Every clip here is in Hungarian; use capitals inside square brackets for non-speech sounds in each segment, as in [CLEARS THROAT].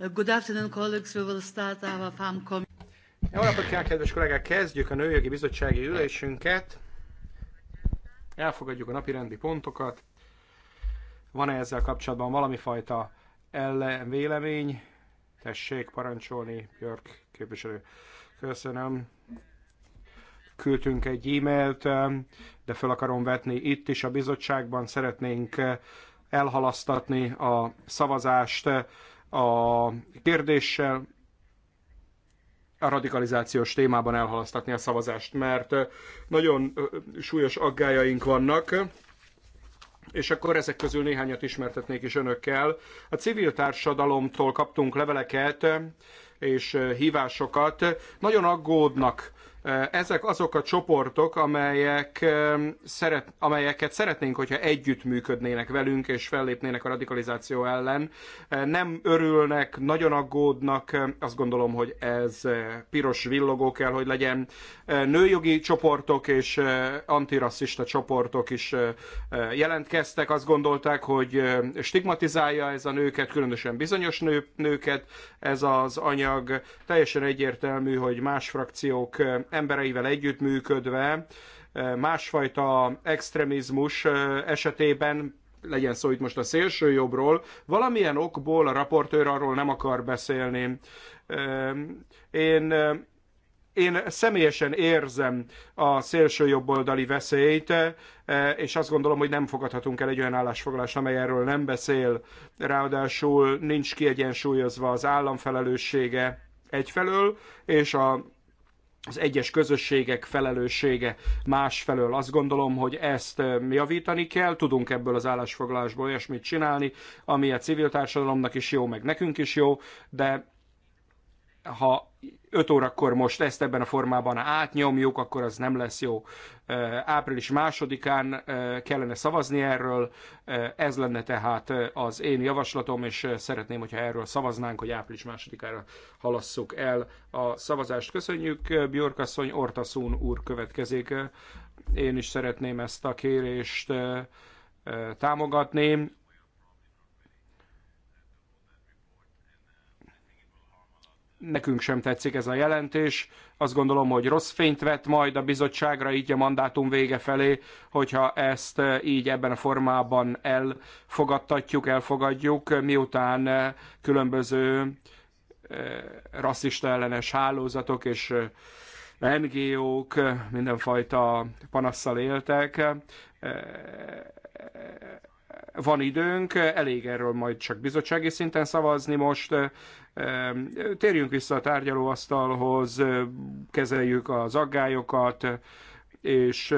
Uh, good afternoon, colleagues. We will start our farm Jó napot kívánok, kedves kollégák! Kezdjük a Nőjogi Bizottsági Ülésünket. Elfogadjuk a napi rendi pontokat. Van-e ezzel kapcsolatban valami fajta ellenvélemény? Tessék parancsolni, Björk képviselő. Köszönöm. Küldtünk egy e-mailt, um, de fel akarom vetni itt is a bizottságban. Szeretnénk uh, elhalasztatni a szavazást a kérdéssel a radikalizációs témában elhalasztatni a szavazást, mert nagyon súlyos aggájaink vannak, és akkor ezek közül néhányat ismertetnék is önökkel. A civil társadalomtól kaptunk leveleket és hívásokat. Nagyon aggódnak ezek azok a csoportok, amelyek szeret, amelyeket szeretnénk, hogyha együttműködnének velünk és fellépnének a radikalizáció ellen. Nem örülnek, nagyon aggódnak, azt gondolom, hogy ez piros villogó kell, hogy legyen. Nőjogi csoportok és antirasszista csoportok is jelentkeztek, azt gondolták, hogy stigmatizálja ez a nőket, különösen bizonyos nő, nőket ez az anyag. Teljesen egyértelmű, hogy más frakciók embereivel együttműködve eh, másfajta extremizmus eh, esetében legyen szó itt most a szélső jobbról, valamilyen okból a raportőr arról nem akar beszélni. Eh, én én személyesen érzem a szélső jobboldali veszélyt, és azt gondolom, hogy nem fogadhatunk el egy olyan állásfoglalást, amely erről nem beszél. Ráadásul nincs kiegyensúlyozva az állam felelőssége egyfelől, és a az egyes közösségek felelőssége másfelől. Azt gondolom, hogy ezt javítani kell, tudunk ebből az állásfoglalásból olyasmit csinálni, ami a civil társadalomnak is jó, meg nekünk is jó, de ha 5 órakor most ezt ebben a formában átnyomjuk, akkor az nem lesz jó. Április másodikán kellene szavazni erről, ez lenne tehát az én javaslatom, és szeretném, hogyha erről szavaznánk, hogy április másodikára halasszuk el a szavazást. Köszönjük, Björk asszony, Ortaszún úr következik. Én is szeretném ezt a kérést támogatni. Nekünk sem tetszik ez a jelentés. Azt gondolom, hogy rossz fényt vett majd a bizottságra így a mandátum vége felé, hogyha ezt eh, így ebben a formában elfogadtatjuk, elfogadjuk, miután eh, különböző eh, rasszista ellenes hálózatok és NGO-k mindenfajta panasszal éltek van időnk, elég erről majd csak bizottsági szinten szavazni most. Térjünk vissza a tárgyalóasztalhoz, kezeljük az aggályokat, és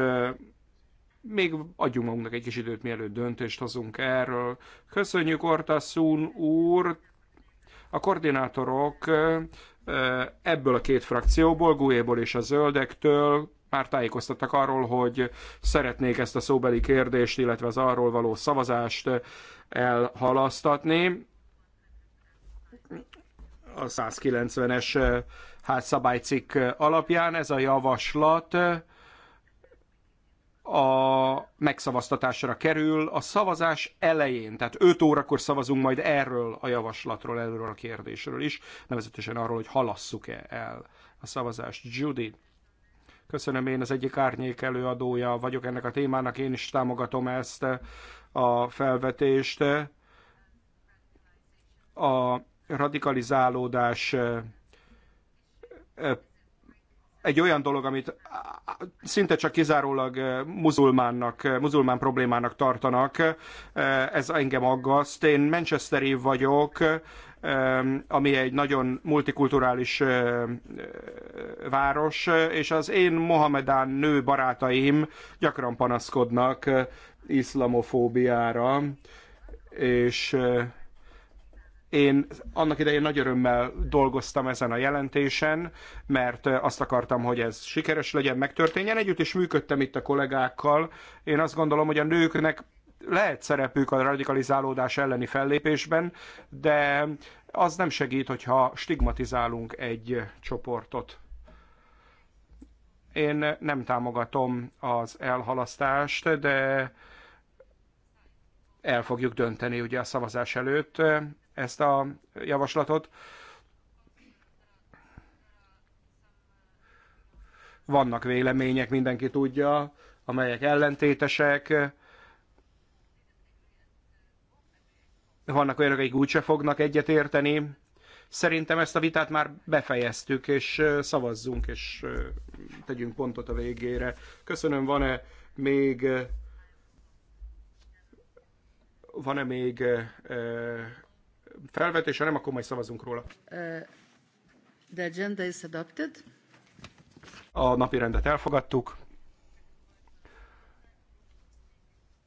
még adjunk magunknak egy kis időt, mielőtt döntést hozunk erről. Köszönjük Orta Szún úr, a koordinátorok ebből a két frakcióból, Gújéból és a Zöldektől már tájékoztattak arról, hogy szeretnék ezt a szóbeli kérdést, illetve az arról való szavazást elhalasztatni. A 190-es szabálycikk alapján ez a javaslat a megszavaztatásra kerül a szavazás elején, tehát 5 órakor szavazunk majd erről a javaslatról, erről a kérdésről is, nevezetesen arról, hogy halasszuk-e el a szavazást. Judy. Köszönöm, én az egyik árnyék előadója vagyok ennek a témának, én is támogatom ezt a felvetést. A radikalizálódás egy olyan dolog, amit szinte csak kizárólag eh, muzulmánnak, eh, muzulmán problémának tartanak, eh, ez engem aggaszt. Én Manchesteri vagyok, ami egy nagyon multikulturális város, és az én Mohamedán nő barátaim gyakran panaszkodnak iszlamofóbiára, és én annak idején nagy örömmel dolgoztam ezen a jelentésen, mert azt akartam, hogy ez sikeres legyen, megtörténjen. Együtt is működtem itt a kollégákkal. Én azt gondolom, hogy a nőknek lehet szerepük a radikalizálódás elleni fellépésben, de az nem segít, hogyha stigmatizálunk egy csoportot. Én nem támogatom az elhalasztást, de el fogjuk dönteni ugye a szavazás előtt ezt a javaslatot. Vannak vélemények, mindenki tudja, amelyek ellentétesek. Vannak olyanok, akik úgyse fognak egyetérteni. Szerintem ezt a vitát már befejeztük, és szavazzunk, és tegyünk pontot a végére. Köszönöm, van-e még van-e még felvetés, ha nem, akkor majd szavazunk róla. Uh, the agenda is adopted. A napi rendet elfogadtuk.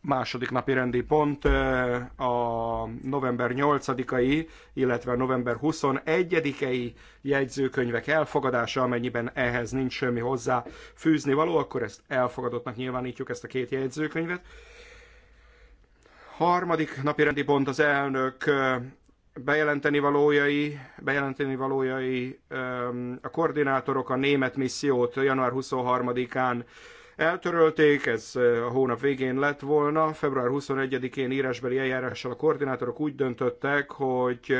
Második napi rendi pont uh, a november 8-ai, illetve a november 21-ei jegyzőkönyvek elfogadása, amennyiben ehhez nincs semmi hozzá fűzni való, akkor ezt elfogadottnak nyilvánítjuk ezt a két jegyzőkönyvet. Harmadik napi rendi pont az elnök uh, bejelenteni valójai, bejelenteni valójai a koordinátorok a német missziót január 23-án eltörölték, ez a hónap végén lett volna. Február 21-én írásbeli eljárással a koordinátorok úgy döntöttek, hogy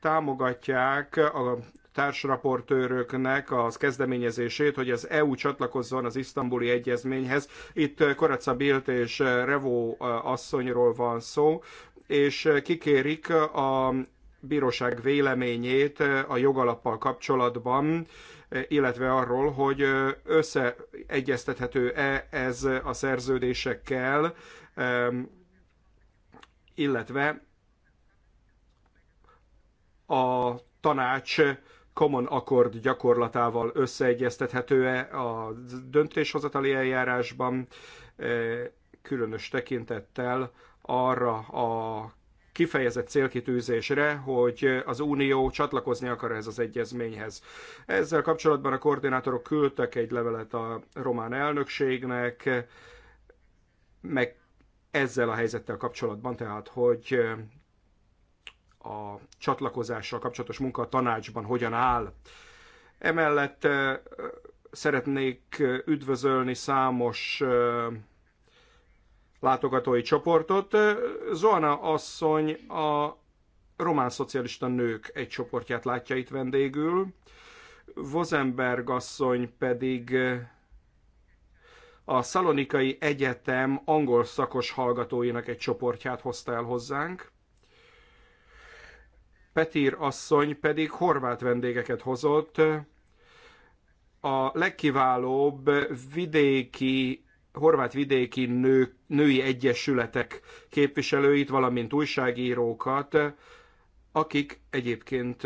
támogatják a társraportőröknek az kezdeményezését, hogy az EU csatlakozzon az isztambuli egyezményhez. Itt Koraca Bilt és Revo asszonyról van szó és eh, kikérik a bíróság véleményét eh, a jogalappal kapcsolatban, eh, illetve arról, hogy összeegyeztethető-e ez a szerződésekkel, illetve a tanács common accord gyakorlatával összeegyeztethető-e a döntéshozatali eljárásban, különös tekintettel arra a kifejezett célkitűzésre, hogy az Unió csatlakozni akar ez az egyezményhez. Ezzel kapcsolatban a koordinátorok küldtek egy levelet a román elnökségnek, meg ezzel a helyzettel kapcsolatban, tehát hogy a csatlakozással kapcsolatos munka a tanácsban hogyan áll. Emellett szeretnék üdvözölni számos látogatói csoportot. Zoana asszony a román szocialista nők egy csoportját látja itt vendégül, Vozenberg asszony pedig a Szalonikai Egyetem angol szakos hallgatóinak egy csoportját hozta el hozzánk. Petír asszony pedig horvát vendégeket hozott, a legkiválóbb vidéki horvát vidéki nő, női egyesületek képviselőit, valamint újságírókat, akik egyébként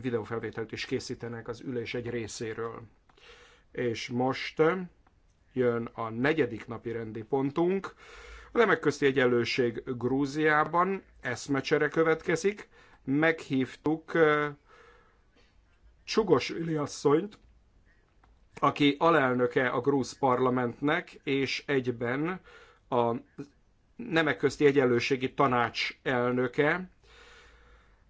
videófelvételt is készítenek az ülés egy részéről. És most jön a negyedik napi rendi pontunk. A nemek közti egyenlőség Grúziában eszmecsere következik. Meghívtuk Csugos Iliasszonyt, aki alelnöke a grúz parlamentnek, és egyben a nemek közti egyenlőségi tanács elnöke.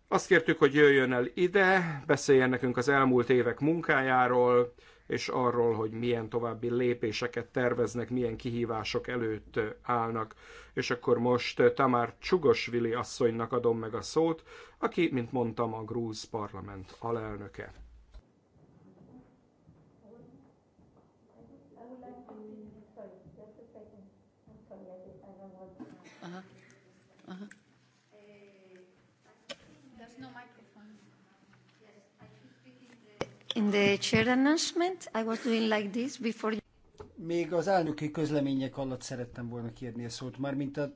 Azt kértük, hogy jöjjön el ide, beszéljen nekünk az elmúlt évek munkájáról, és arról, hogy milyen további lépéseket terveznek, milyen kihívások előtt állnak. És akkor most Tamár Csugosvili asszonynak adom meg a szót, aki, mint mondtam, a Grúz parlament alelnöke. in the chair announcement, I was doing like this before. Még az elnöki közlemények alatt szerettem volna kérni a szót, már mint a...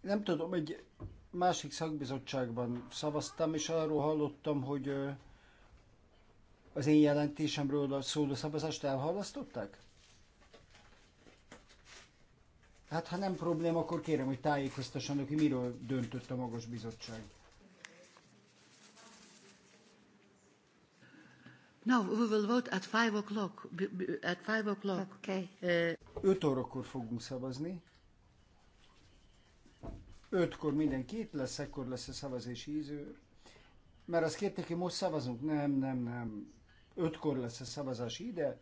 Nem tudom, egy másik szakbizottságban szavaztam, és arról hallottam, hogy az én jelentésemről a szóló szavazást elhalasztották? Hát ha nem probléma, akkor kérem, hogy tájékoztassanak, hogy miről döntött a magas bizottság. No, we will vote at five o'clock. At five o'clock. Okay. Eh, öt 5 órakor fogunk szavazni. Ötkor mindenki itt lesz, ekkor lesz a szavazási idő. Mert azt kérték, hogy most szavazunk. Nem, nem, nem. Ötkor lesz a szavazási ide.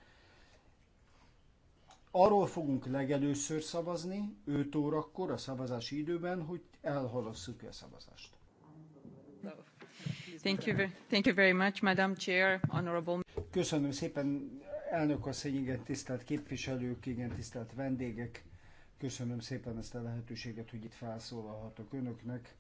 Arról fogunk legelőször szavazni, 5 órakor a szavazási időben, hogy elhalasszuk -e a szavazást. Thank you, very much, Madam Chair, Honorable. Köszönöm szépen, elnök asszony, igen, tisztelt képviselők, igen, tisztelt vendégek. Köszönöm szépen ezt a lehetőséget, hogy itt felszólalhatok önöknek,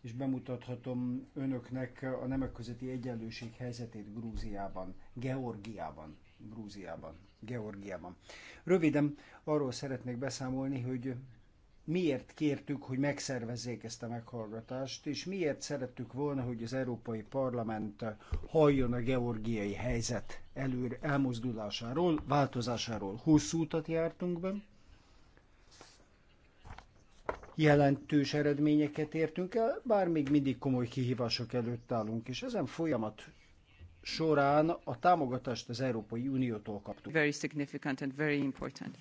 és bemutathatom önöknek a nemek közötti egyenlőség helyzetét Grúziában, Georgiában. Grúziában, Georgiában. Röviden arról szeretnék beszámolni, hogy miért kértük, hogy megszervezzék ezt a meghallgatást, és miért szerettük volna, hogy az Európai Parlament halljon a georgiai helyzet előr elmozdulásáról, változásáról. Hosszú utat jártunk be, jelentős eredményeket értünk el, bár még mindig komoly kihívások előtt állunk, és ezen folyamat során a támogatást az Európai Uniótól kaptuk. Very significant and very important.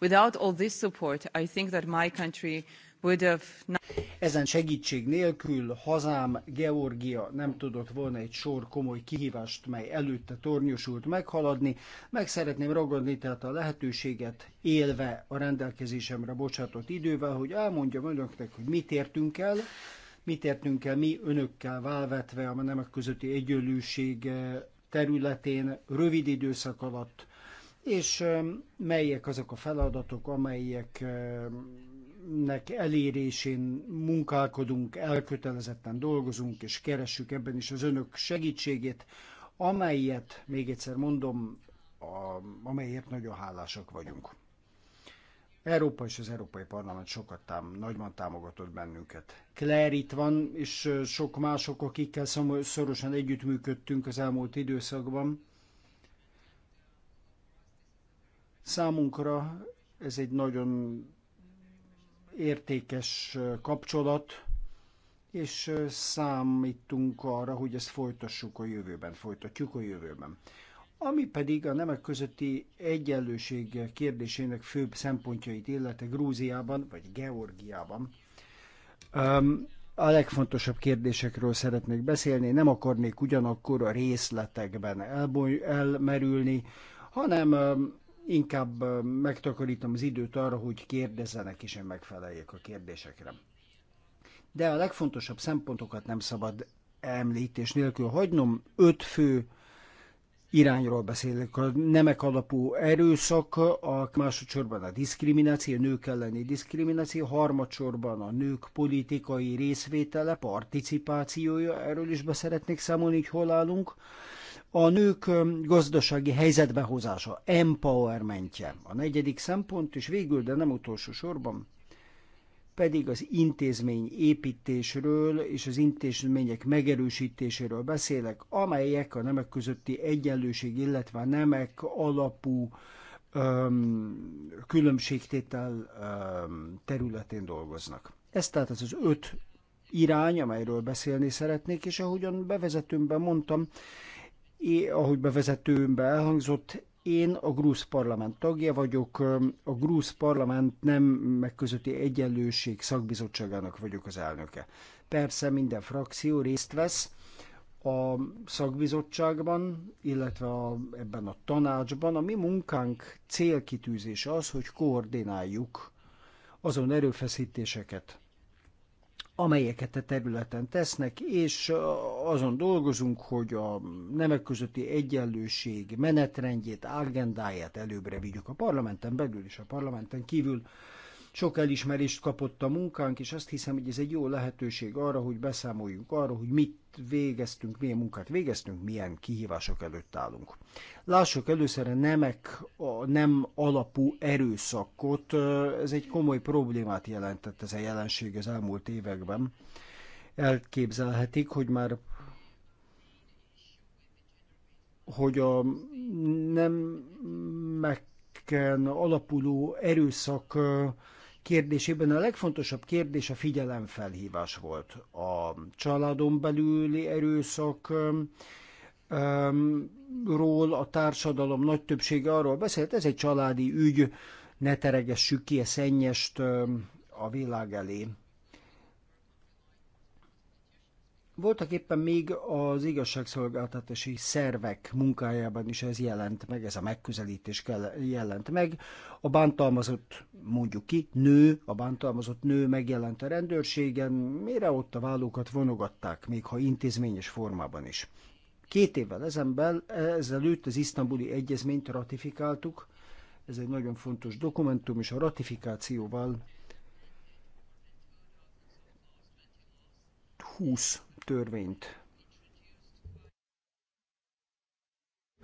Without all this support, I think that my country would have not. ezen segítség nélkül hazám, Georgia nem tudott volna egy sor komoly kihívást, mely előtte tornyosult meghaladni. Meg szeretném ragadni tehát a lehetőséget, élve a rendelkezésemre bocsátott idővel, hogy elmondjam önöknek, hogy mit értünk el, mit értünk el mi önökkel válvetve a nemek közötti egyenlőség területén rövid időszak alatt, és melyek azok a feladatok, amelyeknek elérésén munkálkodunk, elkötelezetten dolgozunk, és keresünk ebben is az önök segítségét, amelyet, még egyszer mondom, a, amelyért nagyon hálásak vagyunk. Európa és az Európai Parlament sokat tám, nagyban támogatott bennünket. Claire itt van, és sok mások, akikkel szorosan együttműködtünk az elmúlt időszakban. Számunkra ez egy nagyon értékes kapcsolat, és számítunk arra, hogy ezt folytassuk a jövőben, folytatjuk a jövőben. Ami pedig a nemek közötti egyenlőség kérdésének főbb szempontjait illeti Grúziában vagy Georgiában, a legfontosabb kérdésekről szeretnék beszélni, nem akarnék ugyanakkor a részletekben elboly, elmerülni, hanem inkább megtakarítom az időt arra, hogy kérdezzenek és én megfeleljek a kérdésekre. De a legfontosabb szempontokat nem szabad említés nélkül hagynom. Öt fő irányról beszélek. A nemek alapú erőszak, a másodszorban a diszkrimináció, a nők elleni diszkrimináció, harmadsorban a nők politikai részvétele, participációja, erről is beszeretnék számolni, hogy hol állunk. A nők gazdasági helyzetbehozása, empowermentje. A negyedik szempont, és végül, de nem utolsó sorban, pedig az intézmény építésről és az intézmények megerősítéséről beszélek, amelyek a nemek közötti egyenlőség, illetve a nemek alapú öm, különbségtétel öm, területén dolgoznak. Ez tehát az, az öt irány, amelyről beszélni szeretnék, és ahogyan bevezetőmben mondtam, É, ahogy bevezetőmben elhangzott, én a grúz parlament tagja vagyok, a grúz parlament nem megközötti egyenlőség szakbizottságának vagyok az elnöke. Persze minden frakció részt vesz a szakbizottságban, illetve a, ebben a tanácsban. A mi munkánk célkitűzése az, hogy koordináljuk azon erőfeszítéseket, amelyeket a területen tesznek, és azon dolgozunk, hogy a nemek közötti egyenlőség menetrendjét, agendáját előbbre vigyük a parlamenten belül és a parlamenten kívül. Sok elismerést kapott a munkánk, és azt hiszem, hogy ez egy jó lehetőség arra, hogy beszámoljunk arra, hogy mit végeztünk, milyen munkát végeztünk, milyen kihívások előtt állunk. Lássuk először a nemek, a nem alapú erőszakot. Ez egy komoly problémát jelentett ez a jelenség az elmúlt években. Elképzelhetik, hogy már hogy a nem meg alapuló erőszak kérdésében a legfontosabb kérdés a figyelemfelhívás volt. A családon belüli erőszak, ról a társadalom nagy többsége arról beszélt, ez egy családi ügy, ne teregessük ki a szennyest a világ elé. voltak éppen még az igazságszolgáltatási szervek munkájában is ez jelent meg, ez a megközelítés kell, jelent meg. A bántalmazott, mondjuk ki, nő, a bántalmazott nő megjelent a rendőrségen, mire ott a vállókat vonogatták, még ha intézményes formában is. Két évvel ezenben, ezelőtt az isztambuli egyezményt ratifikáltuk, ez egy nagyon fontos dokumentum, és a ratifikációval 20 törvényt.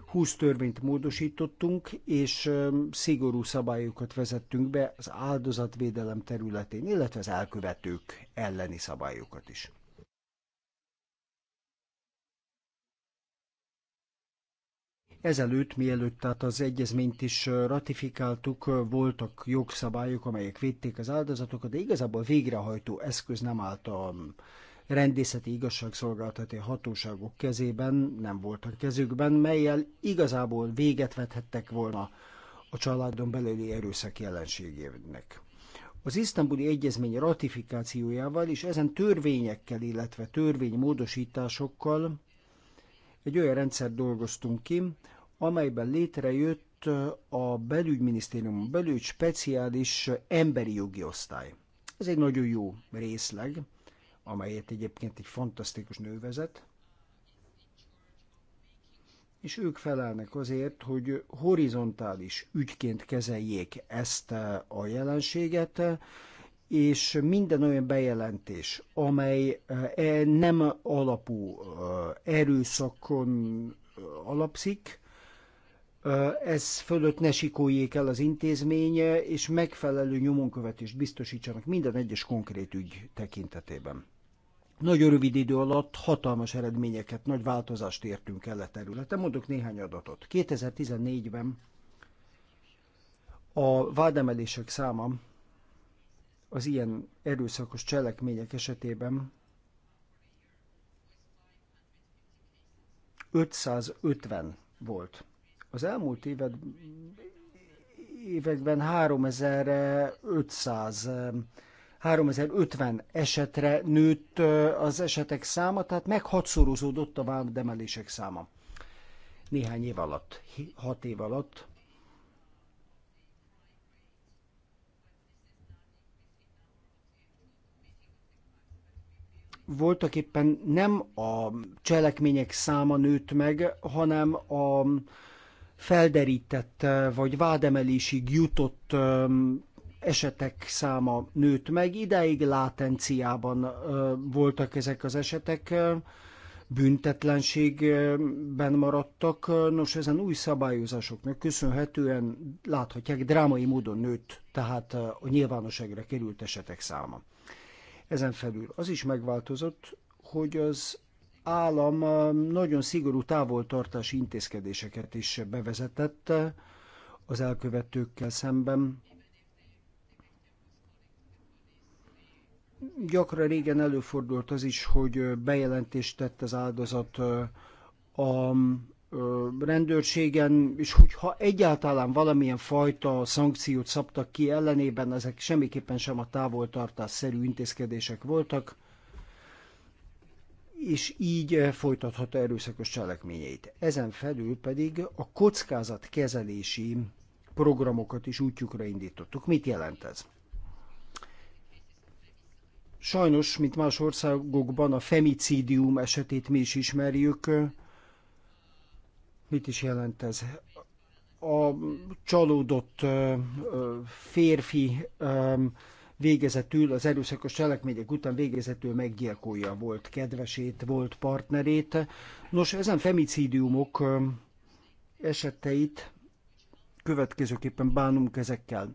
20 törvényt módosítottunk, és szigorú szabályokat vezettünk be az áldozatvédelem területén, illetve az elkövetők elleni szabályokat is. Ezelőtt, mielőtt tehát az egyezményt is ratifikáltuk, voltak jogszabályok, amelyek védték az áldozatokat, de igazából végrehajtó eszköz nem állt a rendészeti igazságszolgáltatói hatóságok kezében nem voltak kezükben, melyel igazából véget vethettek volna a családon belüli erőszak jelenségének. Az isztambuli egyezmény ratifikációjával és ezen törvényekkel, illetve törvénymódosításokkal egy olyan rendszer dolgoztunk ki, amelyben létrejött a belügyminisztérium belül speciális emberi jogi osztály. Ez egy nagyon jó részleg, amelyet egyébként egy fantasztikus nő vezet, és ők felelnek azért, hogy horizontális ügyként kezeljék ezt eh, a jelenséget, és minden olyan bejelentés, amely eh, e nem alapú eh, erőszakon alapszik, ez fölött ne sikoljék el az intézménye, és megfelelő nyomonkövetést biztosítsanak minden egyes konkrét ügy tekintetében. Nagyon rövid idő alatt hatalmas eredményeket, nagy változást értünk el a e területen. Mondok néhány adatot. 2014-ben a vádemelések száma az ilyen erőszakos cselekmények esetében 550 volt. Az elmúlt éved, években 3500 3050 esetre nőtt az esetek száma, tehát meg a vádemelések száma. Néhány év alatt, hat év alatt. Voltak éppen nem a cselekmények száma nőtt meg, hanem a felderített vagy vádemelésig jutott esetek száma nőtt meg, ideig látenciában voltak ezek az esetek, büntetlenségben maradtak. Nos, ezen új szabályozásoknak köszönhetően láthatják, drámai módon nőtt, tehát a nyilvánosságra került esetek száma. Ezen felül az is megváltozott, hogy az állam nagyon szigorú távoltartási intézkedéseket is bevezetett az elkövetőkkel szemben, gyakran régen előfordult az is, hogy bejelentést tett az áldozat a rendőrségen, és hogyha egyáltalán valamilyen fajta szankciót szabtak ki ellenében, ezek semmiképpen sem a távoltartásszerű intézkedések voltak, és így folytathatta erőszakos cselekményeit. Ezen felül pedig a kockázatkezelési programokat is útjukra indítottuk. Mit jelent ez? Sajnos, mint más országokban, a femicidium esetét mi is ismerjük. Mit is jelent ez? A csalódott férfi végezetül, az erőszakos cselekmények után végezetül meggyilkolja volt kedvesét, volt partnerét. Nos, ezen femicidiumok eseteit következőképpen bánunk ezekkel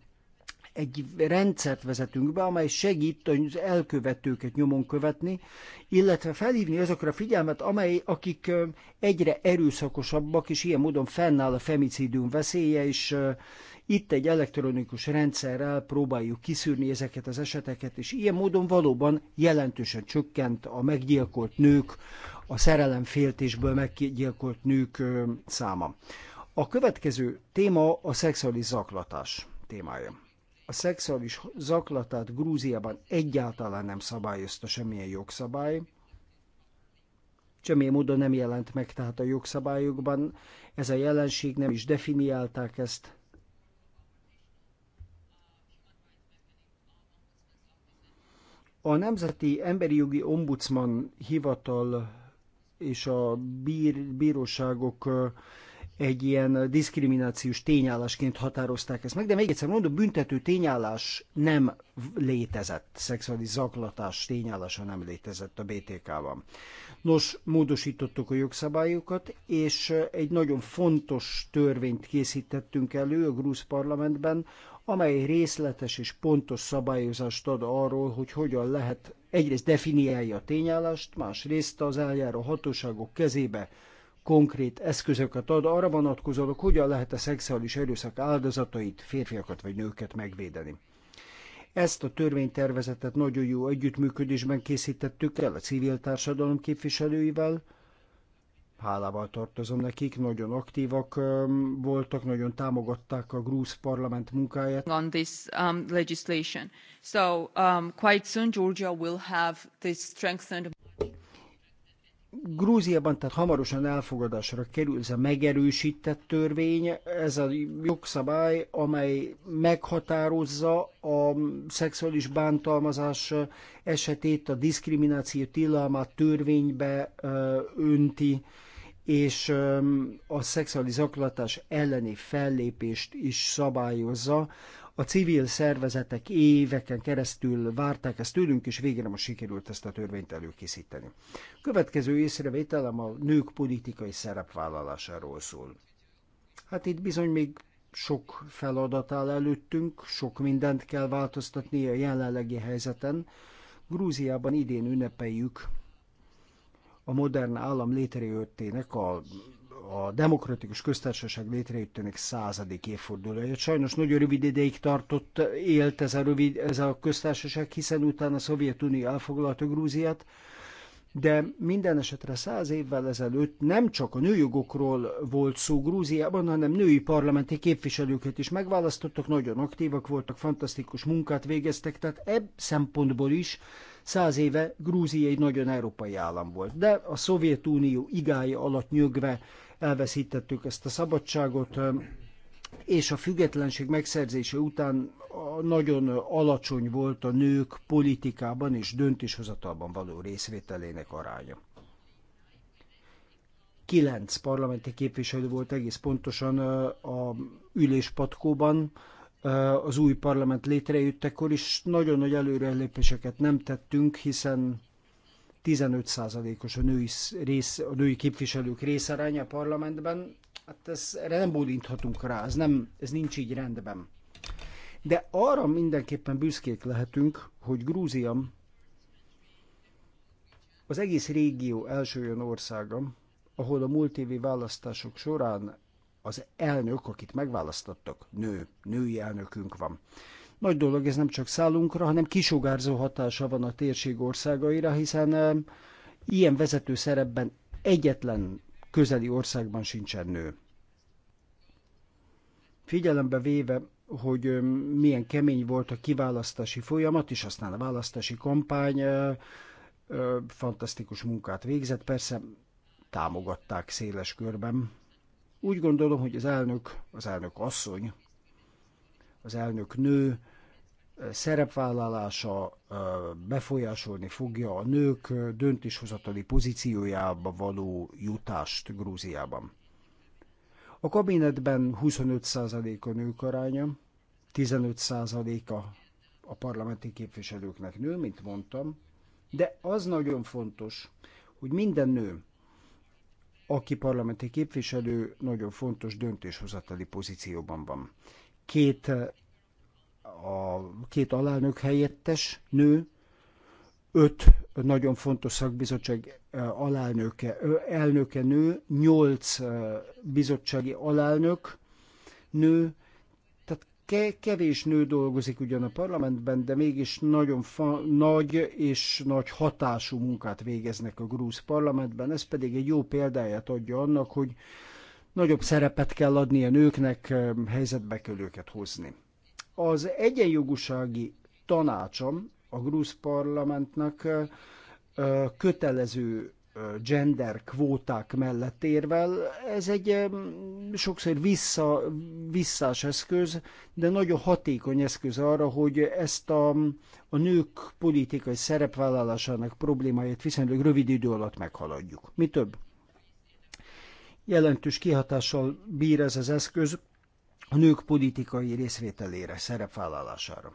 egy rendszert vezetünk be, amely segít az elkövetőket nyomon követni, illetve felhívni azokra a figyelmet, amely, akik egyre erőszakosabbak, és ilyen módon fennáll a femicidium veszélye, és itt egy elektronikus rendszerrel próbáljuk kiszűrni ezeket az eseteket, és ilyen módon valóban jelentősen csökkent a meggyilkolt nők, a szerelemféltésből meggyilkolt nők száma. A következő téma a szexuális zaklatás témája a szexuális zaklatát Grúziában egyáltalán nem szabályozta semmilyen jogszabály, semmilyen módon nem jelent meg, tehát a jogszabályokban ez a jelenség nem is definiálták ezt. A Nemzeti Emberi Jogi Ombudsman Hivatal és a bír, bíróságok egy ilyen diszkriminációs tényállásként határozták ezt meg, de még egyszer mondom, büntető tényállás nem létezett, szexuális zaklatás tényállása nem létezett a BTK-ban. Nos, módosítottuk a jogszabályokat, és egy nagyon fontos törvényt készítettünk elő a grúz parlamentben, amely részletes és pontos szabályozást ad arról, hogy hogyan lehet egyrészt definiálja a tényállást, másrészt az eljáró hatóságok kezébe konkrét eszközöket ad arra vonatkozólag, hogyan lehet a szexuális erőszak áldozatait, férfiakat vagy nőket megvédeni. Ezt a törvénytervezetet nagyon jó együttműködésben készítettük el a civil társadalom képviselőivel, hálával tartozom nekik, nagyon aktívak um, voltak, nagyon támogatták a grúz parlament munkáját. On this um, legislation. So um, quite soon Georgia will have this strengthened Grúziában tehát hamarosan elfogadásra kerül ez a megerősített törvény, ez a jogszabály, amely meghatározza a szexuális bántalmazás esetét, a diszkrimináció tilalmát törvénybe önti, és a szexuális zaklatás elleni fellépést is szabályozza. A civil szervezetek éveken keresztül várták ezt tőlünk, és végre most sikerült ezt a törvényt előkészíteni. Következő észrevételem a nők politikai szerepvállalásáról szól. Hát itt bizony még sok feladat áll előttünk, sok mindent kell változtatni a jelenlegi helyzeten. Grúziában idén ünnepeljük a modern állam létrejöttének a a demokratikus köztársaság létrejöttének századik évfordulója. Sajnos nagyon rövid ideig tartott, élt ez a, rövid, ez a köztársaság, hiszen utána a Szovjetunió elfoglalta Grúziát, de minden esetre száz évvel ezelőtt nem csak a nőjogokról volt szó Grúziában, hanem női parlamenti képviselőket is megválasztottak, nagyon aktívak voltak, fantasztikus munkát végeztek, tehát ebb szempontból is száz éve Grúzia egy nagyon európai állam volt. De a Szovjetunió igája alatt nyögve elveszítettük ezt a szabadságot, és a függetlenség megszerzése után nagyon alacsony volt a nők politikában és döntéshozatalban való részvételének aránya. Kilenc parlamenti képviselő volt egész pontosan a üléspatkóban, az új parlament létrejöttekor is nagyon nagy előrelépéseket nem tettünk, hiszen 15%-os a női, rész, a női képviselők részaránya a parlamentben, hát ez, erre nem bólinthatunk rá, ez, nem, ez nincs így rendben. De arra mindenképpen büszkék lehetünk, hogy Grúzia az egész régió első olyan országa, ahol a múlt évi választások során az elnök, akit megválasztottak, nő, női elnökünk van. Nagy dolog ez nem csak szállunkra, hanem kisugárzó hatása van a térség országaira, hiszen ilyen vezető szerepben egyetlen közeli országban sincsen nő. Figyelembe véve, hogy milyen kemény volt a kiválasztási folyamat, és aztán a választási kampány fantasztikus munkát végzett, persze támogatták széles körben. Úgy gondolom, hogy az elnök, az elnök asszony az elnök nő szerepvállalása befolyásolni fogja a nők döntéshozatali pozíciójába való jutást Grúziában. A kabinetben 25% a nők aránya, 15% a, a parlamenti képviselőknek nő, mint mondtam, de az nagyon fontos, hogy minden nő, aki parlamenti képviselő, nagyon fontos döntéshozatali pozícióban van két, a két alelnök helyettes nő, öt nagyon fontos szakbizottság alelnöke, elnöke nő, nyolc bizottsági alelnök nő, tehát kevés nő dolgozik ugyan a parlamentben, de mégis nagyon fa, nagy és nagy hatású munkát végeznek a grúz parlamentben. Ez pedig egy jó példáját adja annak, hogy Nagyobb szerepet kell adni a nőknek, helyzetbe kell őket hozni. Az egyenjogúsági tanácsom a grúz parlamentnek kötelező gender kvóták mellett érvel. Ez egy sokszor vissza, visszás eszköz, de nagyon hatékony eszköz arra, hogy ezt a, a nők politikai szerepvállalásának problémáját viszonylag rövid idő alatt meghaladjuk. Mi több, Jelentős kihatással bír ez az eszköz a nők politikai részvételére, szerepvállalására.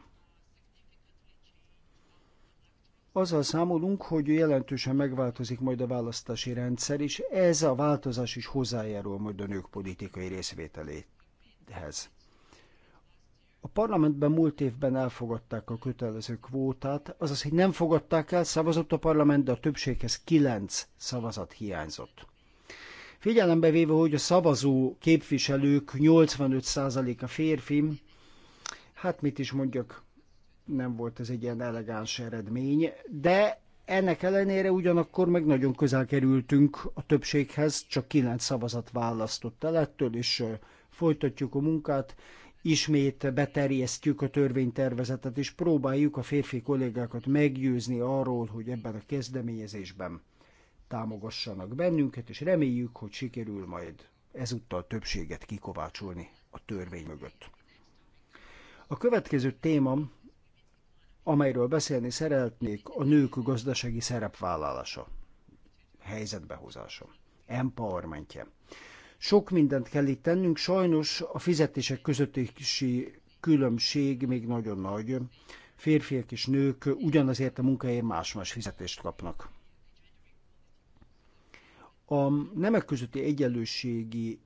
Azzal számolunk, hogy jelentősen megváltozik majd a választási rendszer, és ez a változás is hozzájárul majd a nők politikai részvételéhez. A parlamentben múlt évben elfogadták a kötelező kvótát, azaz, hogy nem fogadták el, szavazott a parlament, de a többséghez kilenc szavazat hiányzott. Figyelembe véve, hogy a szavazó képviselők 85%-a férfi, hát mit is mondjak, nem volt ez egy ilyen elegáns eredmény, de ennek ellenére ugyanakkor meg nagyon közel kerültünk a többséghez, csak kilenc szavazat választott el ettől, és folytatjuk a munkát, ismét beterjesztjük a törvénytervezetet, és próbáljuk a férfi kollégákat meggyőzni arról, hogy ebben a kezdeményezésben támogassanak bennünket, és reméljük, hogy sikerül majd ezúttal többséget kikovácsolni a törvény mögött. A következő téma, amelyről beszélni szeretnék, a nők gazdasági szerepvállalása, helyzetbehozása, empowermentje. Sok mindent kell itt tennünk, sajnos a fizetések közötti különbség még nagyon nagy. Férfiak és nők ugyanazért a munkáért más-más fizetést kapnak. A nemek közötti egyenlőségi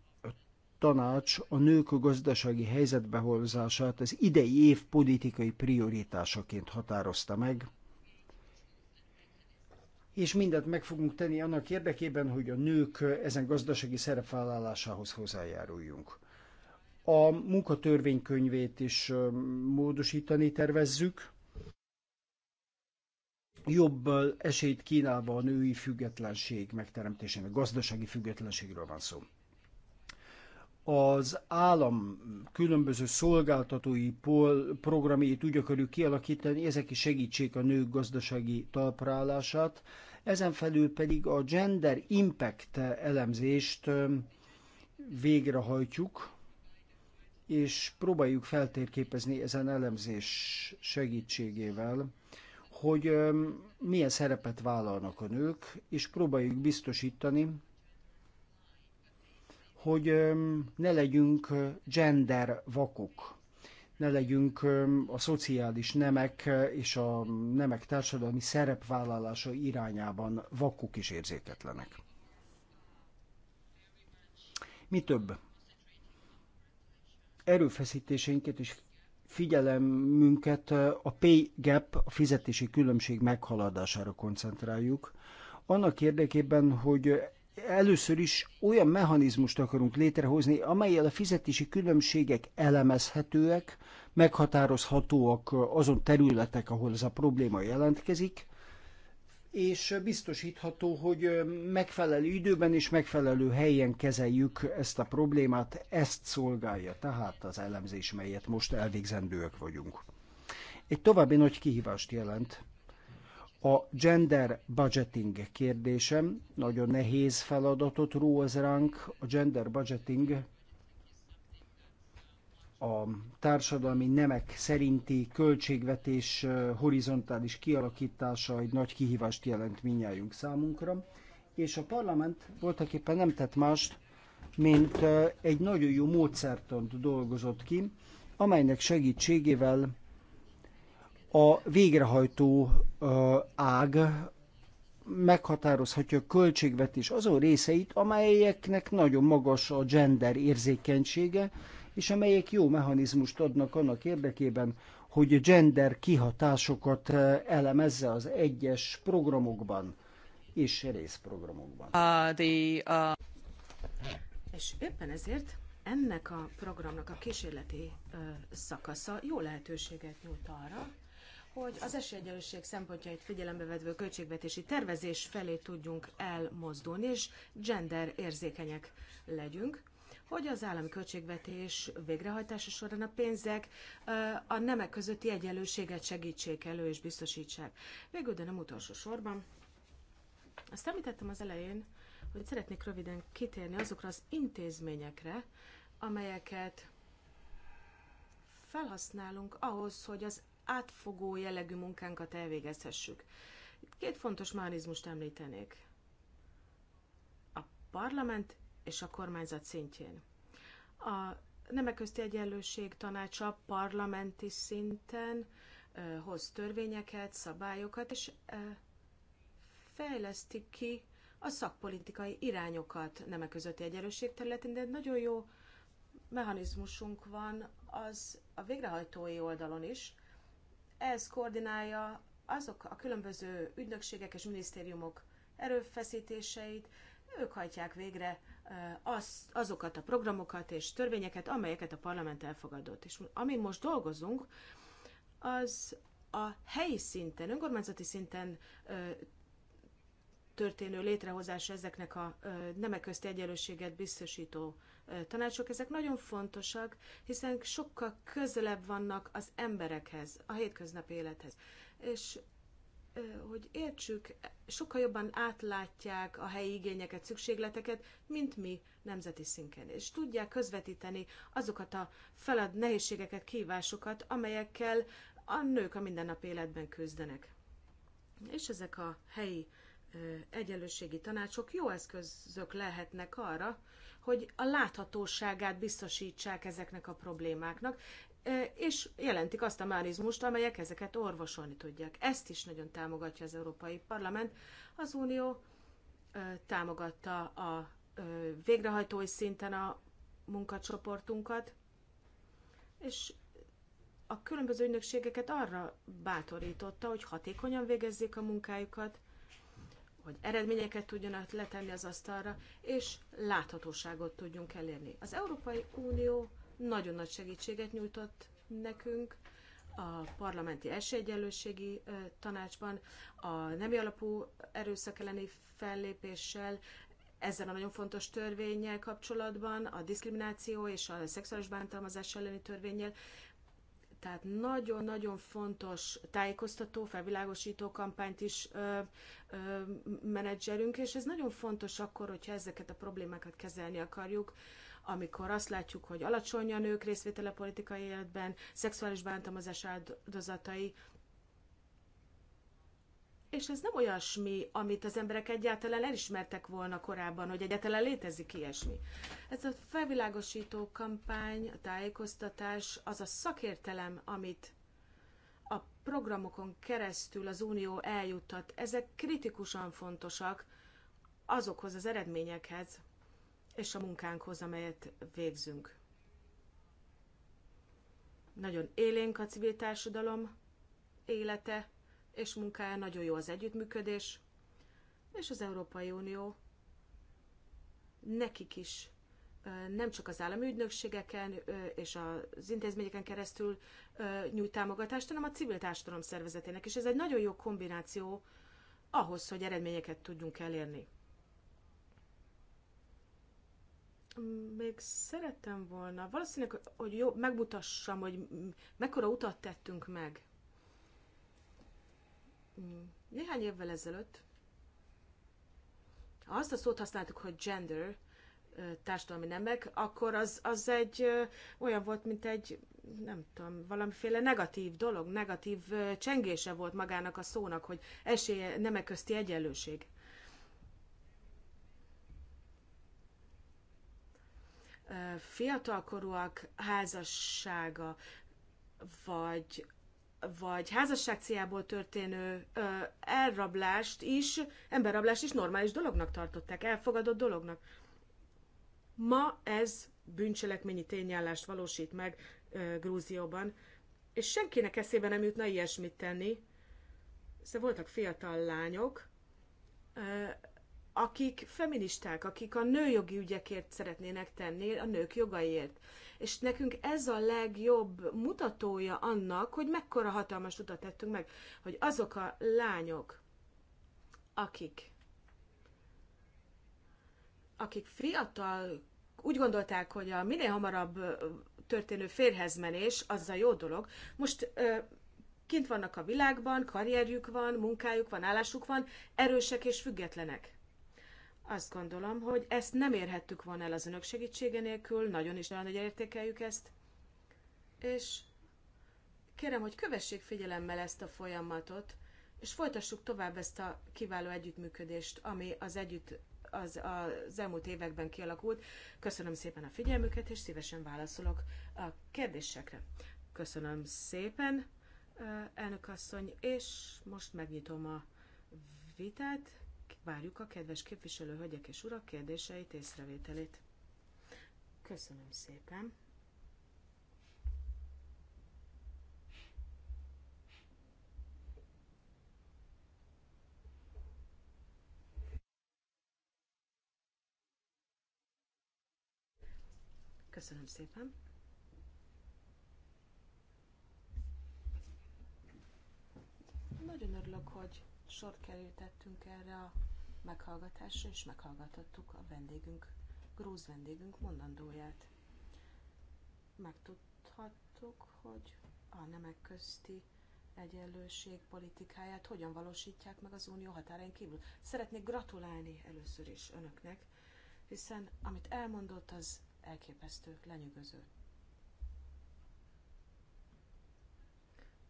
tanács a nők gazdasági helyzetbehozását az idei év politikai prioritásaként határozta meg, és mindent meg fogunk tenni annak érdekében, hogy a nők ezen gazdasági szerepvállalásához hozzájáruljunk. A munkatörvénykönyvét is módosítani tervezzük, jobb esélyt kínálva a női függetlenség megteremtésének, gazdasági függetlenségről van szó. Az állam különböző szolgáltatói pol, programjait úgy akarjuk kialakítani, ezek is segítsék a nők gazdasági talprálását, ezen felül pedig a gender impact elemzést végrehajtjuk, és próbáljuk feltérképezni ezen elemzés segítségével hogy milyen szerepet vállalnak a nők, és próbáljuk biztosítani, hogy ne legyünk gender vakok, ne legyünk a szociális nemek és a nemek társadalmi szerepvállalása irányában vakok és érzéketlenek. Mi több? Erőfeszítéseinket és figyelemünket a pay gap, a fizetési különbség meghaladására koncentráljuk. Annak érdekében, hogy először is olyan mechanizmust akarunk létrehozni, amelyel a fizetési különbségek elemezhetőek, meghatározhatóak azon területek, ahol ez a probléma jelentkezik, és biztosítható, hogy megfelelő időben és megfelelő helyen kezeljük ezt a problémát, ezt szolgálja tehát az elemzés, melyet most elvégzendőek vagyunk. Egy további nagy kihívást jelent a gender budgeting kérdésem. Nagyon nehéz feladatot róz ránk. A gender budgeting a társadalmi nemek szerinti költségvetés horizontális kialakítása egy nagy kihívást jelent minnyájunk számunkra, és a parlament voltak éppen nem tett mást, mint egy nagyon jó módszertant dolgozott ki, amelynek segítségével a végrehajtó ág meghatározhatja a költségvetés azon részeit, amelyeknek nagyon magas a gender érzékenysége, és amelyek jó mechanizmust adnak annak érdekében, hogy gender kihatásokat eh, elemezze az egyes programokban és részprogramokban. Uh, the, uh... És éppen ezért ennek a programnak a kísérleti uh, szakasza jó lehetőséget nyújt arra, hogy az esélyegyenlőség szempontjait figyelembe vedve költségvetési tervezés felé tudjunk elmozdulni, és gender érzékenyek legyünk, hogy az állami költségvetés végrehajtása során a pénzek a nemek közötti egyenlőséget segítsék elő és biztosítsák. Végül, de nem utolsó sorban, azt említettem az elején, hogy szeretnék röviden kitérni azokra az intézményekre, amelyeket felhasználunk ahhoz, hogy az átfogó jellegű munkánkat elvégezhessük. Itt két fontos mechanizmust említenék. A parlament és a kormányzat szintjén. A nemek közti egyenlőség tanácsa parlamenti szinten ö, hoz törvényeket, szabályokat, és ö, fejlesztik ki a szakpolitikai irányokat nemek közötti egyenlőség területén, de nagyon jó mechanizmusunk van az a végrehajtói oldalon is. Ez koordinálja azok a különböző ügynökségek és minisztériumok erőfeszítéseit, ők hajtják végre az, azokat a programokat és törvényeket, amelyeket a parlament elfogadott. És amin most dolgozunk, az a helyi szinten, önkormányzati szinten történő létrehozás ezeknek a nemek közti egyenlőséget biztosító tanácsok, ezek nagyon fontosak, hiszen sokkal közelebb vannak az emberekhez, a hétköznapi élethez. És hogy értsük, sokkal jobban átlátják a helyi igényeket, szükségleteket, mint mi nemzeti szinten. És tudják közvetíteni azokat a felad nehézségeket, kívásokat, amelyekkel a nők a mindennapi életben küzdenek. És ezek a helyi egyenlőségi tanácsok jó eszközök lehetnek arra, hogy a láthatóságát biztosítsák ezeknek a problémáknak, és jelentik azt a márizmust, amelyek ezeket orvosolni tudják. Ezt is nagyon támogatja az Európai Parlament. Az Unió támogatta a végrehajtói szinten a munkacsoportunkat, és a különböző ügynökségeket arra bátorította, hogy hatékonyan végezzék a munkájukat, hogy eredményeket tudjanak letenni az asztalra, és láthatóságot tudjunk elérni. Az Európai Unió nagyon nagy segítséget nyújtott nekünk a parlamenti esélyegyenlőségi tanácsban, a nemi alapú erőszak elleni fellépéssel, ezzel a nagyon fontos törvényel kapcsolatban, a diszkrimináció és a szexuális bántalmazás elleni törvényel, tehát nagyon-nagyon fontos tájékoztató, felvilágosító kampányt is ö, ö, menedzserünk, és ez nagyon fontos akkor, hogyha ezeket a problémákat kezelni akarjuk, amikor azt látjuk, hogy alacsony a nők részvétele politikai életben, szexuális bántalmazás áldozatai, és ez nem olyasmi, amit az emberek egyáltalán elismertek volna korábban, hogy egyáltalán létezik ilyesmi. Ez a felvilágosító kampány, a tájékoztatás, az a szakértelem, amit a programokon keresztül az Unió eljuttat, ezek kritikusan fontosak azokhoz az eredményekhez, és a munkánkhoz, amelyet végzünk. Nagyon élénk a civil társadalom élete és munkája, nagyon jó az együttműködés, és az Európai Unió nekik is nem csak az állami ügynökségeken és az intézményeken keresztül nyújt támogatást, hanem a civil társadalom szervezetének, is ez egy nagyon jó kombináció ahhoz, hogy eredményeket tudjunk elérni. még szerettem volna, valószínűleg, hogy jó, megmutassam, hogy mekkora utat tettünk meg. Néhány évvel ezelőtt azt a szót használtuk, hogy gender, társadalmi nemek, akkor az, az egy olyan volt, mint egy, nem tudom, valamiféle negatív dolog, negatív csengése volt magának a szónak, hogy esélye, nemek közti egyenlőség. fiatalkorúak házassága, vagy, vagy házasság céljából történő ö, elrablást is, emberrablást is normális dolognak tartották, elfogadott dolognak. Ma ez bűncselekményi tényállást valósít meg ö, Grúzióban, és senkinek eszébe nem jutna ilyesmit tenni. Szóval voltak fiatal lányok, ö, akik feministák, akik a nőjogi ügyekért szeretnének tenni, a nők jogaiért. És nekünk ez a legjobb mutatója annak, hogy mekkora hatalmas utat tettünk meg, hogy azok a lányok, akik akik fiatal úgy gondolták, hogy a minél hamarabb történő férhez menés az a jó dolog, most kint vannak a világban, karrierjük van, munkájuk van, állásuk van, erősek és függetlenek. Azt gondolom, hogy ezt nem érhettük volna el az önök segítsége nélkül, nagyon is nagyon nagyra értékeljük ezt, és kérem, hogy kövessék figyelemmel ezt a folyamatot, és folytassuk tovább ezt a kiváló együttműködést, ami az együtt az, az elmúlt években kialakult. Köszönöm szépen a figyelmüket, és szívesen válaszolok a kérdésekre. Köszönöm szépen, elnök asszony, és most megnyitom a vitát. Várjuk a kedves képviselő hölgyek és urak kérdéseit, észrevételét. Köszönöm szépen. Köszönöm szépen. Nagyon örülök, hogy sor kerítettünk erre a meghallgatásra, és meghallgatottuk a vendégünk, grúz vendégünk mondandóját. Megtudhattuk, hogy a nemek közti egyenlőség politikáját hogyan valósítják meg az unió határain kívül. Szeretnék gratulálni először is önöknek, hiszen amit elmondott, az elképesztő, lenyűgöző.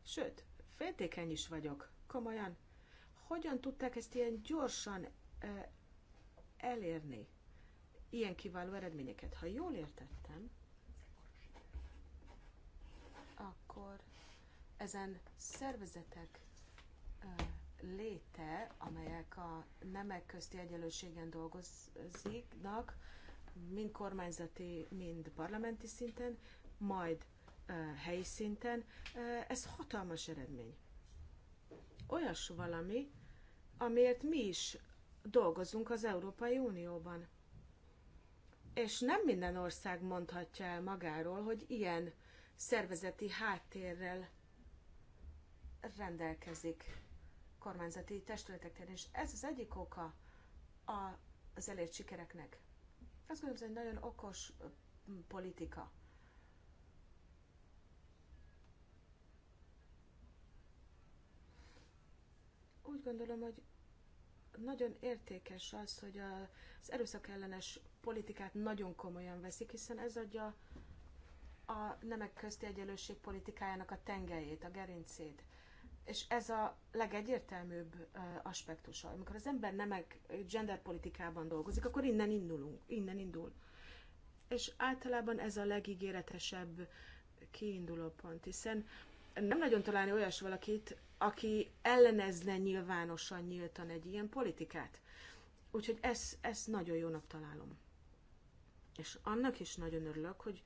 Sőt, féltékeny is vagyok, komolyan hogyan tudták ezt ilyen gyorsan elérni? Ilyen kiváló eredményeket. Ha jól értettem, akkor ezen szervezetek léte, amelyek a nemek közti egyenlőségen dolgoznak, mind kormányzati, mind parlamenti szinten, majd helyi szinten, ez hatalmas eredmény. Olyas valami, amiért mi is dolgozunk az Európai Unióban. És nem minden ország mondhatja el magáról, hogy ilyen szervezeti háttérrel rendelkezik kormányzati testületek terén, és ez az egyik oka a, az elért sikereknek. Azt gondolom, ez egy nagyon okos mm, politika. Úgy gondolom, hogy nagyon értékes az, hogy az erőszak ellenes politikát nagyon komolyan veszik, hiszen ez adja a nemek közti egyenlőség politikájának a tengelyét, a gerincét. És ez a legegyértelműbb aspektusa. Amikor az ember nemek genderpolitikában dolgozik, akkor innen indulunk, innen indul. És általában ez a legígéretesebb kiinduló pont, hiszen nem nagyon találni olyas valakit, aki ellenezne nyilvánosan, nyíltan egy ilyen politikát. Úgyhogy ezt, ezt nagyon jónak találom. És annak is nagyon örülök, hogy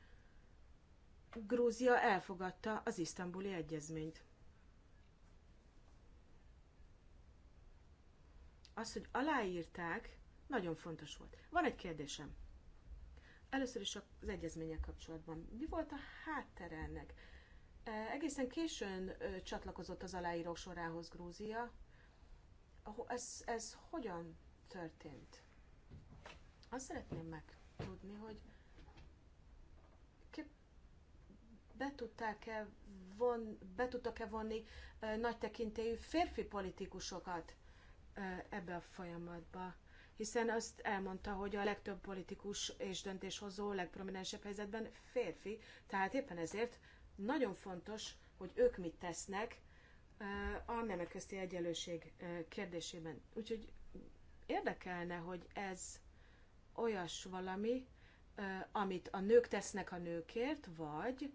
Grúzia elfogadta az isztambuli egyezményt. Az, hogy aláírták, nagyon fontos volt. Van egy kérdésem. Először is az egyezmények kapcsolatban. Mi volt a háttere ennek? Eh, egészen későn csatlakozott az aláírók sorához Grúzia. Ez, ez hogyan történt? Azt szeretném megtudni, hogy be tudták-e von, be tudtak-e vonni nagy tekintélyű férfi politikusokat ebbe a folyamatba? Hiszen azt elmondta, hogy a legtöbb politikus és döntéshozó legprominensebb helyzetben férfi, tehát éppen ezért nagyon fontos, hogy ők mit tesznek a nemek közti egyenlőség kérdésében. Úgyhogy érdekelne, hogy ez olyas valami, amit a nők tesznek a nőkért, vagy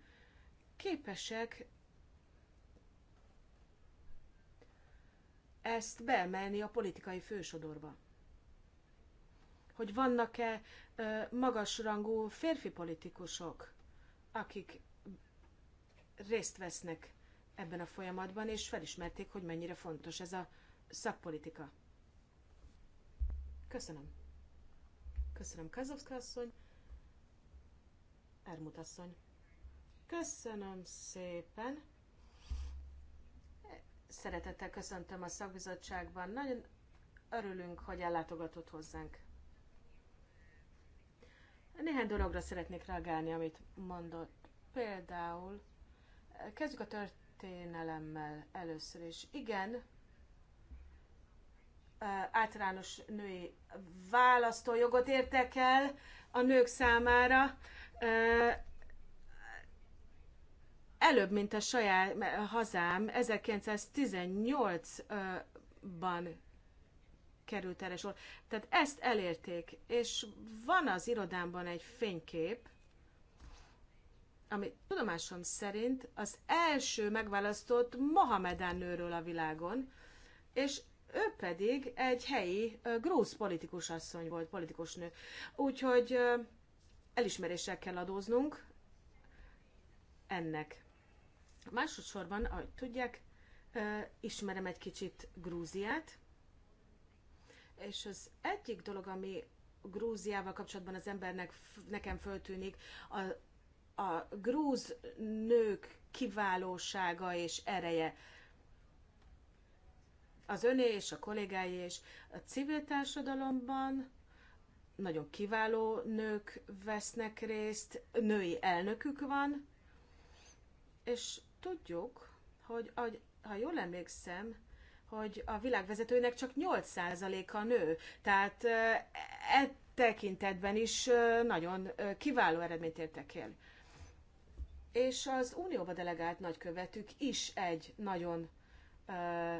képesek ezt beemelni a politikai fősodorba. Hogy vannak-e magasrangú férfi politikusok, akik részt vesznek ebben a folyamatban, és felismerték, hogy mennyire fontos ez a szakpolitika. Köszönöm. Köszönöm, Kazovszka asszony. Ermut asszony. Köszönöm szépen. Szeretettel köszöntöm a szakbizottságban. Nagyon örülünk, hogy ellátogatott hozzánk. Néhány dologra szeretnék reagálni, amit mondott. Például Kezdjük a történelemmel először is. Igen, általános női választójogot értek el a nők számára előbb, mint a saját hazám 1918-ban került erre sor. Tehát ezt elérték, és van az irodámban egy fénykép, ami tudomásom szerint az első megválasztott Mohamedán nőről a világon, és ő pedig egy helyi grúz politikus asszony volt, politikus nő. Úgyhogy elismeréssel kell adóznunk ennek. Másodszorban, ahogy tudják, ismerem egy kicsit Grúziát, és az egyik dolog, ami Grúziával kapcsolatban az embernek nekem föltűnik, a, a grúz nők kiválósága és ereje. Az öné és a kollégái és a civil társadalomban nagyon kiváló nők vesznek részt, női elnökük van, és tudjuk, hogy ha jól emlékszem, hogy a világvezetőnek csak 8%-a nő. Tehát e, e tekintetben is nagyon kiváló eredményt értek el és az Unióba delegált nagykövetük is egy nagyon uh,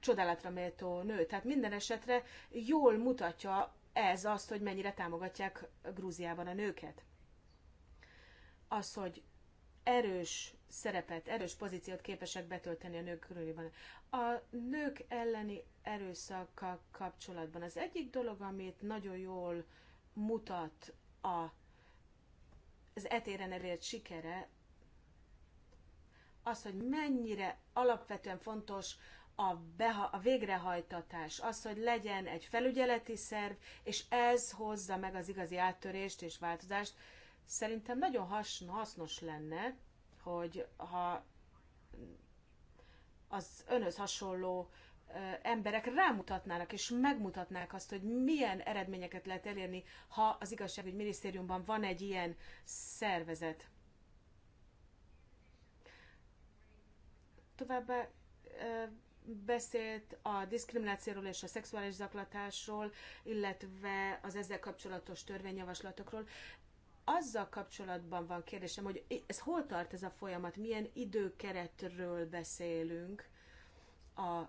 csodálatra méltó nő. Tehát minden esetre jól mutatja ez azt, hogy mennyire támogatják Grúziában a nőket. Az, hogy erős szerepet, erős pozíciót képesek betölteni a nők körülében. A nők elleni erőszakkal kapcsolatban az egyik dolog, amit nagyon jól mutat a az etéren elért sikere az, hogy mennyire alapvetően fontos a, beha- a végrehajtatás, az, hogy legyen egy felügyeleti szerv, és ez hozza meg az igazi áttörést és változást, szerintem nagyon has- hasznos lenne, hogy ha az önhöz hasonló emberek rámutatnának és megmutatnák azt, hogy milyen eredményeket lehet elérni, ha az igazságügyi minisztériumban van egy ilyen szervezet. Továbbá beszélt a diszkriminációról és a szexuális zaklatásról, illetve az ezzel kapcsolatos törvényjavaslatokról. Azzal kapcsolatban van kérdésem, hogy ez hol tart ez a folyamat, milyen időkeretről beszélünk a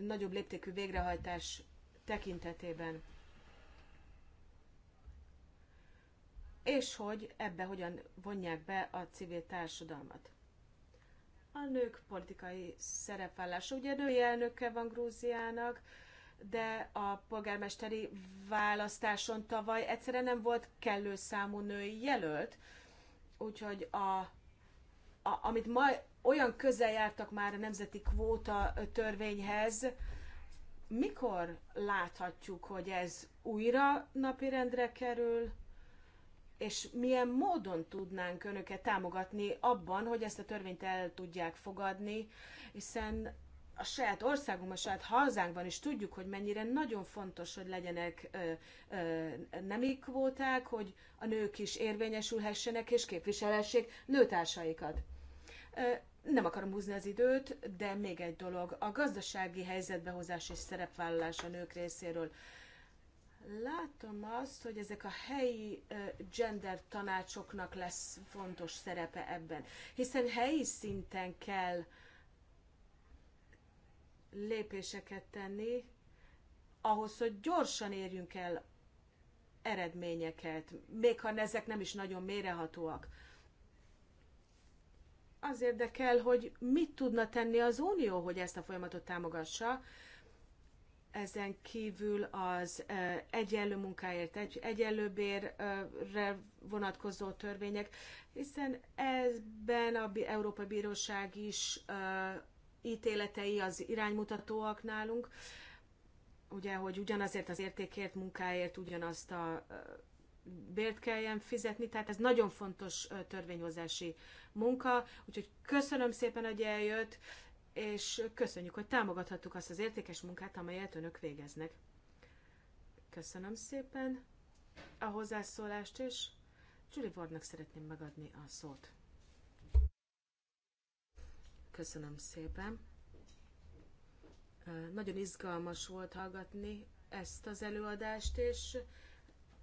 nagyobb léptékű végrehajtás tekintetében. És hogy ebbe hogyan vonják be a civil társadalmat. A nők politikai szerepvállása. Ugye női elnöke van Grúziának, de a polgármesteri választáson tavaly egyszerűen nem volt kellő számú női jelölt, úgyhogy a amit ma olyan közel jártak már a nemzeti kvóta törvényhez, mikor láthatjuk, hogy ez újra napirendre kerül, és milyen módon tudnánk önöket támogatni abban, hogy ezt a törvényt el tudják fogadni, hiszen a saját országunkban, a saját hazánkban is tudjuk, hogy mennyire nagyon fontos, hogy legyenek ö, ö, nemi kvóták, hogy a nők is érvényesülhessenek és képviselhessék nőtársaikat. Nem akarom húzni az időt, de még egy dolog. A gazdasági helyzetbehozás és szerepvállalás a nők részéről. Látom azt, hogy ezek a helyi gender tanácsoknak lesz fontos szerepe ebben, hiszen helyi szinten kell lépéseket tenni ahhoz, hogy gyorsan érjünk el eredményeket, még ha ezek nem is nagyon mérehatóak az érdekel, hogy mit tudna tenni az Unió, hogy ezt a folyamatot támogassa. Ezen kívül az egyenlő munkáért, egy, egyenlő bérre vonatkozó törvények, hiszen ebben a Európai Bíróság is ítéletei az iránymutatóak nálunk, ugye, hogy ugyanazért az értékért, munkáért ugyanazt a bért kelljen fizetni, tehát ez nagyon fontos törvényhozási munka, úgyhogy köszönöm szépen, hogy eljött, és köszönjük, hogy támogathattuk azt az értékes munkát, amelyet önök végeznek. Köszönöm szépen a hozzászólást, és Julie Wardnak szeretném megadni a szót. Köszönöm szépen. Nagyon izgalmas volt hallgatni ezt az előadást, és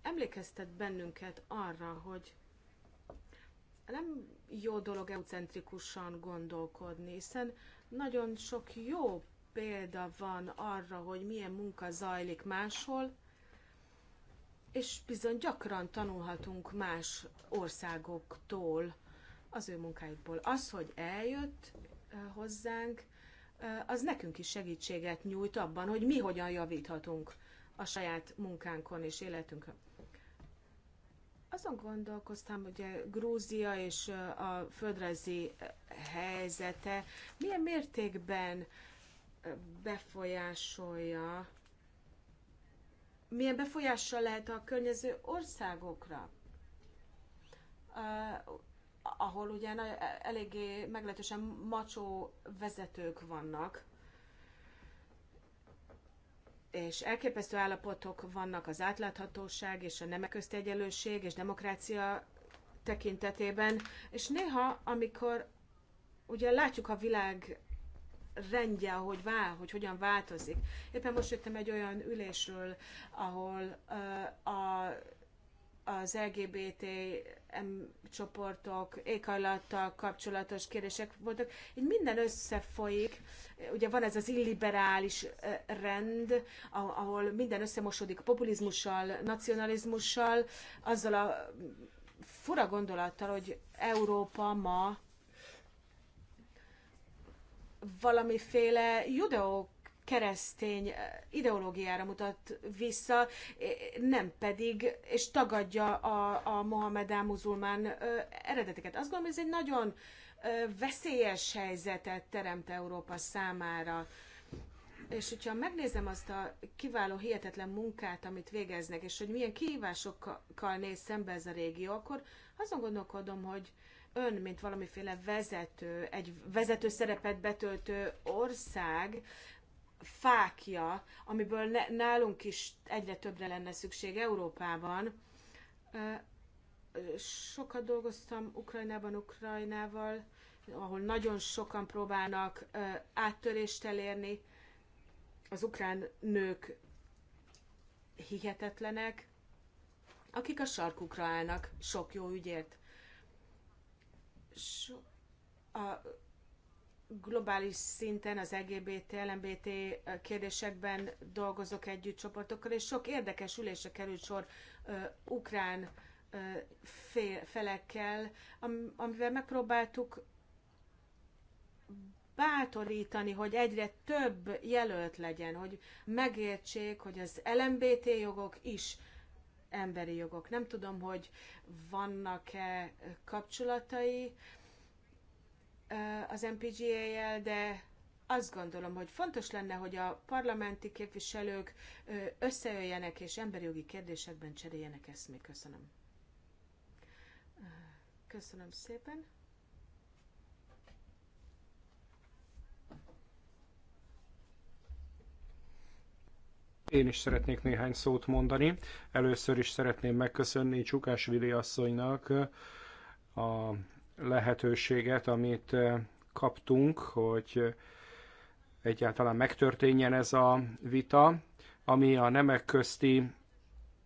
emlékeztet bennünket arra, hogy nem jó dolog eucentrikusan gondolkodni, hiszen nagyon sok jó példa van arra, hogy milyen munka zajlik máshol, és bizony gyakran tanulhatunk más országoktól az ő munkájukból. Az, hogy eljött hozzánk, az nekünk is segítséget nyújt abban, hogy mi hogyan javíthatunk a saját munkánkon és életünkön. Azon gondolkoztam, hogy Grúzia és a földrajzi helyzete milyen mértékben befolyásolja, milyen befolyással lehet a környező országokra, ahol ugye eléggé meglehetősen macsó vezetők vannak és elképesztő állapotok vannak az átláthatóság és a nemek közti egyenlőség és demokrácia tekintetében, és néha, amikor ugye látjuk a világ rendje, ahogy vál, hogy hogyan változik. Éppen most jöttem egy olyan ülésről, ahol uh, a az LGBT csoportok, éghajlattal kapcsolatos kérdések voltak. Így minden összefolyik. Ugye van ez az illiberális rend, ahol minden összemosodik populizmussal, nacionalizmussal, azzal a fura gondolattal, hogy Európa ma valamiféle judeók keresztény eh, ideológiára mutat vissza, eh, nem pedig, és tagadja a, a mohamedán muzulmán eh, eredeteket. Azt gondolom, ez egy nagyon veszélyes helyzetet teremt Európa számára. És hogyha megnézem azt a kiváló, hihetetlen munkát, amit végeznek, és hogy milyen kihívásokkal néz szembe ez a régió, akkor azon gondolkodom, hogy ön, mint valamiféle vezető, egy vezető szerepet betöltő ország, fákja, amiből nálunk is egyre többre lenne szükség Európában. Sokat dolgoztam Ukrajnában, Ukrajnával, ahol nagyon sokan próbálnak áttörést elérni. Az ukrán nők hihetetlenek, akik a sarkukra állnak sok jó ügyért. So, a globális szinten az LGBT, LMBT kérdésekben dolgozok együtt csoportokkal, és sok érdekes ülésre került sor uh, ukrán uh, fél, felekkel, am, amivel megpróbáltuk bátorítani, hogy egyre több jelölt legyen, hogy megértsék, hogy az LMBT jogok is emberi jogok. Nem tudom, hogy vannak-e kapcsolatai, az MPGA-jel, de azt gondolom, hogy fontos lenne, hogy a parlamenti képviselők összejöjjenek és emberi jogi kérdésekben cseréljenek eszmét. Köszönöm. Köszönöm szépen. Én is szeretnék néhány szót mondani. Először is szeretném megköszönni Vili asszonynak a lehetőséget, amit eh, kaptunk, hogy eh, egyáltalán megtörténjen ez a vita, ami a nemek közti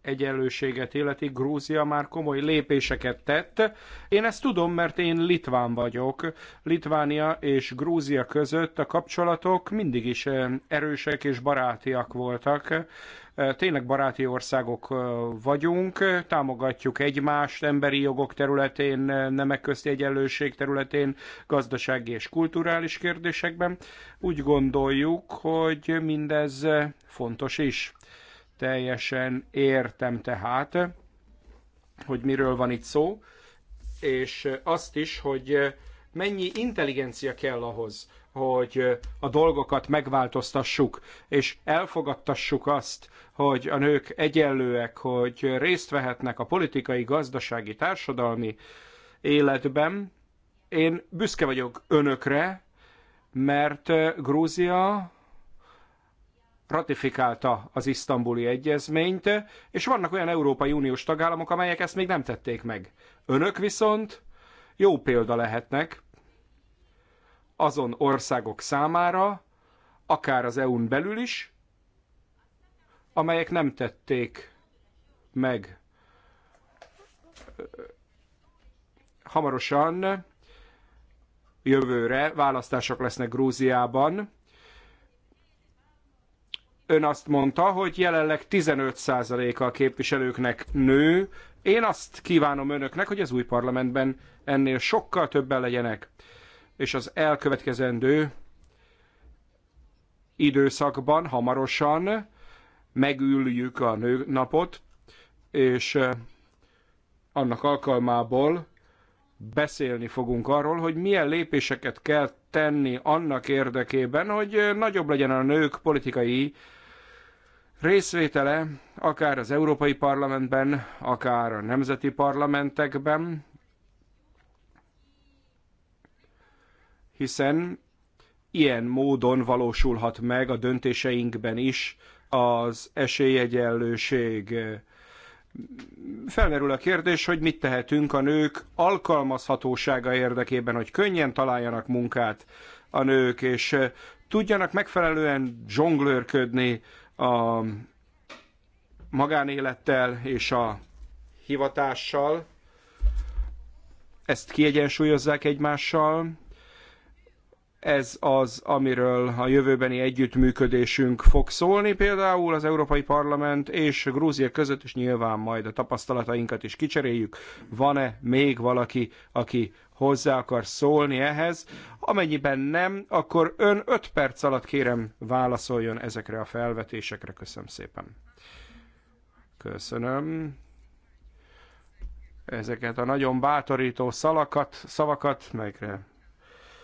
egyenlőséget illeti, Grúzia már komoly lépéseket tett. Én ezt tudom, mert én Litván vagyok. Litvánia és Grúzia között a kapcsolatok mindig is eh, erősek és barátiak voltak. Tényleg baráti országok vagyunk, támogatjuk egymást emberi jogok területén, nemek közti egyenlőség területén, gazdasági és kulturális kérdésekben. Úgy gondoljuk, hogy mindez fontos is. Teljesen értem tehát, hogy miről van itt szó, és azt is, hogy mennyi intelligencia kell ahhoz, hogy a dolgokat megváltoztassuk, és elfogadtassuk azt, hogy a nők egyenlőek, hogy részt vehetnek a politikai, gazdasági, társadalmi életben. Én büszke vagyok önökre, mert Grúzia ratifikálta az isztambuli egyezményt, és vannak olyan Európai Uniós tagállamok, amelyek ezt még nem tették meg. Önök viszont jó példa lehetnek, azon országok számára, akár az EU-n belül is, amelyek nem tették meg. Hamarosan jövőre választások lesznek Grúziában. Ön azt mondta, hogy jelenleg 15%-a a képviselőknek nő. Én azt kívánom önöknek, hogy az új parlamentben ennél sokkal többen legyenek és az elkövetkezendő időszakban hamarosan megüljük a nőnapot, és eh, annak alkalmából beszélni fogunk arról, hogy milyen lépéseket kell tenni annak érdekében, hogy eh, nagyobb legyen a nők politikai részvétele, akár az Európai Parlamentben, akár a nemzeti parlamentekben, hiszen ilyen módon valósulhat meg a döntéseinkben is az esélyegyenlőség. Felmerül a kérdés, hogy mit tehetünk a nők alkalmazhatósága érdekében, hogy könnyen találjanak munkát a nők, és eh, tudjanak megfelelően zsonglőrködni a magánélettel és a hivatással, ezt kiegyensúlyozzák egymással, ez az, amiről a jövőbeni együttműködésünk fog szólni, például az Európai Parlament és Grúzia között, és nyilván majd a tapasztalatainkat is kicseréljük. Van-e még valaki, aki hozzá akar szólni ehhez? Amennyiben nem, akkor ön 5 perc alatt kérem válaszoljon ezekre a felvetésekre. Köszönöm szépen. Köszönöm ezeket a nagyon bátorító szalakat, szavakat, melyekre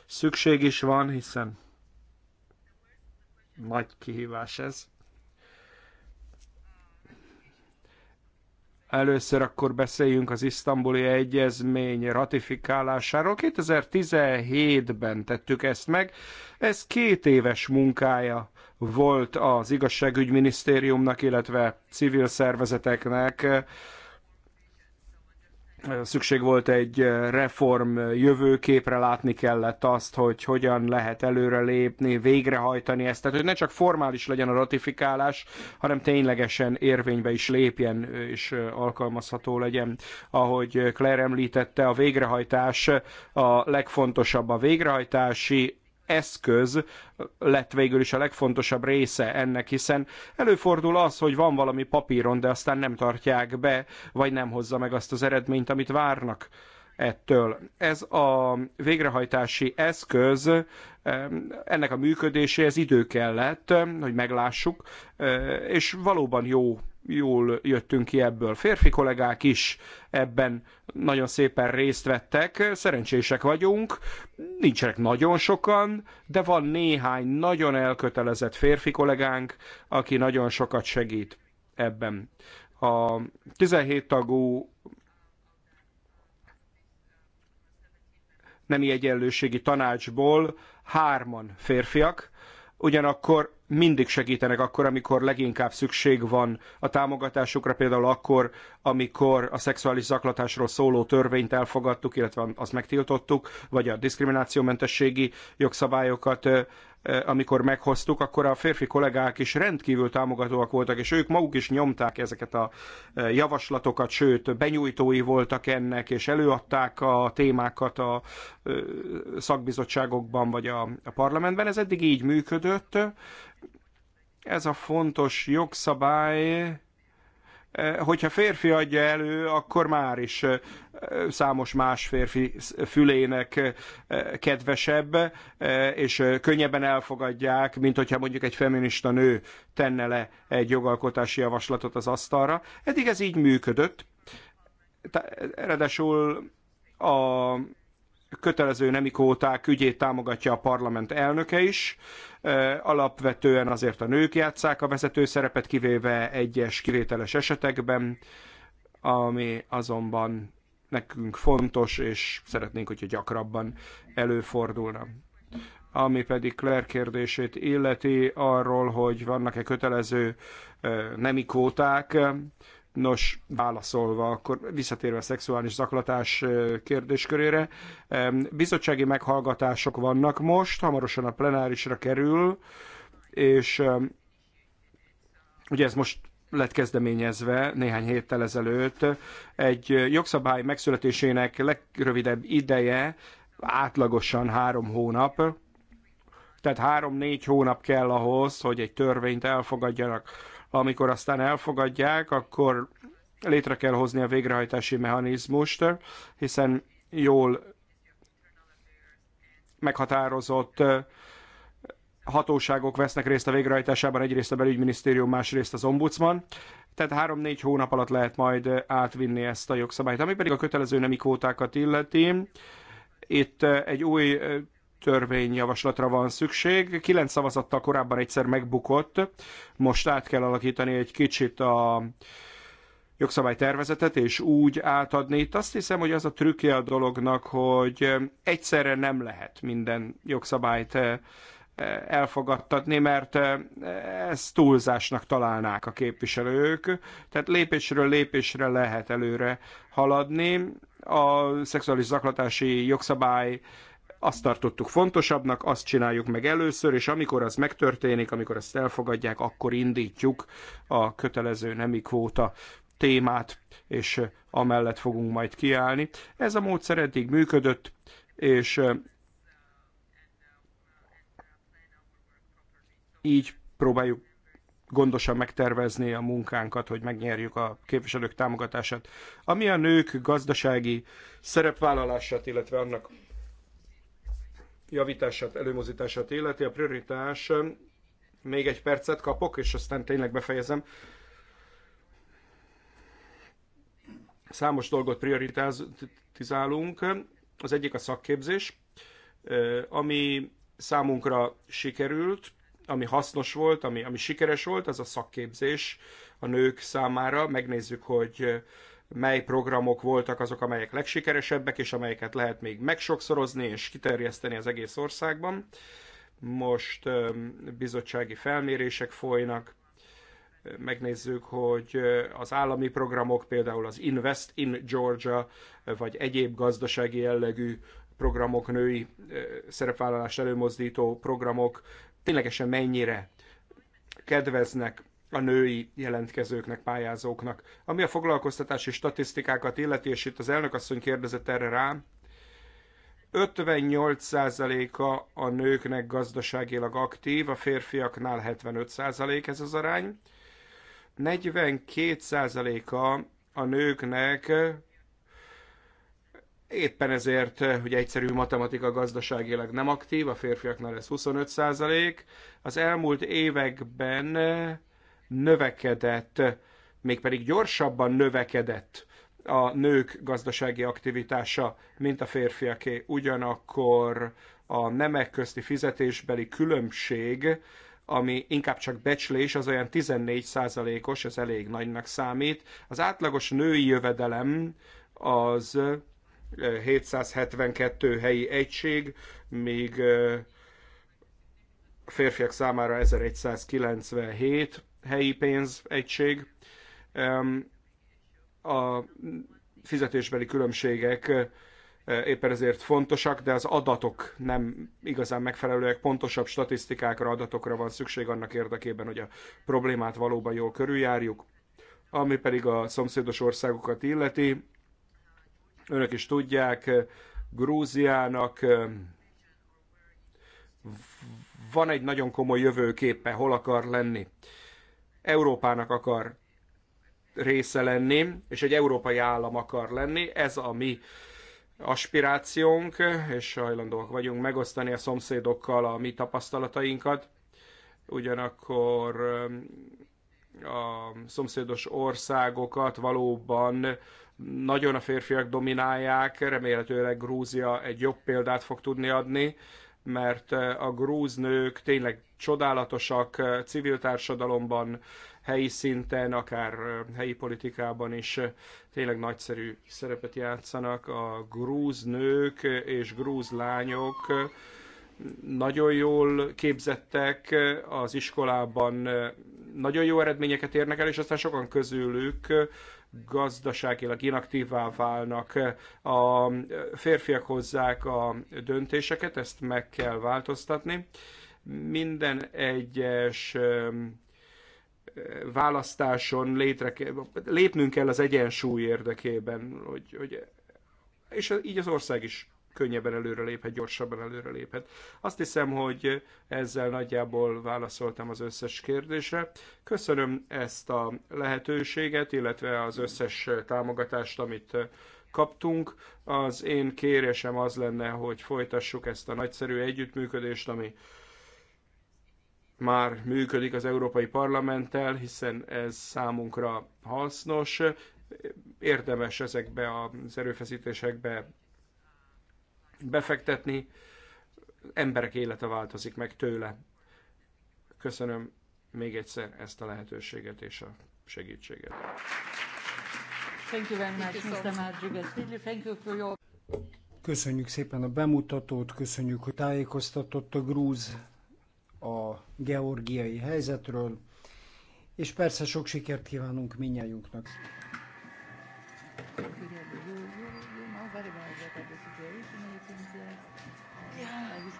szükség is van, hiszen nagy kihívás ez. Először akkor beszéljünk az isztambuli egyezmény ratifikálásáról. 2017-ben tettük ezt meg. Ez két éves munkája volt az igazságügyminisztériumnak, illetve civil szervezeteknek szükség volt egy eh, reform jövőképre, látni kellett azt, hogy hogyan lehet előrelépni, végrehajtani ezt, tehát hogy ne csak formális legyen a ratifikálás, hanem ténylegesen érvénybe is lépjen eh, és eh, alkalmazható legyen. Ahogy Claire említette, a végrehajtás a legfontosabb. A végrehajtási eszköz lett végül is a legfontosabb része ennek, hiszen előfordul az, hogy van valami papíron, de aztán nem tartják be, vagy nem hozza meg azt az eredményt, amit várnak ettől. Ez a végrehajtási eszköz, ennek a működéséhez idő kellett, hogy meglássuk, és valóban jó jól jöttünk ki ebből. Férfi kollégák is ebben nagyon szépen részt vettek, szerencsések vagyunk, nincsenek nagyon sokan, de van néhány nagyon elkötelezett férfi kollégánk, aki nagyon sokat segít ebben. A 17 tagú nemi egyenlőségi tanácsból hárman férfiak, ugyanakkor mindig segítenek akkor, amikor leginkább szükség van a támogatásukra, például akkor, amikor a szexuális zaklatásról szóló törvényt elfogadtuk, illetve azt megtiltottuk, vagy a diszkriminációmentességi jogszabályokat Eh, amikor meghoztuk, akkor a férfi kollégák is rendkívül támogatóak voltak, és ők maguk is nyomták ezeket a eh, javaslatokat, sőt, benyújtói voltak ennek, és előadták a témákat a eh, szakbizottságokban vagy a, a parlamentben. Ez eddig így működött. Ez a fontos jogszabály Eh, hogyha férfi adja elő, akkor már is eh, számos más férfi fülének eh, kedvesebb, és könnyebben elfogadják, mint hogyha mondjuk egy feminista nő tenne le egy jogalkotási javaslatot az asztalra. Eddig ez így működött. Eredesül a kötelező nemi kvóták ügyét támogatja a parlament elnöke is, Alapvetően azért a nők játszák a vezető szerepet, kivéve egyes kivételes esetekben, ami azonban nekünk fontos, és szeretnénk, hogyha gyakrabban előfordulna ami pedig Claire kérdését illeti arról, hogy vannak-e kötelező nemi kvóták. Nos, válaszolva, akkor visszatérve a szexuális zaklatás kérdéskörére, bizottsági meghallgatások vannak most, hamarosan a plenárisra kerül, és ugye ez most lett kezdeményezve néhány héttel ezelőtt. Egy jogszabály megszületésének legrövidebb ideje átlagosan három hónap, tehát három-négy hónap kell ahhoz, hogy egy törvényt elfogadjanak amikor aztán elfogadják, akkor létre kell hozni a végrehajtási mechanizmust, hiszen jól meghatározott hatóságok vesznek részt a végrehajtásában, egyrészt a belügyminisztérium, másrészt az ombudsman. Tehát 3-4 hónap alatt lehet majd átvinni ezt a jogszabályt. Ami pedig a kötelező nemi kvótákat illeti, itt egy új törvényjavaslatra van szükség. Kilenc szavazattal korábban egyszer megbukott, most át kell alakítani egy kicsit a jogszabálytervezetet, és úgy átadni. Itt azt hiszem, hogy az a trükkje a dolognak, hogy egyszerre nem lehet minden jogszabályt eh, elfogadtatni, mert eh, ezt túlzásnak találnák a képviselők. Tehát lépésről lépésre lehet előre haladni. A szexuális zaklatási jogszabály azt tartottuk fontosabbnak, azt csináljuk meg először, és amikor az megtörténik, amikor ezt elfogadják, akkor indítjuk a kötelező nemi kvóta témát, és amellett fogunk majd kiállni. Ez a módszer eddig működött, és így próbáljuk gondosan megtervezni a munkánkat, hogy megnyerjük a képviselők támogatását. Ami a nők gazdasági szerepvállalását, illetve annak javítását, előmozítását illeti. A prioritás, még egy percet kapok, és aztán tényleg befejezem. Számos dolgot prioritizálunk. Az egyik a szakképzés, ami számunkra sikerült, ami hasznos volt, ami, ami sikeres volt, az a szakképzés a nők számára. Megnézzük, hogy mely programok voltak azok, amelyek legsikeresebbek, és amelyeket lehet még megsokszorozni és kiterjeszteni az egész országban. Most bizottsági felmérések folynak, megnézzük, hogy az állami programok, például az Invest in Georgia, vagy egyéb gazdasági jellegű programok, női szerepvállalást előmozdító programok ténylegesen mennyire kedveznek a női jelentkezőknek, pályázóknak. Ami a foglalkoztatási statisztikákat illeti, és itt az elnökasszony kérdezett erre rá, 58%-a a nőknek gazdaságilag aktív, a férfiaknál 75% ez az arány. 42%-a a nőknek éppen ezért, hogy egyszerű matematika gazdaságilag nem aktív, a férfiaknál ez 25%. Az elmúlt években növekedett, mégpedig gyorsabban növekedett a nők gazdasági aktivitása, mint a férfiaké. Ugyanakkor a nemek közti fizetésbeli különbség, ami inkább csak becslés, az olyan 14 os ez elég nagynak számít. Az átlagos női jövedelem az 772 helyi egység, míg a férfiak számára 1197, helyi pénzegység. A fizetésbeli különbségek eh, éppen ezért fontosak, de az adatok nem igazán megfelelőek, pontosabb statisztikákra, adatokra van szükség annak érdekében, hogy a problémát valóban jól körüljárjuk. Ami pedig a szomszédos országokat illeti, önök is tudják, eh, Grúziának eh, van egy nagyon komoly jövőképe, hol akar lenni. Európának akar része lenni, és egy európai állam akar lenni. Ez a mi aspirációnk, és hajlandóak vagyunk megosztani a szomszédokkal a mi tapasztalatainkat. Ugyanakkor um, a szomszédos országokat valóban nagyon a férfiak dominálják, remélhetőleg Grúzia egy jobb példát fog tudni adni, mert a grúz nők tényleg csodálatosak civil társadalomban, helyi szinten, akár helyi politikában is tényleg nagyszerű szerepet játszanak. A grúz nők és grúz lányok nagyon jól képzettek, az iskolában nagyon jó eredményeket érnek el, és aztán sokan közülük gazdaságilag inaktívá válnak. A férfiak hozzák a döntéseket, ezt meg kell változtatni. Minden egyes választáson létre, lépnünk kell az egyensúly érdekében, hogy, hogy és így az ország is könnyebben előreléphet, gyorsabban előreléphet. Azt hiszem, hogy ezzel nagyjából válaszoltam az összes kérdésre. Köszönöm ezt a lehetőséget, illetve az összes támogatást, amit kaptunk. Az én kérésem az lenne, hogy folytassuk ezt a nagyszerű együttműködést, ami már működik az Európai Parlamenttel, hiszen ez számunkra hasznos. Érdemes ezekbe az erőfeszítésekbe befektetni, emberek élete változik meg tőle. Köszönöm még egyszer ezt a lehetőséget és a segítséget. Köszönjük szépen a bemutatót, köszönjük, hogy tájékoztatott a grúz a georgiai helyzetről, és persze sok sikert kívánunk minnyájunknak. Köszönjük.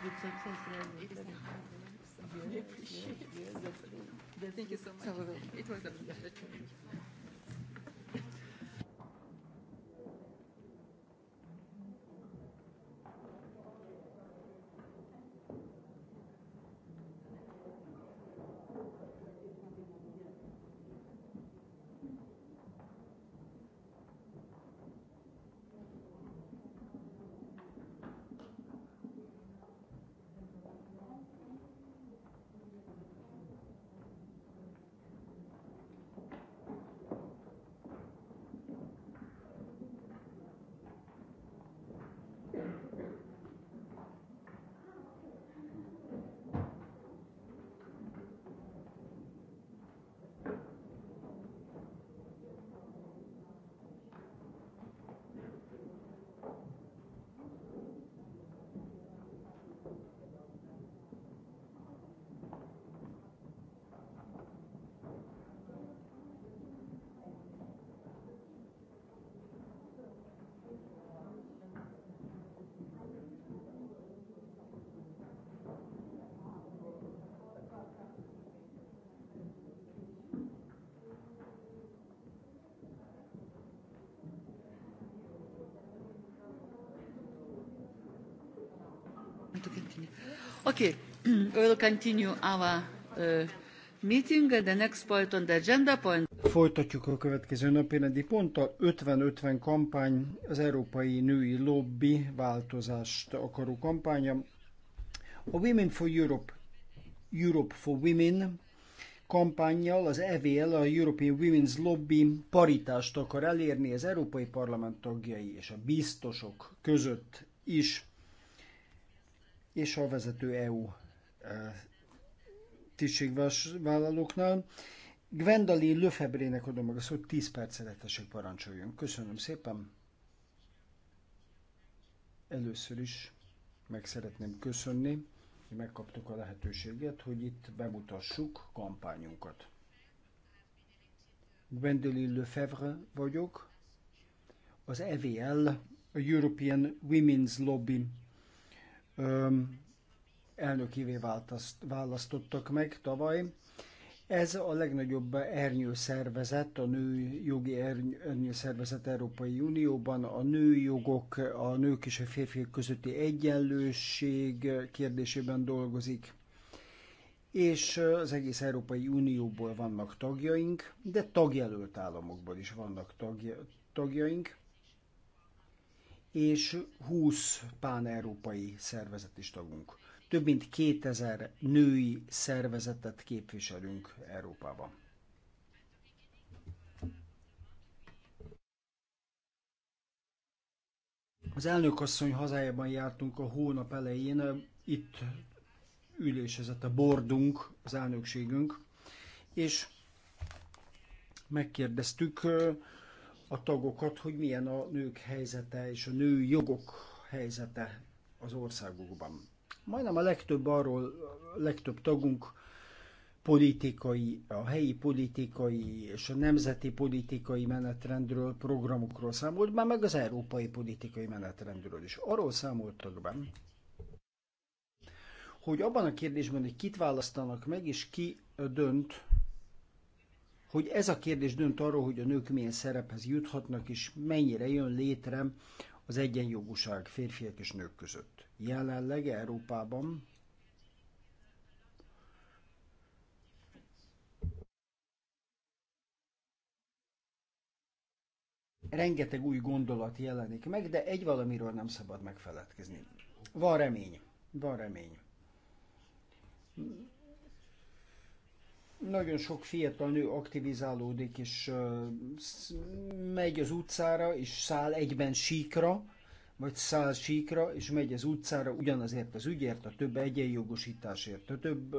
with success rather it than... Yes, yes, yes, absolutely. Thank you so much. It was a pleasure. to continue. Okay, we'll continue our uh, meeting. The next point on the agenda point. Folytatjuk a következő napi ponttal. 50-50 kampány, az Európai Női Lobby változást akaró kampánya. A Women for Europe, Europe for Women kampányjal az EVL, a European Women's Lobby paritást akar elérni az Európai Parlament tagjai és a biztosok között is és a vezető EU e, tisztségvállalóknál. Gwendali Löfebrének adom meg a szót, 10 perc szeretesek parancsoljon. Köszönöm szépen. Először is meg szeretném köszönni, hogy megkaptuk a lehetőséget, hogy itt bemutassuk kampányunkat. Gwendolyn Lefebvre vagyok, az EVL, a European Women's Lobby elnökévé választottak meg tavaly. Ez a legnagyobb ernyőszervezet, a női jogi ernyőszervezet Európai Unióban, a nőjogok, a nők és a férfiak közötti egyenlőség kérdésében dolgozik és az egész Európai Unióból vannak tagjaink, de tagjelölt államokból is vannak tagja, tagjaink és 20 pán-európai szervezet is tagunk. Több mint 2000 női szervezetet képviselünk Európában. Az elnökasszony hazájában jártunk a hónap elején, itt ülésezett a bordunk, az elnökségünk, és megkérdeztük, a tagokat, hogy milyen a nők helyzete és a női jogok helyzete az országokban. Majdnem a legtöbb arról, a legtöbb tagunk politikai, a helyi politikai és a nemzeti politikai menetrendről, programokról számolt be, meg az európai politikai menetrendről is. Arról számoltak be, hogy abban a kérdésben, hogy kit választanak meg és ki dönt, hogy ez a kérdés dönt arról, hogy a nők milyen szerephez juthatnak, és mennyire jön létre az egyenjogúság férfiak és nők között. Jelenleg Európában rengeteg új gondolat jelenik meg, de egy valamiről nem szabad megfeledkezni. Van remény. Van remény nagyon sok fiatal nő aktivizálódik, és megy az utcára, és száll egyben síkra, vagy száll síkra, és megy az utcára ugyanazért az ügyért, a több egyenjogosításért, a több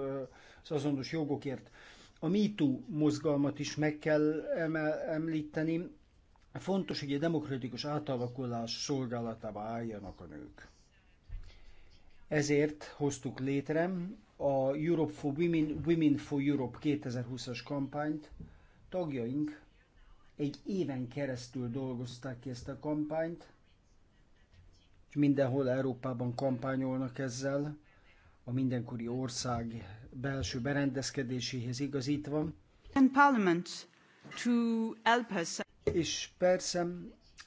az azonos jogokért. A MeToo mozgalmat is meg kell említeni. Fontos, hogy a demokratikus átalakulás szolgálatába álljanak a nők. Ezért hoztuk létre a Europe for Women, Women for Europe 2020-as kampányt. Tagjaink egy éven keresztül dolgozták ki ezt a kampányt, mindenhol Európában kampányolnak ezzel, a mindenkori ország belső berendezkedéséhez igazítva. And parliament to help us. És persze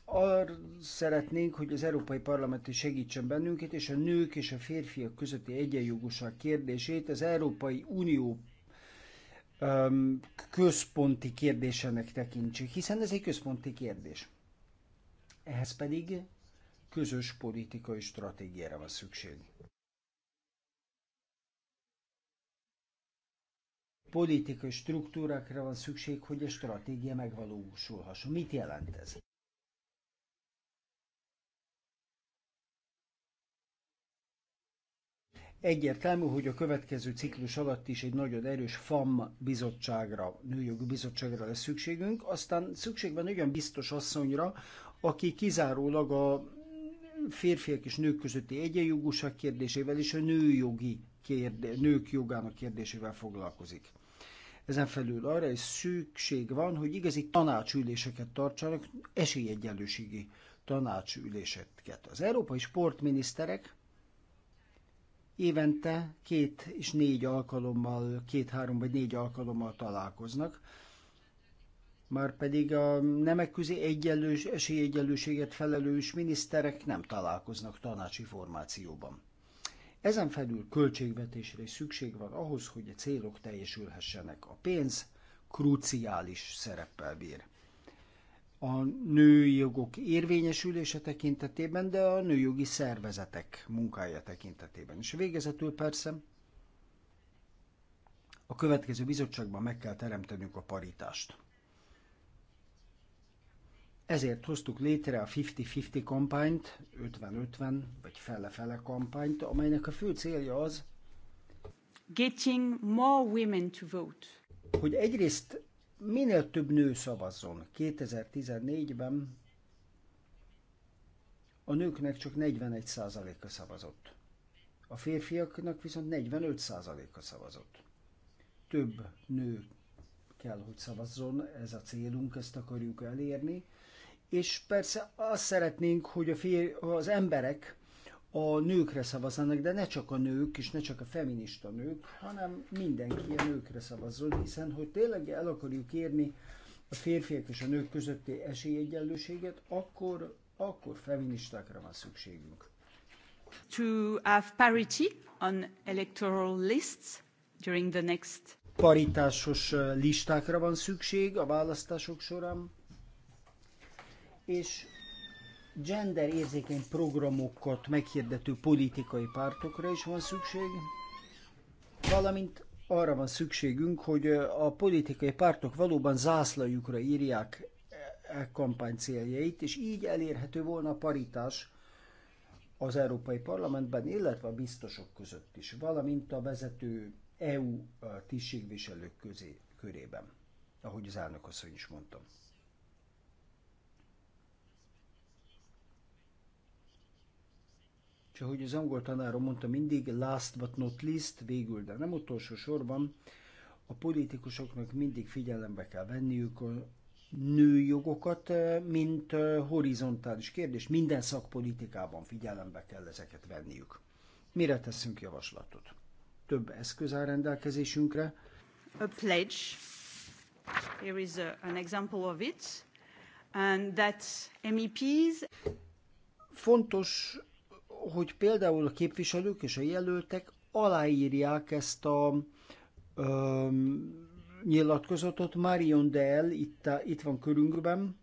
arra szeretnénk, hogy az Európai Parlament is segítsen bennünket, és a nők és a férfiak közötti egyenjogúság kérdését az Európai Unió um, központi kérdésének tekintsük, hiszen ez egy központi kérdés. Ehhez pedig közös politikai stratégiára van szükség. Politikai struktúrákra van szükség, hogy a stratégia megvalósulhasson. Mit jelent ez? Egyértelmű, hogy a következő ciklus alatt is egy nagyon erős FAM bizottságra, nőjogi bizottságra lesz szükségünk, aztán szükség van olyan biztos asszonyra, aki kizárólag a férfiak és nők közötti egyenjogúság kérdésével és a nőjogi kérdé, nők jogának kérdésével foglalkozik. Ezen felül arra is szükség van, hogy igazi tanácsüléseket tartsanak, esélyegyenlőségi tanácsüléseket. Az európai sportminiszterek évente két és négy alkalommal, két-három vagy négy alkalommal találkoznak. pedig a nemek közé egyenlős, esélyegyenlőséget felelős miniszterek nem találkoznak tanácsi formációban. Ezen felül költségvetésre is szükség van ahhoz, hogy a célok teljesülhessenek. A pénz kruciális szereppel bír a női jogok érvényesülése tekintetében, de a nőjogi szervezetek munkája tekintetében. És végezetül persze a következő bizottságban meg kell teremtenünk a paritást. Ezért hoztuk létre a 50-50 kampányt, 50-50 vagy fele-fele kampányt, amelynek a fő célja az, Getting more women to vote. hogy egyrészt minél több nő szavazzon. 2014-ben a nőknek csak 41%-a szavazott. A férfiaknak viszont 45%-a szavazott. Több nő kell, hogy szavazzon, ez a célunk, ezt akarjuk elérni. És persze azt szeretnénk, hogy a fér, az emberek a nőkre szavazzanak, de ne csak a nők, és ne csak a feminista nők, hanem mindenki a nőkre szavazzon, hiszen hogy tényleg el akarjuk érni a férfiak és a nők közötti esélyegyenlőséget, akkor, akkor feministákra van szükségünk. To have parity on electoral lists during the next paritásos eh, listákra van szükség a választások során, és gender érzékeny programokat meghirdető politikai pártokra is van szükség, valamint arra van szükségünk, hogy a politikai pártok valóban zászlajukra írják e, e kampány céljait, és így elérhető volna a paritás az Európai Parlamentben, illetve a biztosok között is, valamint a vezető EU tisztségviselők közé, körében, ahogy az elnök is mondtam. És ahogy az angol tanárom mondta mindig, last but not least, végül, de nem utolsó sorban, a politikusoknak mindig figyelembe kell venniük a nőjogokat, eh, mint eh, horizontális kérdés. Minden szakpolitikában figyelembe kell ezeket venniük. Mire teszünk javaslatot? Több eszköz áll rendelkezésünkre. A pledge. Here is a, eh, an example of it. And that MEPs... Fontos hogy például a képviselők és a jelöltek aláírják ezt a um, nyilatkozatot. Marion Dell itt, itt van körünkben.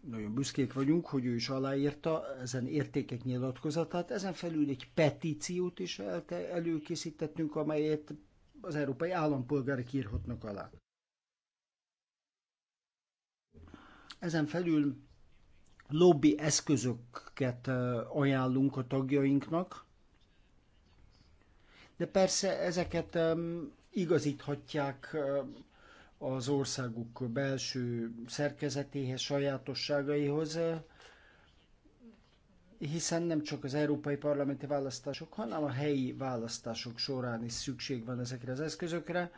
Nagyon büszkék vagyunk, hogy ő is aláírta ezen értékek nyilatkozatát. Ezen felül egy petíciót is előkészítettünk, amelyet az európai állampolgárok írhatnak alá. Ezen felül lobby eszközöket ajánlunk a tagjainknak, de persze ezeket igazíthatják az országuk belső szerkezetéhez, sajátosságaihoz, hiszen nem csak az európai parlamenti választások, hanem a helyi választások során is szükség van ezekre az eszközökre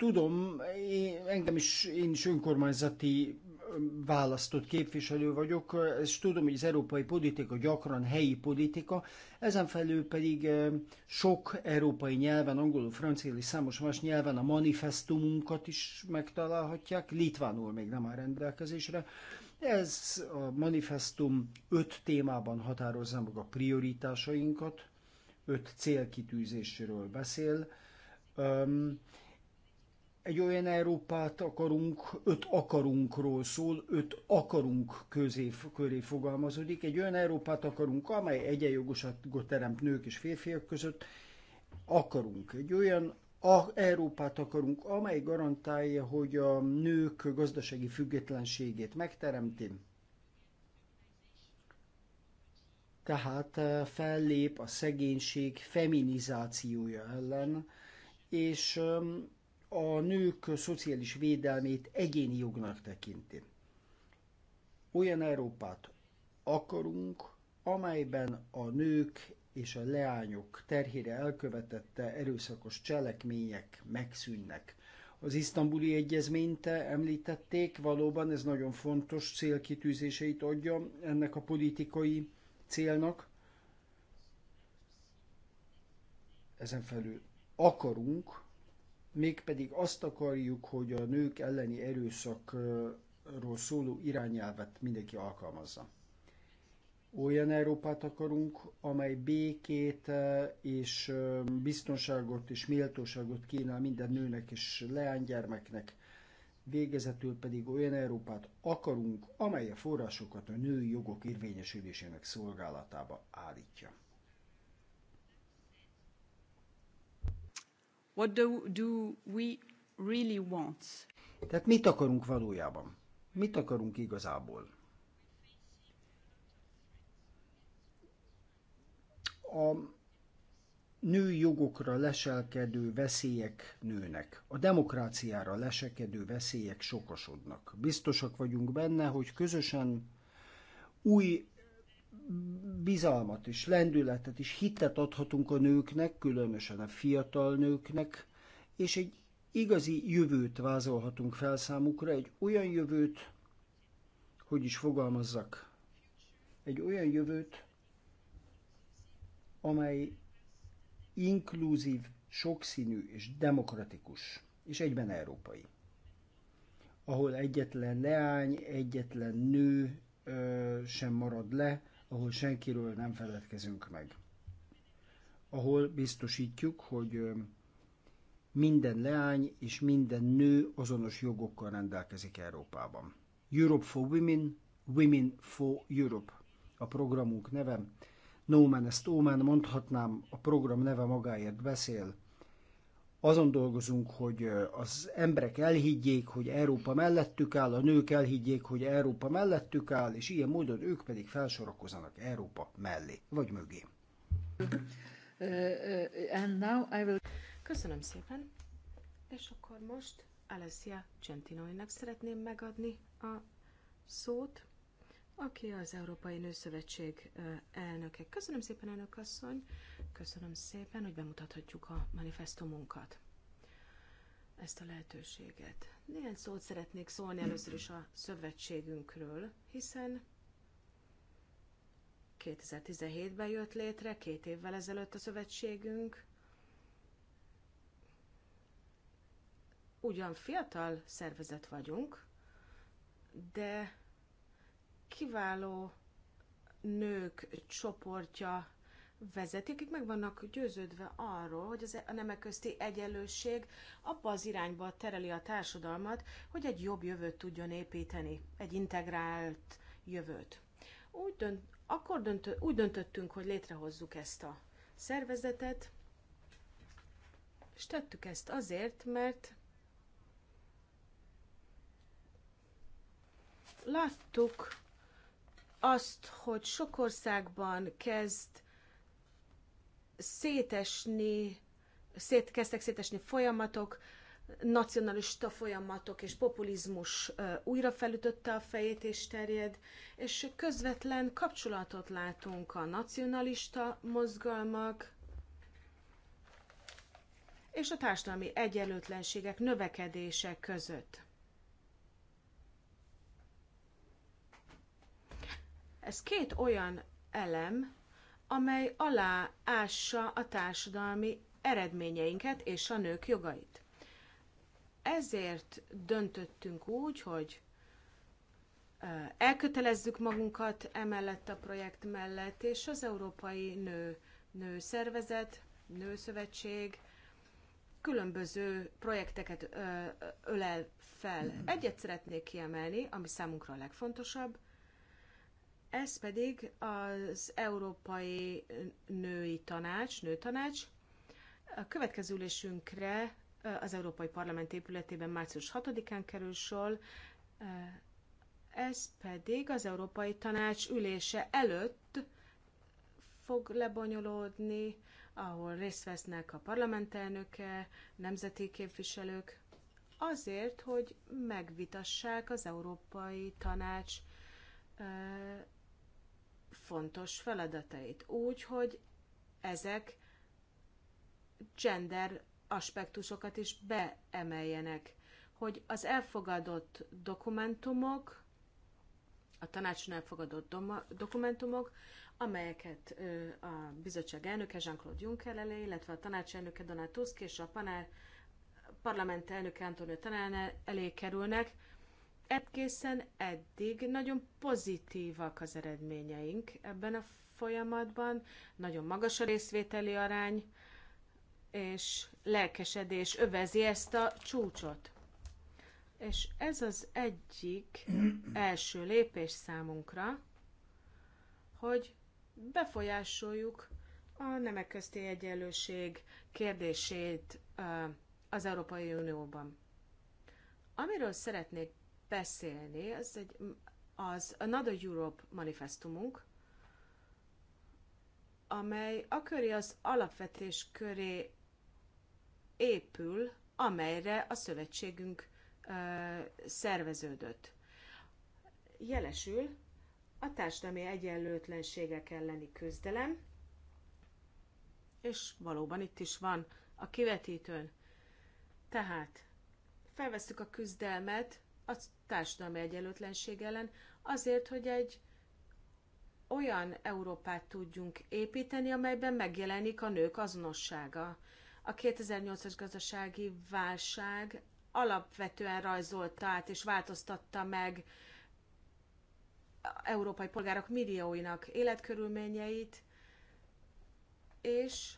tudom, én, engem is, én is önkormányzati választott képviselő vagyok, és tudom, hogy az európai politika gyakran helyi politika, ezen felül pedig sok európai nyelven, angolul, franciául és számos más nyelven a manifestumunkat is megtalálhatják, litvánul még nem áll rendelkezésre. Ez a manifestum öt témában határozza meg a prioritásainkat, öt célkitűzésről beszél, egy olyan Európát akarunk, öt akarunkról szól, öt akarunk közé, köré fogalmazódik. Egy olyan Európát akarunk, amely egyenjogosságot teremt nők és férfiak között. Akarunk egy olyan a Európát akarunk, amely garantálja, hogy a nők gazdasági függetlenségét megteremti. Tehát eh, fellép a szegénység feminizációja ellen, és a nők szociális védelmét egyéni jognak tekinti. Olyan Európát akarunk, amelyben a nők és a leányok terhére elkövetette erőszakos cselekmények megszűnnek. Az isztambuli egyezményt említették, valóban ez nagyon fontos célkitűzéseit adja ennek a politikai célnak. Ezen felül akarunk mégpedig azt akarjuk, hogy a nők elleni erőszakról szóló irányelvet mindenki alkalmazza. Olyan Európát akarunk, amely békét eh, és eh, biztonságot és méltóságot kínál minden nőnek és leánygyermeknek, végezetül pedig olyan Európát akarunk, amely a forrásokat a női jogok érvényesülésének szolgálatába állítja. What do, do we really want? Tehát mit akarunk valójában? Mit akarunk igazából? A női jogokra leselkedő veszélyek nőnek, a demokráciára leselkedő veszélyek sokasodnak. Biztosak vagyunk benne, hogy közösen új bizalmat és lendületet és hitet adhatunk a nőknek, különösen a fiatal nőknek, és egy igazi jövőt vázolhatunk fel számukra, egy olyan jövőt, hogy is fogalmazzak, egy olyan jövőt, amely inkluzív, sokszínű és demokratikus, és egyben európai. Ahol egyetlen leány, egyetlen nő ö, sem marad le, ahol senkiről nem feledkezünk meg. Ahol biztosítjuk, hogy minden leány és minden nő azonos jogokkal rendelkezik Európában. Europe for Women, Women for Europe a programunk neve. No man ezt Oman mondhatnám, a program neve magáért beszél, azon dolgozunk, hogy az emberek elhiggyék, hogy Európa mellettük áll, a nők elhiggyék, hogy Európa mellettük áll, és ilyen módon ők pedig felsorakozanak Európa mellé, vagy mögé. And now I will... Köszönöm szépen, és akkor most Alessia Centinoinak szeretném megadni a szót aki az Európai Nőszövetség elnöke. Köszönöm szépen, elnök asszony, köszönöm szépen, hogy bemutathatjuk a manifestumunkat, ezt a lehetőséget. Néhány szót szeretnék szólni először is a szövetségünkről, hiszen 2017-ben jött létre, két évvel ezelőtt a szövetségünk, ugyan fiatal szervezet vagyunk, de kiváló nők csoportja vezeti, akik meg vannak győződve arról, hogy az a nemek közti egyenlőség abba az irányba tereli a társadalmat, hogy egy jobb jövőt tudjon építeni, egy integrált jövőt. Úgy dönt, akkor döntö, úgy döntöttünk, hogy létrehozzuk ezt a szervezetet, és tettük ezt azért, mert láttuk, azt, hogy sok országban kezd szétesni, szét, kezdtek szétesni folyamatok, nacionalista folyamatok és populizmus újra felütötte a fejét és terjed, és közvetlen kapcsolatot látunk a nacionalista mozgalmak és a társadalmi egyenlőtlenségek növekedése között. Ez két olyan elem, amely alá ássa a társadalmi eredményeinket és a nők jogait. Ezért döntöttünk úgy, hogy elkötelezzük magunkat emellett a projekt mellett, és az Európai Nő, Nőszervezet, Nőszövetség különböző projekteket ölel fel. Egyet szeretnék kiemelni, ami számunkra a legfontosabb – ez pedig az Európai Női Tanács, Nőtanács. A következő ülésünkre eh, az Európai Parlament épületében március 6-án kerül sor, eh, ez pedig az Európai Tanács ülése előtt fog lebonyolódni, ahol részt vesznek a parlamentelnöke, nemzeti képviselők, azért, hogy megvitassák az Európai Tanács eh, fontos feladatait. Úgy, hogy ezek gender aspektusokat is beemeljenek, hogy az elfogadott dokumentumok, a tanácson elfogadott dokumentumok, amelyeket a bizottság elnöke Jean-Claude Juncker elé, illetve a tanács elnöke Donald Tusk és a panel, parlament elnöke Antonio Talán elé kerülnek, egészen eddig nagyon pozitívak az eredményeink ebben a folyamatban, nagyon magas a részvételi arány, és lelkesedés övezi ezt a csúcsot. És ez az egyik első lépés számunkra, hogy befolyásoljuk a nemek közti egyenlőség kérdését az Európai Unióban. Amiről szeretnék beszélni. Ez egy, az Another Europe manifestumunk, amely a köré az alapvetés köré épül, amelyre a szövetségünk ö, szerveződött. Jelesül a társadalmi egyenlőtlenségek elleni küzdelem, és valóban itt is van a kivetítőn. Tehát felvesztük a küzdelmet a társadalmi egyenlőtlenség ellen, azért, hogy egy olyan Európát tudjunk építeni, amelyben megjelenik a nők azonossága. A 2008-as gazdasági válság alapvetően rajzolta át és változtatta meg európai polgárok millióinak életkörülményeit, és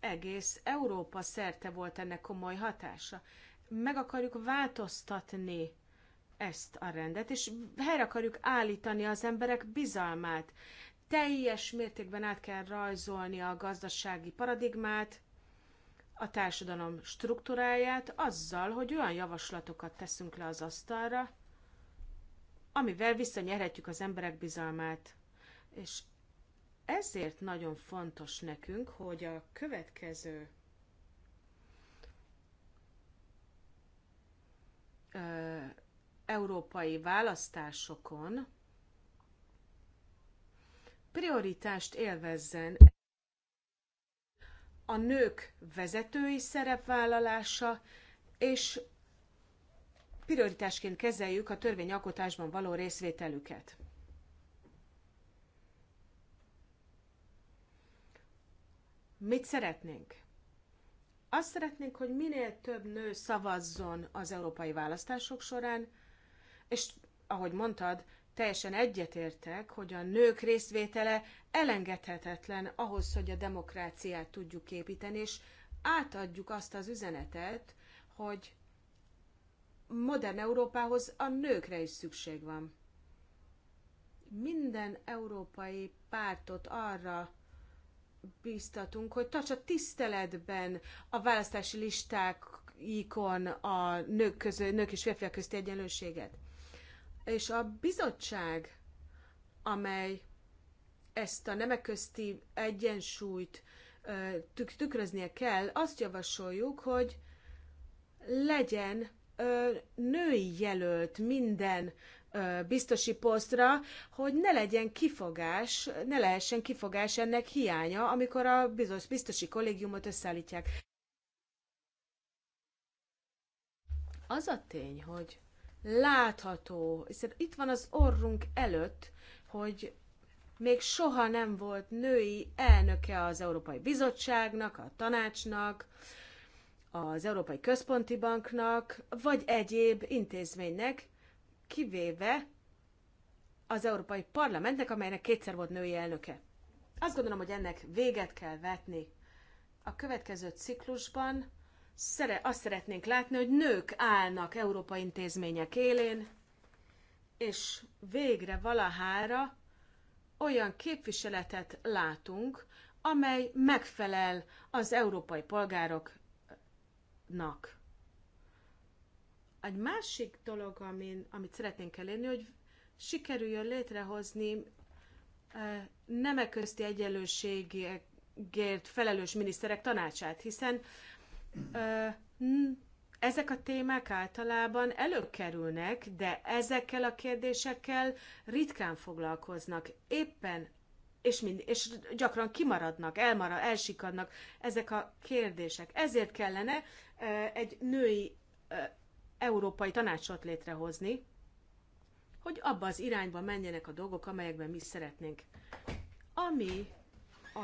egész Európa szerte volt ennek komoly hatása meg akarjuk változtatni ezt a rendet, és helyre akarjuk állítani az emberek bizalmát. Teljes mértékben át kell rajzolni a gazdasági paradigmát, a társadalom struktúráját azzal, hogy olyan javaslatokat teszünk le az asztalra, amivel visszanyerhetjük az emberek bizalmát. És ezért nagyon fontos nekünk, hogy a következő európai választásokon prioritást élvezzen a nők vezetői szerepvállalása, és prioritásként kezeljük a törvényalkotásban való részvételüket. Mit szeretnénk? Azt szeretnénk, hogy minél több nő szavazzon az európai választások során, és ahogy mondtad, teljesen egyetértek, hogy a nők részvétele elengedhetetlen ahhoz, hogy a demokráciát tudjuk építeni, és átadjuk azt az üzenetet, hogy modern Európához a nőkre is szükség van. Minden európai pártot arra bíztatunk, hogy a tiszteletben a választási listáikon a nők, közö, nők és férfiak közti egyenlőséget. És a bizottság, amely ezt a nemek közti egyensúlyt tük- tükröznie kell, azt javasoljuk, hogy legyen női jelölt minden biztosi posztra, hogy ne legyen kifogás, ne lehessen kifogás ennek hiánya, amikor a bizonyos biztosi kollégiumot összeállítják. Az a tény, hogy látható, hiszen itt van az orrunk előtt, hogy még soha nem volt női elnöke az Európai Bizottságnak, a tanácsnak, az Európai Központi Banknak, vagy egyéb intézménynek, kivéve az Európai Parlamentnek, amelynek kétszer volt női elnöke. Azt gondolom, hogy ennek véget kell vetni. A következő ciklusban szere, azt szeretnénk látni, hogy nők állnak európai intézmények élén, és végre valahára olyan képviseletet látunk, amely megfelel az európai polgároknak. Egy másik dolog, amin, amit szeretnénk elérni, hogy sikerüljön létrehozni eh, nemek közti egyenlőségért felelős miniszterek tanácsát, hiszen eh, ezek a témák általában előkerülnek, de ezekkel a kérdésekkel ritkán foglalkoznak. Éppen és, mind, és gyakran kimaradnak, elmarad, elsikadnak ezek a kérdések. Ezért kellene eh, egy női európai tanácsot létrehozni, hogy abba az irányba menjenek a dolgok, amelyekben mi szeretnénk. Ami a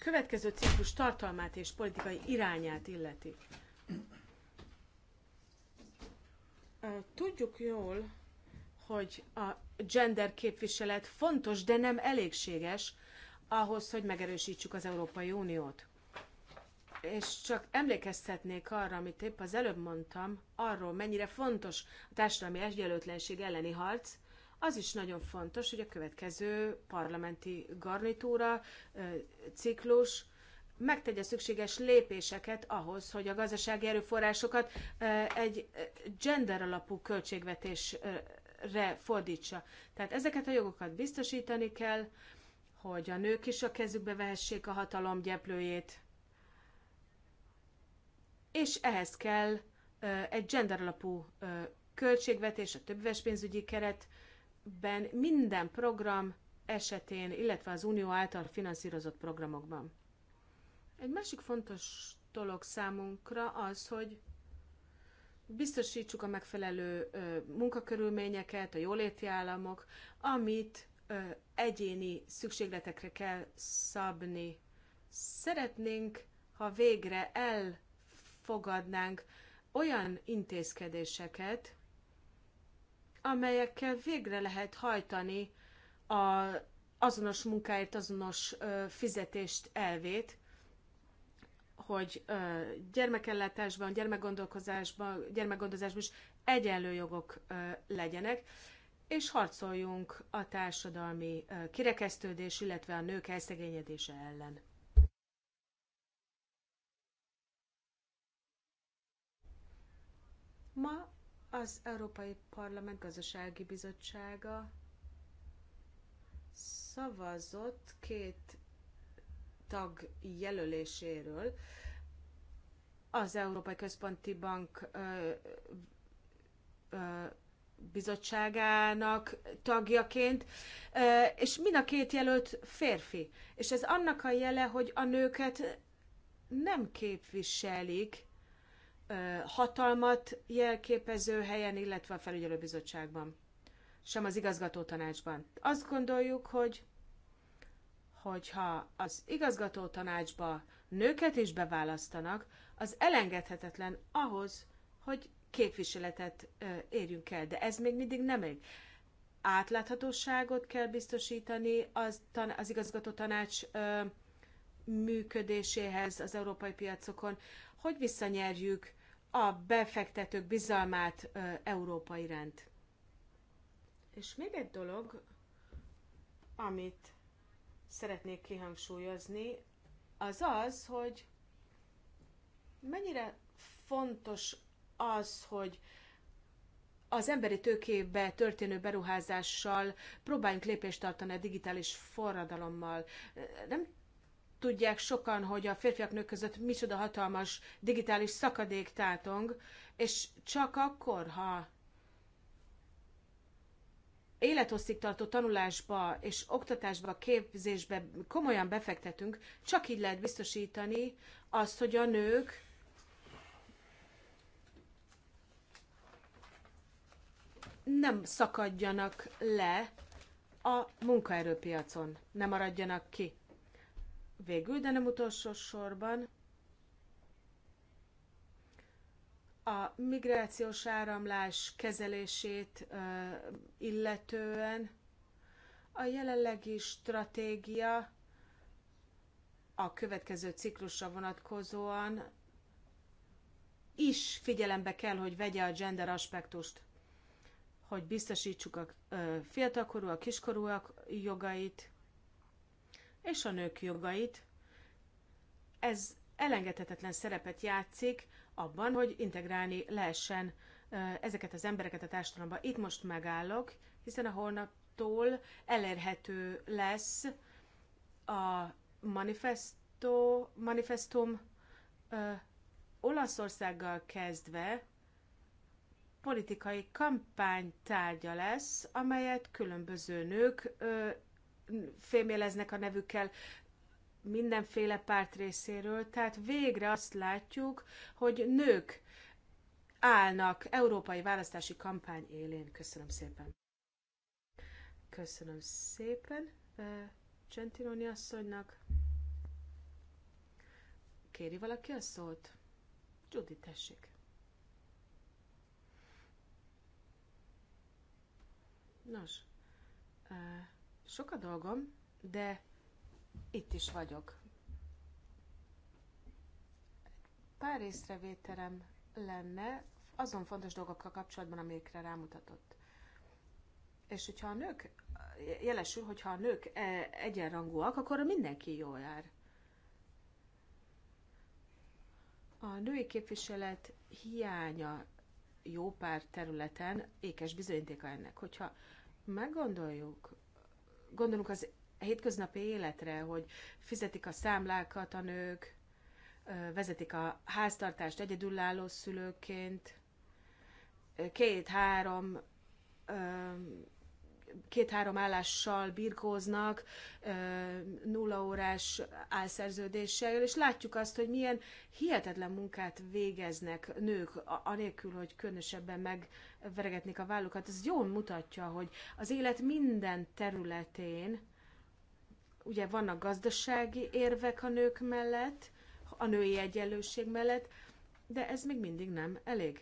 következő ciklus tartalmát és politikai irányát illeti. Tudjuk jól, hogy a gender képviselet fontos, de nem elégséges ahhoz, hogy megerősítsük az Európai Uniót és csak emlékeztetnék arra, amit épp az előbb mondtam, arról mennyire fontos a társadalmi egyenlőtlenség elleni harc, az is nagyon fontos, hogy a következő parlamenti garnitúra, ciklus megtegye szükséges lépéseket ahhoz, hogy a gazdasági erőforrásokat egy gender alapú költségvetésre fordítsa. Tehát ezeket a jogokat biztosítani kell, hogy a nők is a kezükbe vehessék a hatalom gyeplőjét, és ehhez kell egy gender alapú költségvetés, a többves pénzügyi keretben minden program esetén, illetve az Unió által finanszírozott programokban. Egy másik fontos dolog számunkra az, hogy biztosítsuk a megfelelő munkakörülményeket, a jóléti államok, amit egyéni szükségletekre kell szabni. Szeretnénk, ha végre el fogadnánk olyan intézkedéseket, amelyekkel végre lehet hajtani a azonos munkáért azonos ö, fizetést elvét, hogy ö, gyermekellátásban, gyermekgondolkozásban, gyermekgondozásban is egyenlő jogok ö, legyenek, és harcoljunk a társadalmi ö, kirekesztődés, illetve a nők elszegényedése ellen. Ma az Európai Parlament Gazdasági Bizottsága szavazott két tag jelöléséről. Az Európai Központi Bank ö, ö, bizottságának tagjaként, és mind a két jelölt férfi. És ez annak a jele, hogy a nőket nem képviselik hatalmat jelképező helyen, illetve a felügyelőbizottságban, sem az igazgató tanácsban. Azt gondoljuk, hogy hogyha az igazgató tanácsba nőket is beválasztanak, az elengedhetetlen ahhoz, hogy képviseletet érjünk el, de ez még mindig nem egy Átláthatóságot kell biztosítani az, tan- az igazgató tanács ö, működéséhez az európai piacokon, hogy visszanyerjük a befektetők bizalmát Európa iránt. És még egy dolog, amit szeretnék kihangsúlyozni, az az, hogy mennyire fontos az, hogy az emberi tőkébe történő beruházással próbáljunk lépést tartani a digitális forradalommal. Nem tudják sokan, hogy a férfiak nők között micsoda hatalmas digitális szakadék tátong, és csak akkor, ha életosztiktartó tartó tanulásba és oktatásba, képzésbe komolyan befektetünk, csak így lehet biztosítani azt, hogy a nők nem szakadjanak le a munkaerőpiacon, nem maradjanak ki. Végül, de nem utolsó sorban, a migrációs áramlás kezelését illetően a jelenlegi stratégia a következő ciklusra vonatkozóan is figyelembe kell, hogy vegye a gender aspektust, hogy biztosítsuk a fiatalkorúak, kiskorúak jogait, és a nők jogait. Ez elengedhetetlen szerepet játszik abban, hogy integrálni lehessen ezeket az embereket a társadalomba. Itt most megállok, hiszen a holnaptól elérhető lesz a manifesto, manifestum ö, Olaszországgal kezdve politikai kampánytárgya lesz, amelyet különböző nők ö, fémjeleznek a nevükkel mindenféle párt részéről. Tehát végre azt látjuk, hogy nők állnak európai választási kampány élén. Köszönöm szépen. Köszönöm szépen Gentiloni asszonynak. Kéri valaki a szót? Judy, tessék. Nos, sok a dolgom, de itt is vagyok. Pár észrevételem lenne azon fontos dolgokkal kapcsolatban, amikre rámutatott. És hogyha a nők, jelesül, hogyha a nők e, egyenrangúak, akkor mindenki jól jár. A női képviselet hiánya jó pár területen ékes bizonyítéka ennek. Hogyha meggondoljuk, gondolunk az hétköznapi életre, hogy fizetik a számlákat a nők, vezetik a háztartást egyedülálló szülőként, két-három két-három állással birkóznak, nullaórás álszerződéssel, és látjuk azt, hogy milyen hihetetlen munkát végeznek nők, anélkül, hogy különösebben megveregetnék a vállukat. Ez jól mutatja, hogy az élet minden területén, ugye vannak gazdasági érvek a nők mellett, a női egyenlőség mellett, de ez még mindig nem elég.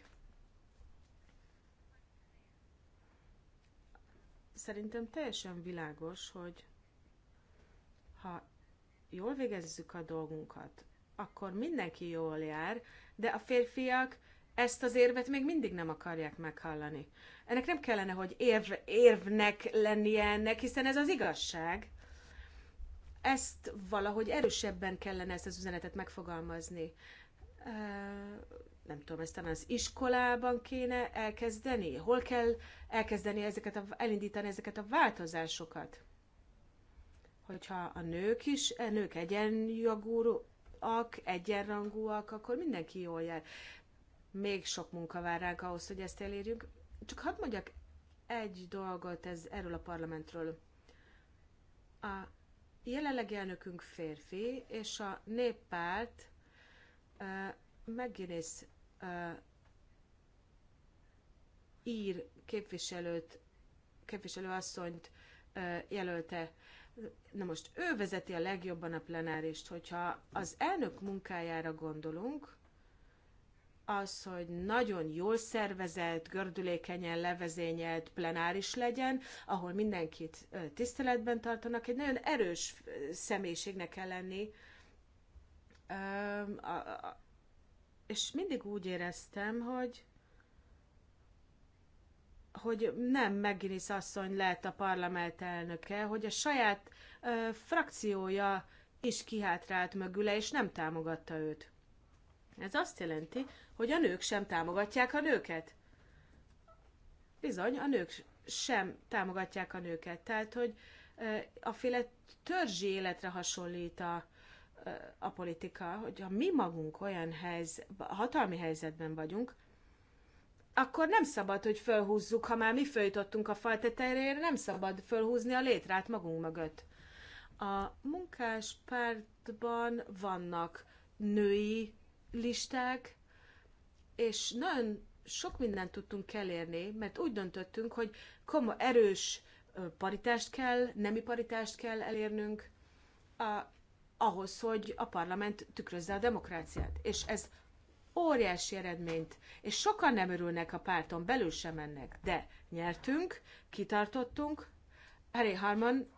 szerintem teljesen világos, hogy ha jól végezzük a dolgunkat, akkor mindenki jól jár, de a férfiak ezt az érvet még mindig nem akarják meghallani. Ennek nem kellene, hogy érv, érvnek lennie ennek, hiszen ez az igazság. Ezt valahogy erősebben kellene ezt az üzenetet megfogalmazni nem tudom, ezt talán az iskolában kéne elkezdeni? Hol kell elkezdeni ezeket, a, elindítani ezeket a változásokat? Hogyha a nők is, a e, nők egyenjogúak, egyenrangúak, akkor mindenki jól jár. Még sok munka vár ránk ahhoz, hogy ezt elérjük. Csak hadd mondjak egy dolgot ez, erről a parlamentről. A jelenleg elnökünk férfi, és a néppárt uh, uh, ír képviselőt, képviselőasszonyt uh, jelölte. Na most ő vezeti a legjobban a plenárist, hogyha az elnök munkájára gondolunk, az, hogy nagyon jól szervezett, gördülékenyen levezényelt plenáris legyen, ahol mindenkit tiszteletben tartanak, egy nagyon erős személyiségnek kell lenni és mindig úgy éreztem, hogy hogy nem McGinnis asszony lett a parlament elnöke, hogy a saját ö, frakciója is kihátrált mögüle, és nem támogatta őt. Ez azt jelenti, hogy a nők sem támogatják a nőket. Bizony, a nők sem támogatják a nőket. Tehát, hogy ö, a féle törzsi életre hasonlít a, a politika, hogyha mi magunk olyan helyz, hatalmi helyzetben vagyunk, akkor nem szabad, hogy fölhúzzuk, ha már mi följutottunk a fal tetejére, nem szabad fölhúzni a létrát magunk mögött. A munkáspártban vannak női listák, és nagyon sok mindent tudtunk elérni, mert úgy döntöttünk, hogy komoly, erős paritást kell, nemi paritást kell elérnünk, a ahhoz, hogy a parlament tükrözze a demokráciát. És ez óriási eredményt, és sokan nem örülnek a párton, belül sem ennek, de nyertünk, kitartottunk. Harry Harman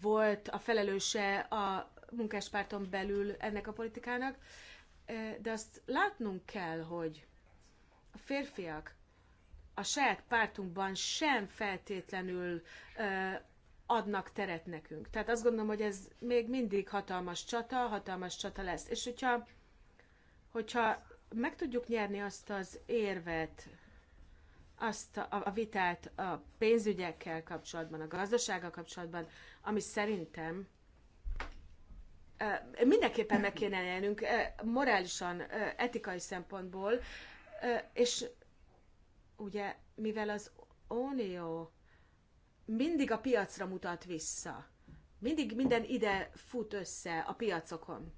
volt a felelőse a munkáspárton belül ennek a politikának, de azt látnunk kell, hogy a férfiak a saját pártunkban sem feltétlenül adnak teret nekünk. Tehát azt gondolom, hogy ez még mindig hatalmas csata, hatalmas csata lesz. És hogyha, hogyha meg tudjuk nyerni azt az érvet, azt a, a vitát a pénzügyekkel kapcsolatban, a gazdasággal kapcsolatban, ami szerintem mindenképpen meg kéne élnünk, morálisan, etikai szempontból, és ugye mivel az Unió mindig a piacra mutat vissza. Mindig minden ide fut össze a piacokon.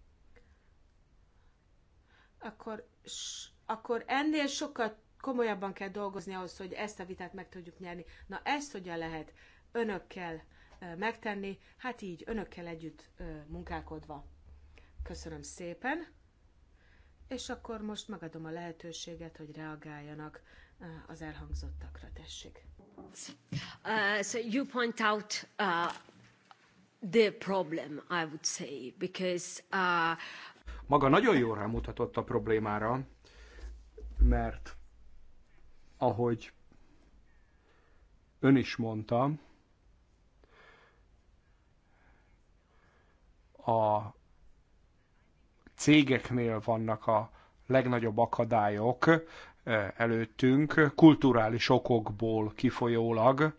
Akkor, akkor ennél sokkal komolyabban kell dolgozni ahhoz, hogy ezt a vitát meg tudjuk nyerni. Na ezt hogyan lehet önökkel megtenni? Hát így, önökkel együtt munkálkodva. Köszönöm szépen. És akkor most megadom a lehetőséget, hogy reagáljanak az elhangzottakra. Tessék. Uh, so you point out uh, the problem, I would say, because uh... maga nagyon jól rámutatott a problémára, mert ahogy ön is mondta, a cégeknél vannak a legnagyobb akadályok előttünk, kulturális okokból kifolyólag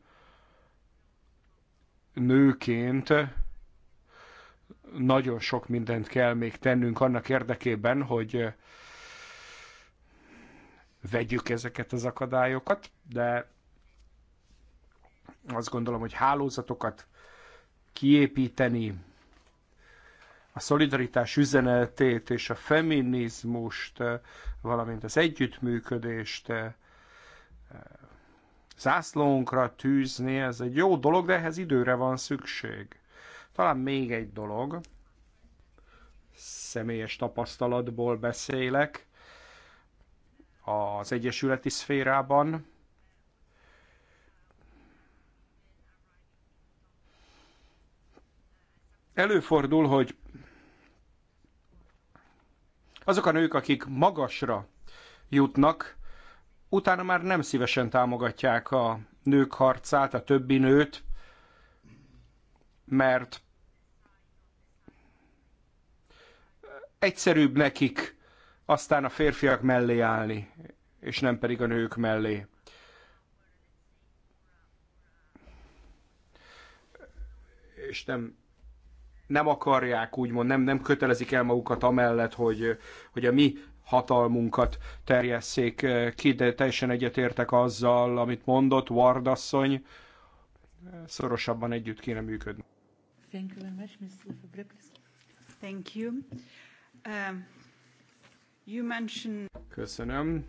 nőként nagyon sok mindent kell még tennünk annak érdekében, hogy vegyük ezeket az akadályokat, de azt gondolom, hogy hálózatokat kiépíteni, a szolidaritás üzenetét és a feminizmust, eh, valamint az együttműködést eh, eh, zászlónkra tűzni, ez egy jó dolog, de ehhez időre van szükség. Talán még egy dolog, személyes tapasztalatból beszélek, az egyesületi szférában Előfordul, hogy azok a nők, akik magasra jutnak, utána már nem szívesen támogatják a nők harcát, a többi nőt, mert egyszerűbb nekik aztán a férfiak mellé állni, és nem pedig a nők mellé. És nem nem akarják, úgymond nem, nem kötelezik el magukat amellett, hogy, hogy a mi hatalmunkat terjesszék eh, ki, de teljesen egyetértek azzal, amit mondott Vardasszony. Szorosabban együtt kéne működni. Thank you very much, Mr. Thank you. Um, you mentioned... Köszönöm.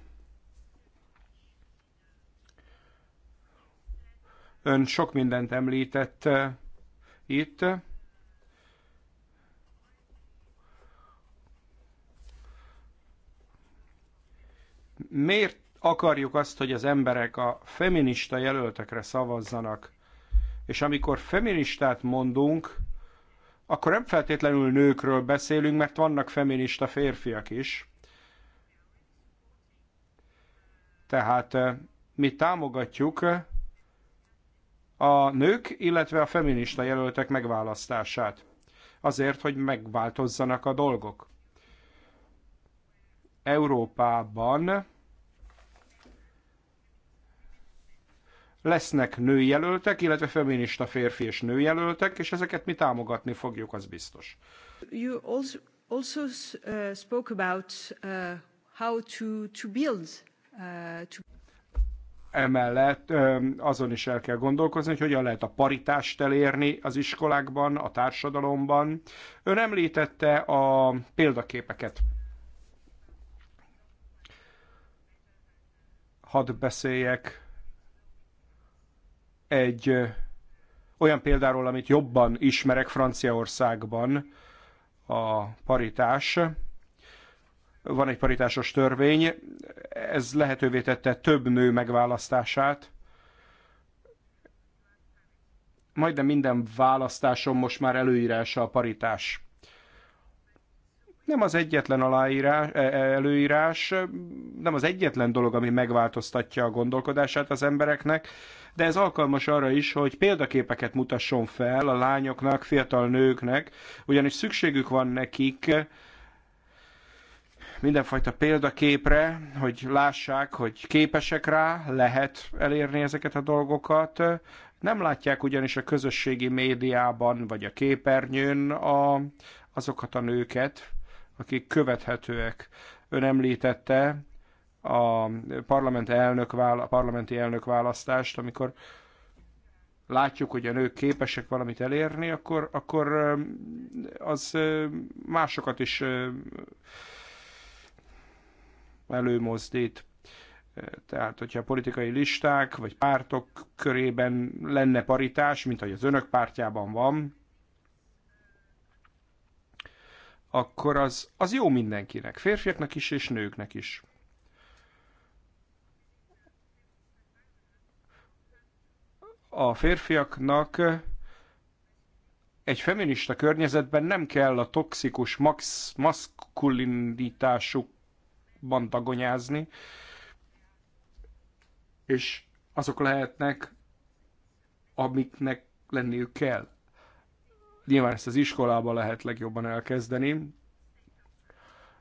Ön sok mindent említett eh, itt. Miért akarjuk azt, hogy az emberek a feminista jelöltekre szavazzanak? És amikor feministát mondunk, akkor nem feltétlenül nőkről beszélünk, mert vannak feminista férfiak is. Tehát eh, mi támogatjuk eh, a nők, illetve a feminista jelöltek megválasztását. Azért, hogy megváltozzanak a dolgok. Európában lesznek nőjelöltek, illetve feminista férfi és nőjelöltek, és ezeket mi támogatni fogjuk, az biztos. You also, also uh, spoke about uh, how to, to build uh, to... Emellett um, azon is el kell gondolkozni, hogy hogyan lehet a paritást elérni az iskolákban, a társadalomban. Ön említette a példaképeket. Hadd beszéljek egy olyan példáról, amit jobban ismerek Franciaországban, a paritás. Van egy paritásos törvény, ez lehetővé tette több nő megválasztását. Majdnem minden választáson most már előírása a paritás nem az egyetlen aláírás, e, e, előírás, nem az egyetlen dolog, ami megváltoztatja a gondolkodását az embereknek, de ez alkalmas arra is, hogy példaképeket mutasson fel a lányoknak, fiatal nőknek, ugyanis szükségük van nekik mindenfajta példaképre, hogy lássák, hogy képesek rá, lehet elérni ezeket a dolgokat. Nem látják ugyanis a közösségi médiában vagy a képernyőn a, azokat a nőket, akik követhetőek. Ön említette a, parlament elnök vála, a parlamenti elnök választást, amikor látjuk, hogy a nők képesek valamit elérni, akkor, akkor az másokat is előmozdít. Tehát, hogyha a politikai listák vagy pártok körében lenne paritás, mint ahogy az önök pártjában van, akkor az, az jó mindenkinek, férfiaknak is és nőknek is. A férfiaknak egy feminista környezetben nem kell a toxikus max, maszkulinitásukban dagonyázni, és azok lehetnek, amiknek lenniük kell. Nyilván ezt az iskolában lehet legjobban elkezdeni,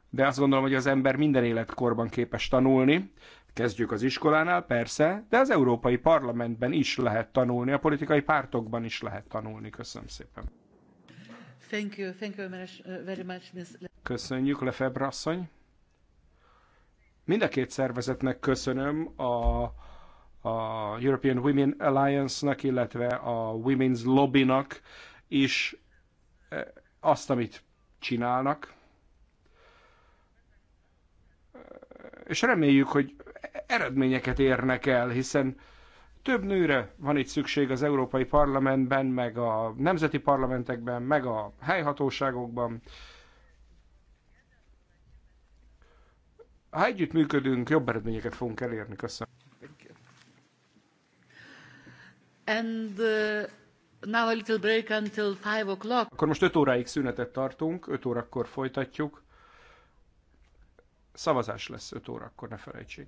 de azt gondolom, hogy az ember minden életkorban képes tanulni. Kezdjük az iskolánál, persze, de az Európai Parlamentben is lehet tanulni, a politikai pártokban is lehet tanulni. Köszönöm szépen. Thank you, thank you very much, uh, Ms. Köszönjük, Lefebvre asszony. Mind a két szervezetnek köszönöm a, a European Women Alliance-nak, illetve a Women's Lobby-nak és eh, azt, amit csinálnak, eh, és reméljük, hogy eredményeket érnek el, hiszen több nőre van itt szükség az Európai Parlamentben, meg a nemzeti parlamentekben, meg a helyhatóságokban. Ha együtt működünk, jobb eredményeket fogunk elérni. Köszönöm. And, uh... Now a little break until five o'clock. Akkor most 5 óráig szünetet tartunk, 5 órakor folytatjuk. Szavazás lesz 5 órakor, ne felejtsék.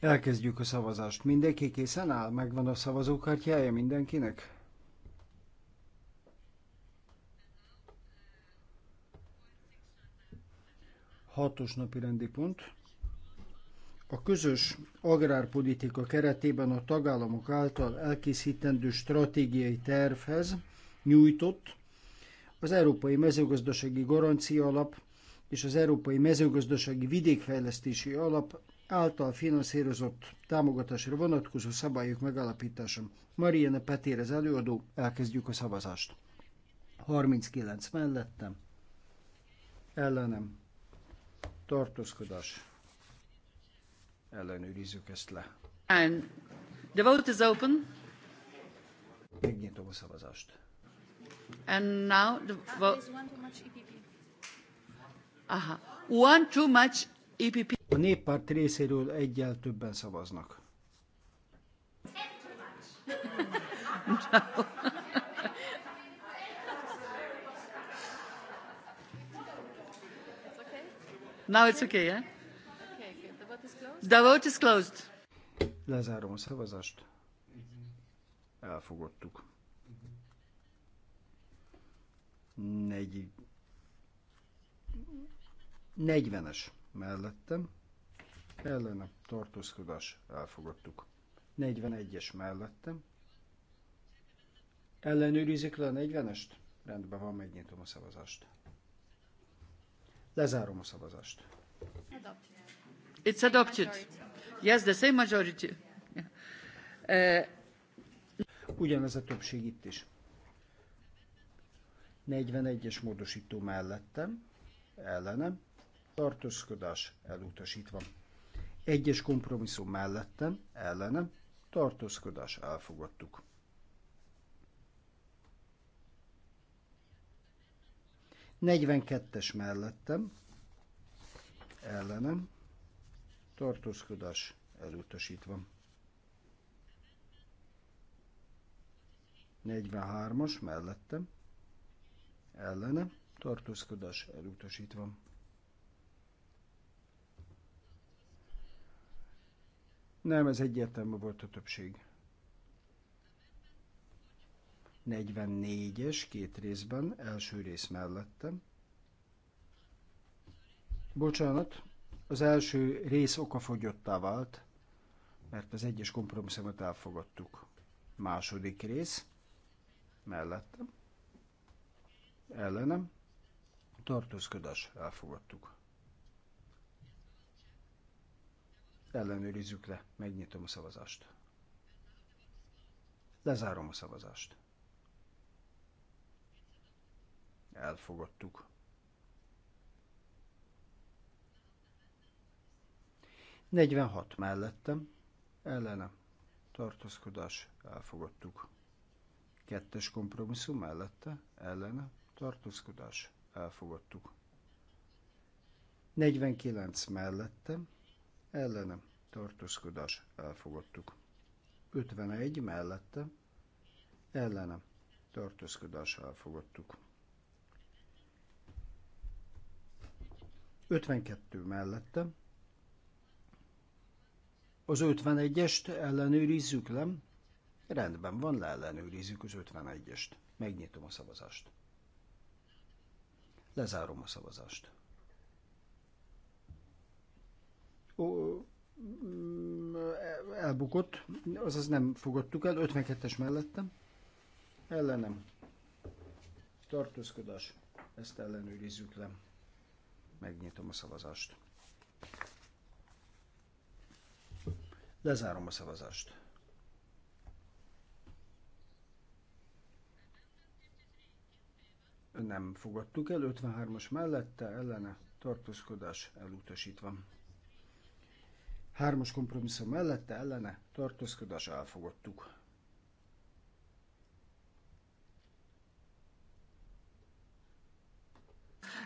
Elkezdjük a szavazást. Mindenki készen áll? Megvan a szavazókártyája mindenkinek? Hatos napi rendi pont. A közös agrárpolitika keretében a tagállamok által elkészítendő stratégiai tervhez nyújtott az Európai Mezőgazdasági Garancia Alap és az Európai Mezőgazdasági Vidékfejlesztési Alap által finanszírozott támogatásra vonatkozó szabályok megalapítása. Mariana Petér az előadó, elkezdjük a szavazást. 39 mellettem, ellenem, tartózkodás, ellenőrizzük ezt le. And the vote is open. Megnyitom a szavazást. And now the vote... Aha. One too much EPP. A néppárt részéről egyel többen szavaznak. [LAUGHS] Now it's okay, yeah? The vote is closed. Lezárom a szavazást. Elfogadtuk. Negy, 40-es mellettem, ellene tartózkodás elfogadtuk. 41-es mellettem. Ellenőrizik le a 40-est? Rendben van, megnyitom a szavazást. Lezárom a szavazást. It's adopted. Yes, the same majority. Uh, Ugyanez a többség itt is. 41-es módosító mellettem, ellenem, tartózkodás elutasítva. Egyes kompromisszum mellettem, ellenem, tartózkodás elfogadtuk. Negyvenkettes mellettem, ellenem, tartózkodás elutasítva. 43-as mellettem, ellenem, tartózkodás elutasítva. Nem, ez egyértelmű volt a többség. 44-es két részben, első rész mellettem. Bocsánat, az első rész okafogyottá vált, mert az egyes kompromisszumot elfogadtuk. Második rész mellettem, ellenem, tartózkodás elfogadtuk. ellenőrizzük le, megnyitom a szavazást. Lezárom a szavazást. Elfogadtuk. 46 mellettem, ellenem, tartózkodás, elfogadtuk. Kettes kompromisszum mellette, ellene, tartózkodás, elfogadtuk. 49 mellettem, ellenem tartózkodás elfogadtuk. 51 mellette ellenem tartózkodás elfogadtuk. 52 mellette az 51-est ellenőrizzük, nem? Rendben van, leellenőrizzük az 51-est. Megnyitom a szavazást. Lezárom a szavazást. Mm, elbukott, azaz nem fogadtuk el, 52-es mellettem, ellenem. Tartózkodás, ezt ellenőrizzük le. Megnyitom a szavazást. Lezárom a szavazást. Nem fogadtuk el, 53-as mellette, ellene tartózkodás elutasítva. Hármas kompromisszum mellette ellene tartózkodás elfogadtuk.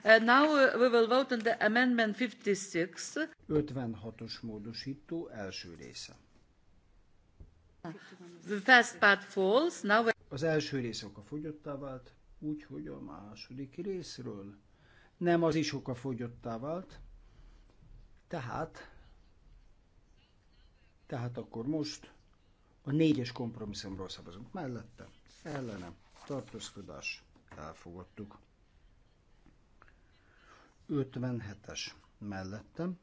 And uh, now uh, we will vote on the amendment 56. 56-os módosító első része. The first part falls. Now we... Az első rész oka fogyottá vált, úgyhogy a második részről nem az is oka fogyottá vált. Tehát tehát akkor most a négyes kompromisszumról szavazunk. Mellette, Ellenem. tartózkodás, elfogadtuk. 57-es mellettem,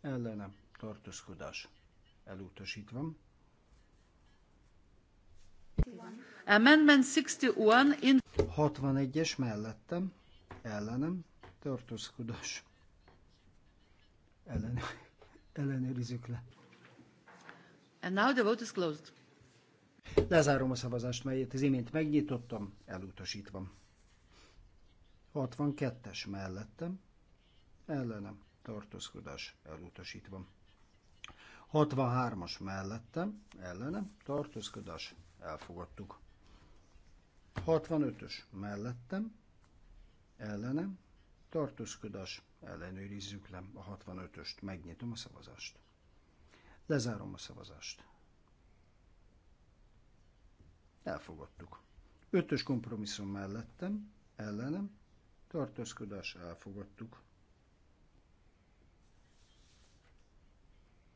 Ellenem. tartózkodás, elutasítva. Amendment 61 in... 61-es mellettem, ellenem, tartózkodás. Ellen, ellenőrizzük le. And now the vote is closed. Lezárom a szavazást, melyet az imént megnyitottam, elutasítva. 62-es mellettem, ellenem, tartózkodás, elutasítva. 63-as mellettem, ellenem, tartózkodás, elfogadtuk. 65-ös mellettem, ellenem, tartózkodás, ellenőrizzük le a 65-öst, megnyitom a szavazást. Lezárom a szavazást. Elfogadtuk. Ötös kompromisszum mellettem, ellenem, tartózkodás elfogadtuk.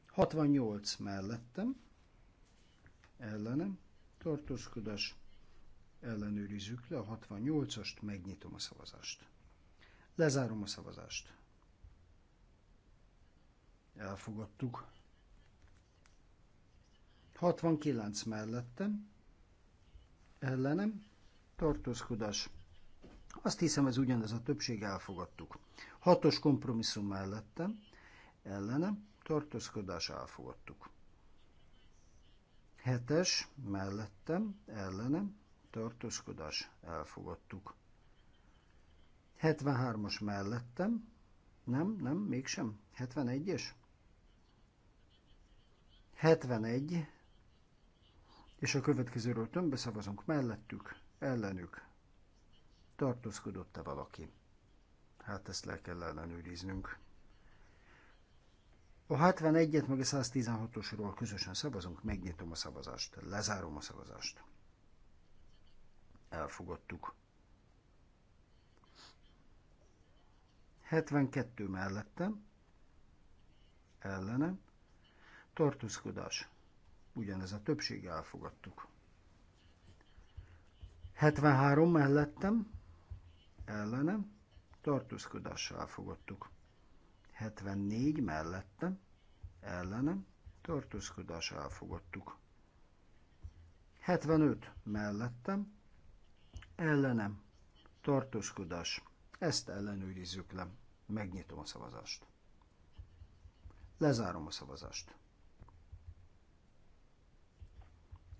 68 mellettem, ellenem, tartózkodás, ellenőrizzük le a 68-ast, megnyitom a szavazást. Lezárom a szavazást. Elfogadtuk. 69 mellettem, ellenem, tartózkodás. Azt hiszem, ez ugyanez a többség elfogadtuk. Hatos kompromisszum mellettem, ellenem, tartózkodás elfogadtuk. Hetes mellettem, ellenem, tartózkodás elfogadtuk. 73-as mellettem, nem, nem, mégsem, 71-es. 71 és a következőről tömbbe szavazunk mellettük, ellenük. Tartózkodott-e valaki? Hát ezt le kell ellenőriznünk. A 71-et meg a 116-osról közösen szavazunk, megnyitom a szavazást, lezárom a szavazást. Elfogadtuk. 72 mellettem, ellenem, tartózkodás, ugyanez a többség elfogadtuk. 73 mellettem, ellenem, tartózkodással elfogadtuk. 74 mellettem, ellenem, tartózkodással elfogadtuk. 75 mellettem, ellenem, tartózkodás. Ezt ellenőrizzük le. Megnyitom a szavazást. Lezárom a szavazást.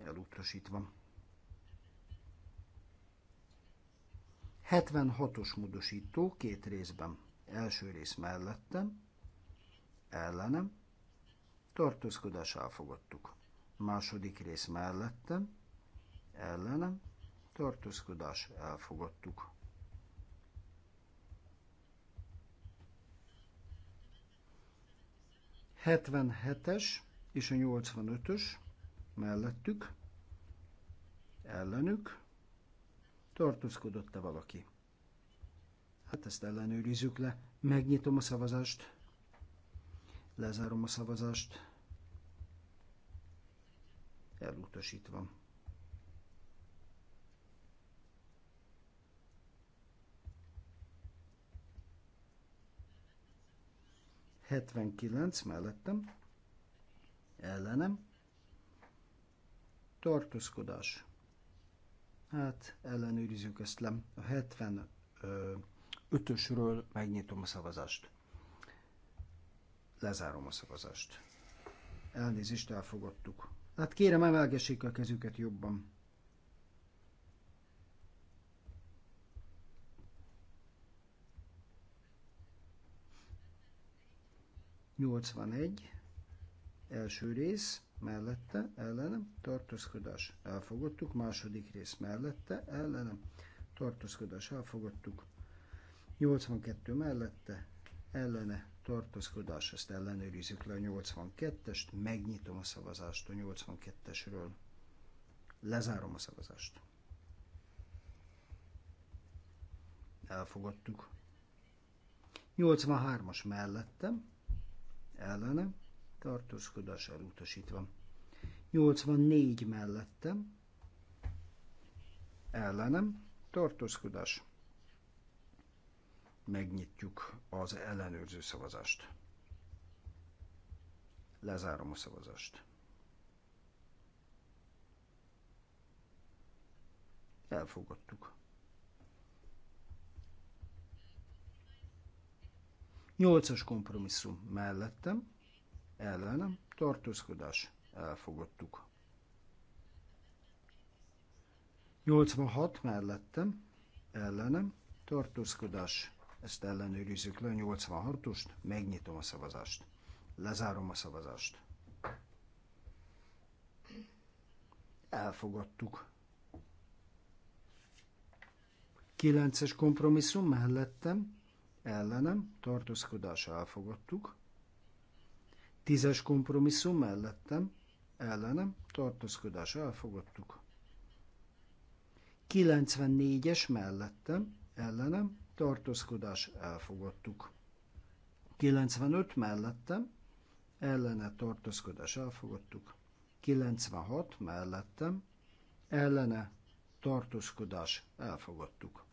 elutasítva. 76-os módosító két részben. Első rész mellettem, ellenem, tartózkodás elfogadtuk. Második rész mellettem, ellenem, tartózkodás elfogadtuk. Hetvenhetes és a 85-ös mellettük, ellenük, tartózkodott-e valaki. Hát ezt ellenőrizzük le, megnyitom a szavazást, lezárom a szavazást, elutasítva. Hetvenkilenc mellettem, ellenem, tartózkodás. Hát ellenőrizzük ezt le. A 75-ösről megnyitom a szavazást. Lezárom a szavazást. Elnézést elfogadtuk. Hát kérem, emelgessék a kezüket jobban. Nyolcvanegy. Első rész mellette, ellenem, tartózkodás, elfogadtuk. Második rész mellette, ellenem, tartózkodás, elfogadtuk. 82 mellette, ellene, tartózkodás, ezt ellenőrizzük le a 82-est, megnyitom a szavazást a 82-esről, lezárom a szavazást. Elfogadtuk. 83-as mellettem, ellenem, tartózkodás elutasítva. 84 mellettem, ellenem, tartózkodás. Megnyitjuk az ellenőrző szavazást. Lezárom a szavazást. Elfogadtuk. 8-as kompromisszum mellettem, ellenem tartózkodás elfogadtuk. 86 mellettem ellenem tartózkodás, ezt ellenőrizzük le, 86-ost, megnyitom a szavazást, lezárom a szavazást. Elfogadtuk. 9-es kompromisszum mellettem, ellenem, tartózkodás elfogadtuk. Tízes kompromisszum mellettem, ellenem, tartózkodás elfogadtuk. 94-es mellettem, ellenem, tartózkodás elfogadtuk. 95 mellettem, ellene tartózkodás elfogadtuk. 96 mellettem, ellene tartózkodás elfogadtuk.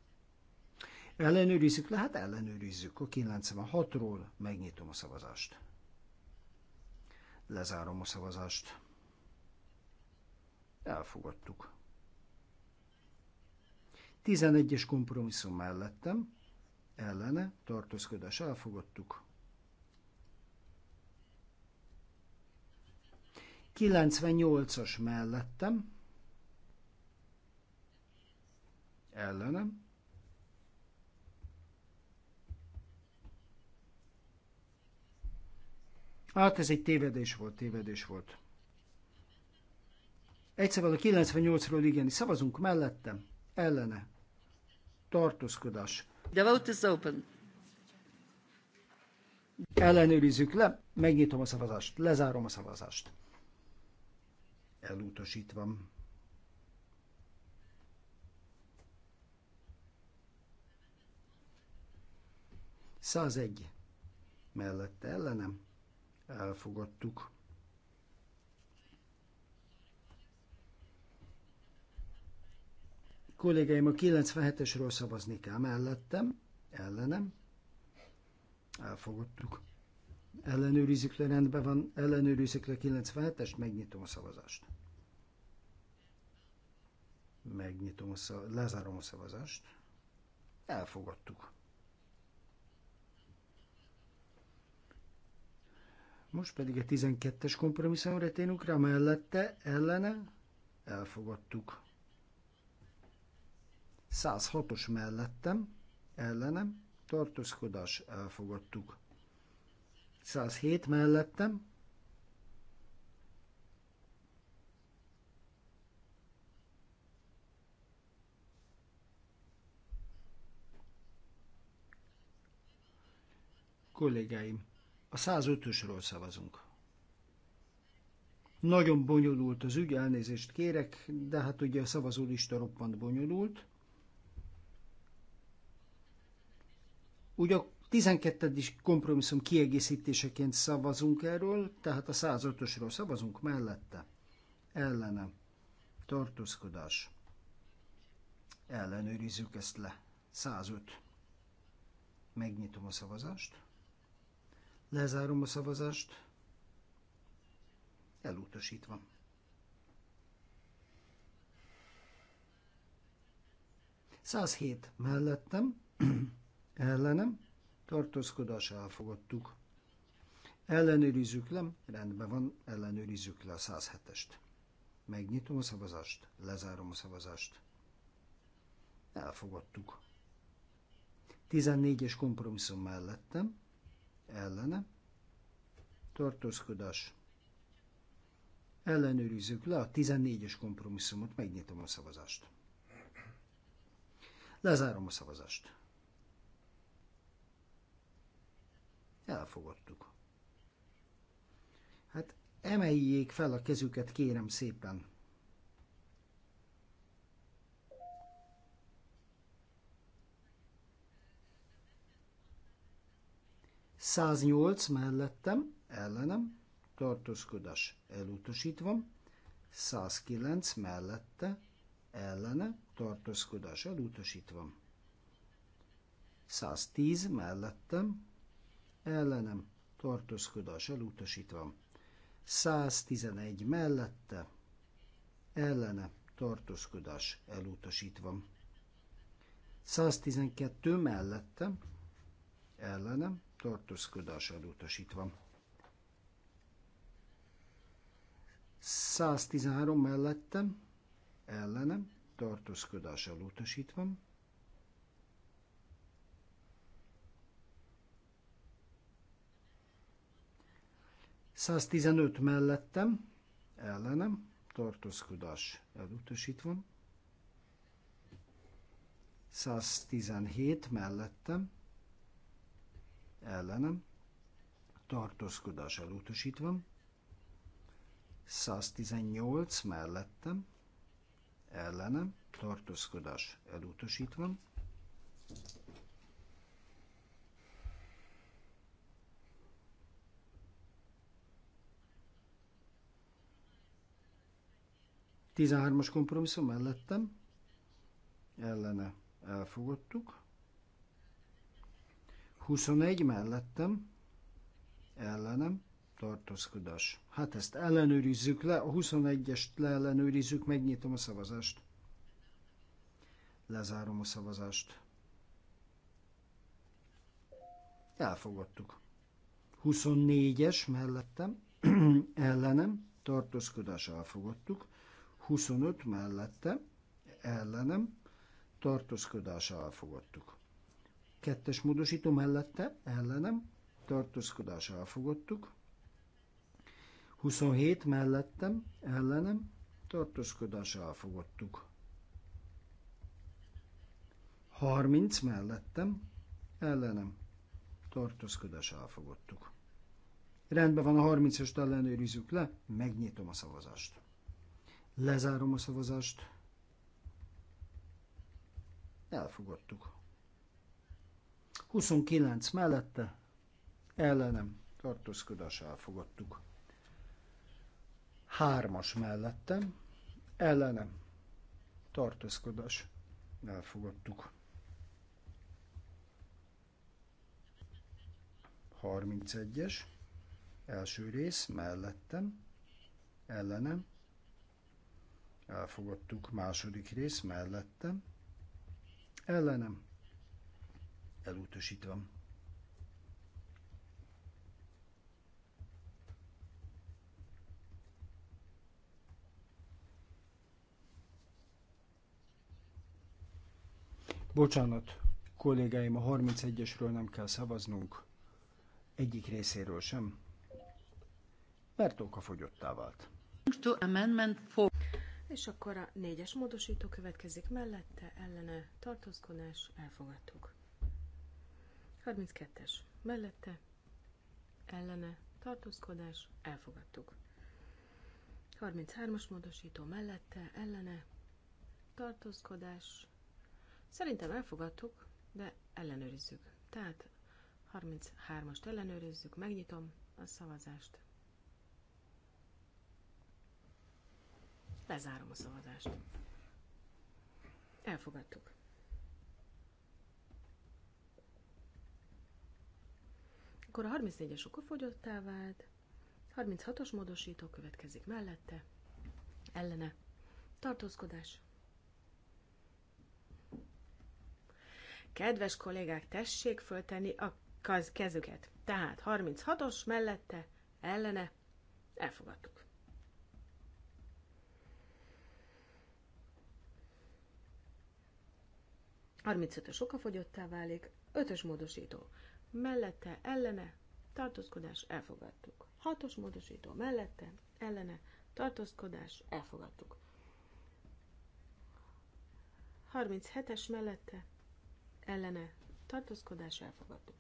Ellenőrizzük, lehet ellenőrizzük a 96-ról, megnyitom a szavazást. Lezárom a szavazást. Elfogadtuk. 11-es kompromisszum mellettem, ellene, tartózkodás elfogadtuk. 98-as mellettem, ellenem, Hát ez egy tévedés volt, tévedés volt. Egyszerűen a 98-ról igen, szavazunk mellettem, ellene. Tartózkodás. The vote is open. Ellenőrizzük le, megnyitom a szavazást, lezárom a szavazást. Elutasítva. Száz egy mellette ellenem elfogadtuk. Kollégáim, a 97-esről szavazni kell mellettem, ellenem, elfogadtuk. Ellenőrizzük le, rendben van, ellenőrizzük le 97-est, megnyitom a szavazást. Megnyitom a szavazást, lezárom a szavazást, elfogadtuk. Most pedig a 12-es kompromisszumra térünk mellette, ellene, elfogadtuk. 106-os mellettem, ellenem, tartózkodás, elfogadtuk. 107 mellettem, kollégáim, a 105-ösről szavazunk. Nagyon bonyolult az ügy, elnézést kérek, de hát ugye a szavazólista roppant bonyolult. Ugye a 12. kompromisszum kiegészítéseként szavazunk erről, tehát a 105-ösről szavazunk mellette. Ellene. Tartózkodás. Ellenőrizzük ezt le. 105. Megnyitom a szavazást. Lezárom a szavazást. Elutasítva. Száz hét mellettem, [CLEARS THROAT] ellenem, tartózkodás elfogadtuk. Ellenőrizzük le, rendben van, ellenőrizzük le a 107-est. Megnyitom a szavazást, lezárom a szavazást. Elfogadtuk. 14-es kompromisszum mellettem, ellene, tartózkodás, ellenőrizzük le a 14-es kompromisszumot, megnyitom a szavazást. Lezárom a szavazást. Elfogadtuk. Hát emeljék fel a kezüket, kérem szépen. 108 mellettem, ellenem, tartózkodás elutasítva, 109 mellette, ellene, tartózkodás elutasítva, 110 mellettem, ellenem, tartózkodás elutasítva, 111 mellette, ellene, tartózkodás elutasítva. 112 mellette, ellenem, tartózkodás elutasítva. 113 mellettem, ellenem, tartózkodás elutasítva. 115 mellettem, ellenem, tartózkodás elutasítva. 117 mellettem, ellenem, tartózkodás elutasítva, 118 mellettem, ellenem, tartózkodás elutasítva, Tizenhármas kompromisszum mellettem, ellene elfogadtuk. 21 mellettem, ellenem, tartózkodás. Hát ezt ellenőrizzük le, a 21-est leellenőrizzük, megnyitom a szavazást. Lezárom a szavazást. Elfogadtuk. 24-es mellettem, [CLEARS THROAT] ellenem, tartózkodás elfogadtuk. 25 mellette, ellenem, tartózkodás elfogadtuk. Kettes módosító mellette ellenem tartózkodás elfogadtuk. 27 mellettem ellenem tartózkodás elfogadtuk. 30 mellettem ellenem tartózkodás elfogadtuk. Rendben van, a 30-est ellenőrizzük le, megnyitom a szavazást. Lezárom a szavazást. Elfogadtuk. 29 mellette ellenem tartózkodás elfogadtuk. Hármas mellettem ellenem tartózkodás elfogadtuk. 31-es első rész mellettem ellenem elfogadtuk második rész mellettem ellenem elutasítva. Bocsánat, kollégáim, a 31-esről nem kell szavaznunk. Egyik részéről sem. Mert fogyottá vált. És akkor a négyes módosító következik mellette, ellene tartózkodás, elfogadtuk. 32-es mellette, ellene, tartózkodás, elfogadtuk. 33-as módosító mellette, ellene, tartózkodás. Szerintem elfogadtuk, de ellenőrizzük. Tehát 33-ast ellenőrizzük, megnyitom a szavazást. Lezárom a szavazást. Elfogadtuk. Akkor a 34-es okafogyottá vált, 36-os módosító következik mellette, ellene, tartózkodás. Kedves kollégák, tessék föltenni a kezüket. Tehát 36-os mellette, ellene, elfogadtuk. Harmincötös okafogyottá válik, ötös módosító mellette, ellene, tartózkodás, elfogadtuk. Hatos módosító mellette, ellene, tartózkodás, elfogadtuk. 37-es mellette, ellene, tartózkodás, elfogadtuk.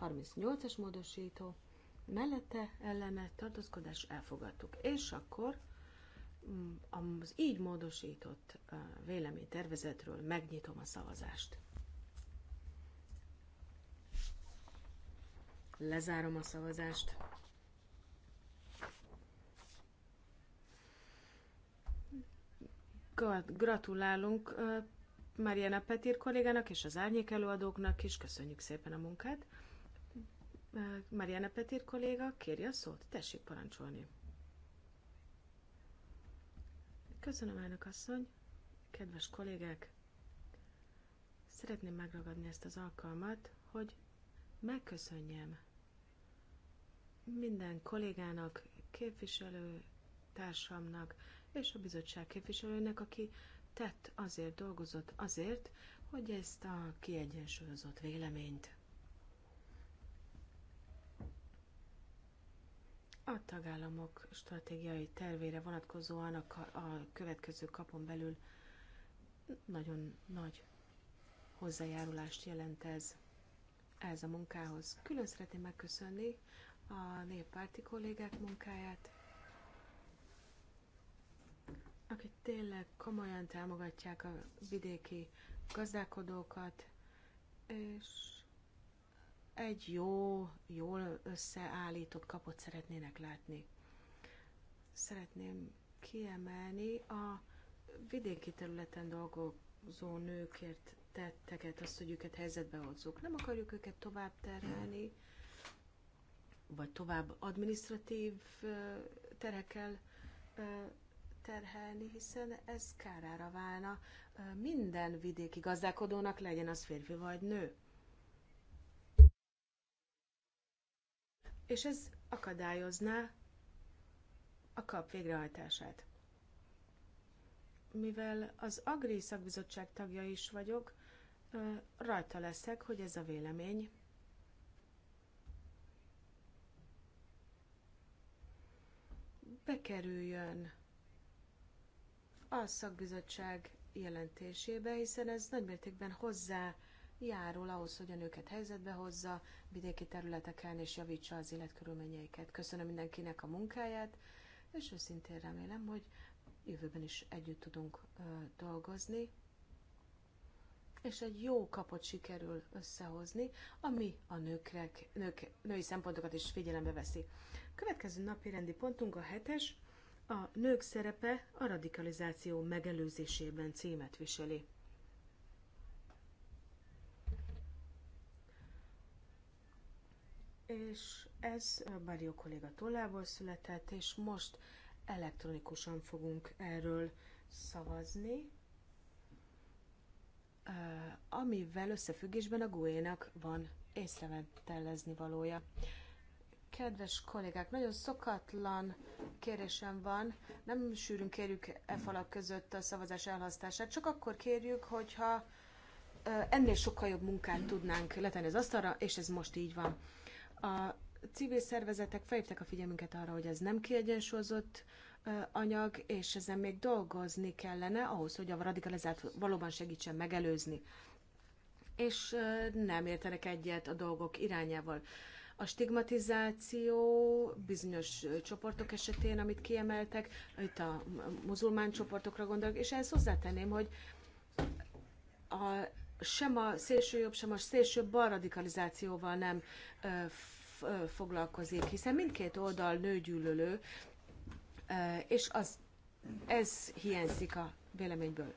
38-as módosító, mellette, ellene, tartózkodás, elfogadtuk. És akkor mm, az így módosított véleménytervezetről megnyitom a szavazást. Lezárom a szavazást. Gratulálunk Mariana Petir kollégának és az árnyék előadóknak is. Köszönjük szépen a munkát. Mariana Petir kolléga, kérje a szót. Tessék parancsolni. Köszönöm, elnök asszony. Kedves kollégák, szeretném megragadni ezt az alkalmat, hogy megköszönjem minden kollégának, képviselő társamnak és a bizottság képviselőnek, aki tett azért, dolgozott azért, hogy ezt a kiegyensúlyozott véleményt a tagállamok stratégiai tervére vonatkozóan a, a következő kapon belül nagyon nagy hozzájárulást jelent ez, ez a munkához. Külön szeretném megköszönni a néppárti kollégák munkáját, akik tényleg komolyan támogatják a vidéki gazdálkodókat, és egy jó, jól összeállított kapot szeretnének látni. Szeretném kiemelni a vidéki területen dolgozó nőkért tetteket, azt, hogy őket helyzetbe hozzuk. Nem akarjuk őket tovább terhelni, mm vagy tovább administratív terhekkel terhelni, hiszen ez kárára válna minden vidéki gazdálkodónak, legyen az férfi vagy nő. És ez akadályozná a kap végrehajtását. Mivel az Agri Szakbizottság tagja is vagyok, rajta leszek, hogy ez a vélemény bekerüljön a szakbizottság jelentésébe, hiszen ez nagymértékben hozzá járul ahhoz, hogy a nőket helyzetbe hozza vidéki területeken és javítsa az életkörülményeiket. Köszönöm mindenkinek a munkáját, és őszintén remélem, hogy jövőben is együtt tudunk ö, dolgozni, és egy jó kapot sikerül összehozni, ami a nőkre, nők, női szempontokat is figyelembe veszi. Következő napi rendi pontunk a hetes, a nők szerepe a radikalizáció megelőzésében címet viseli. És ez Bárió kolléga tollából született, és most elektronikusan fogunk erről szavazni, amivel összefüggésben a GUE-nak van észreventellezni valója. Kedves kollégák, nagyon szokatlan kérésem van. Nem sűrűn kérjük e falak között a szavazás elhasztását, csak akkor kérjük, hogyha ennél sokkal jobb munkát tudnánk letenni az asztalra, és ez most így van. A civil szervezetek felhívták a figyelmünket arra, hogy ez nem kiegyensúlyozott anyag, és ezen még dolgozni kellene ahhoz, hogy a radikalizált valóban segítsen megelőzni és nem értenek egyet a dolgok irányával. A stigmatizáció bizonyos csoportok esetén, amit kiemeltek, itt a muzulmán csoportokra gondolok, és ehhez hozzátenném, hogy a, sem a szélső jobb, sem a szélső bal radikalizációval nem ö, f, ö, foglalkozik, hiszen mindkét oldal nőgyűlölő, ö, és az, ez hiányzik a véleményből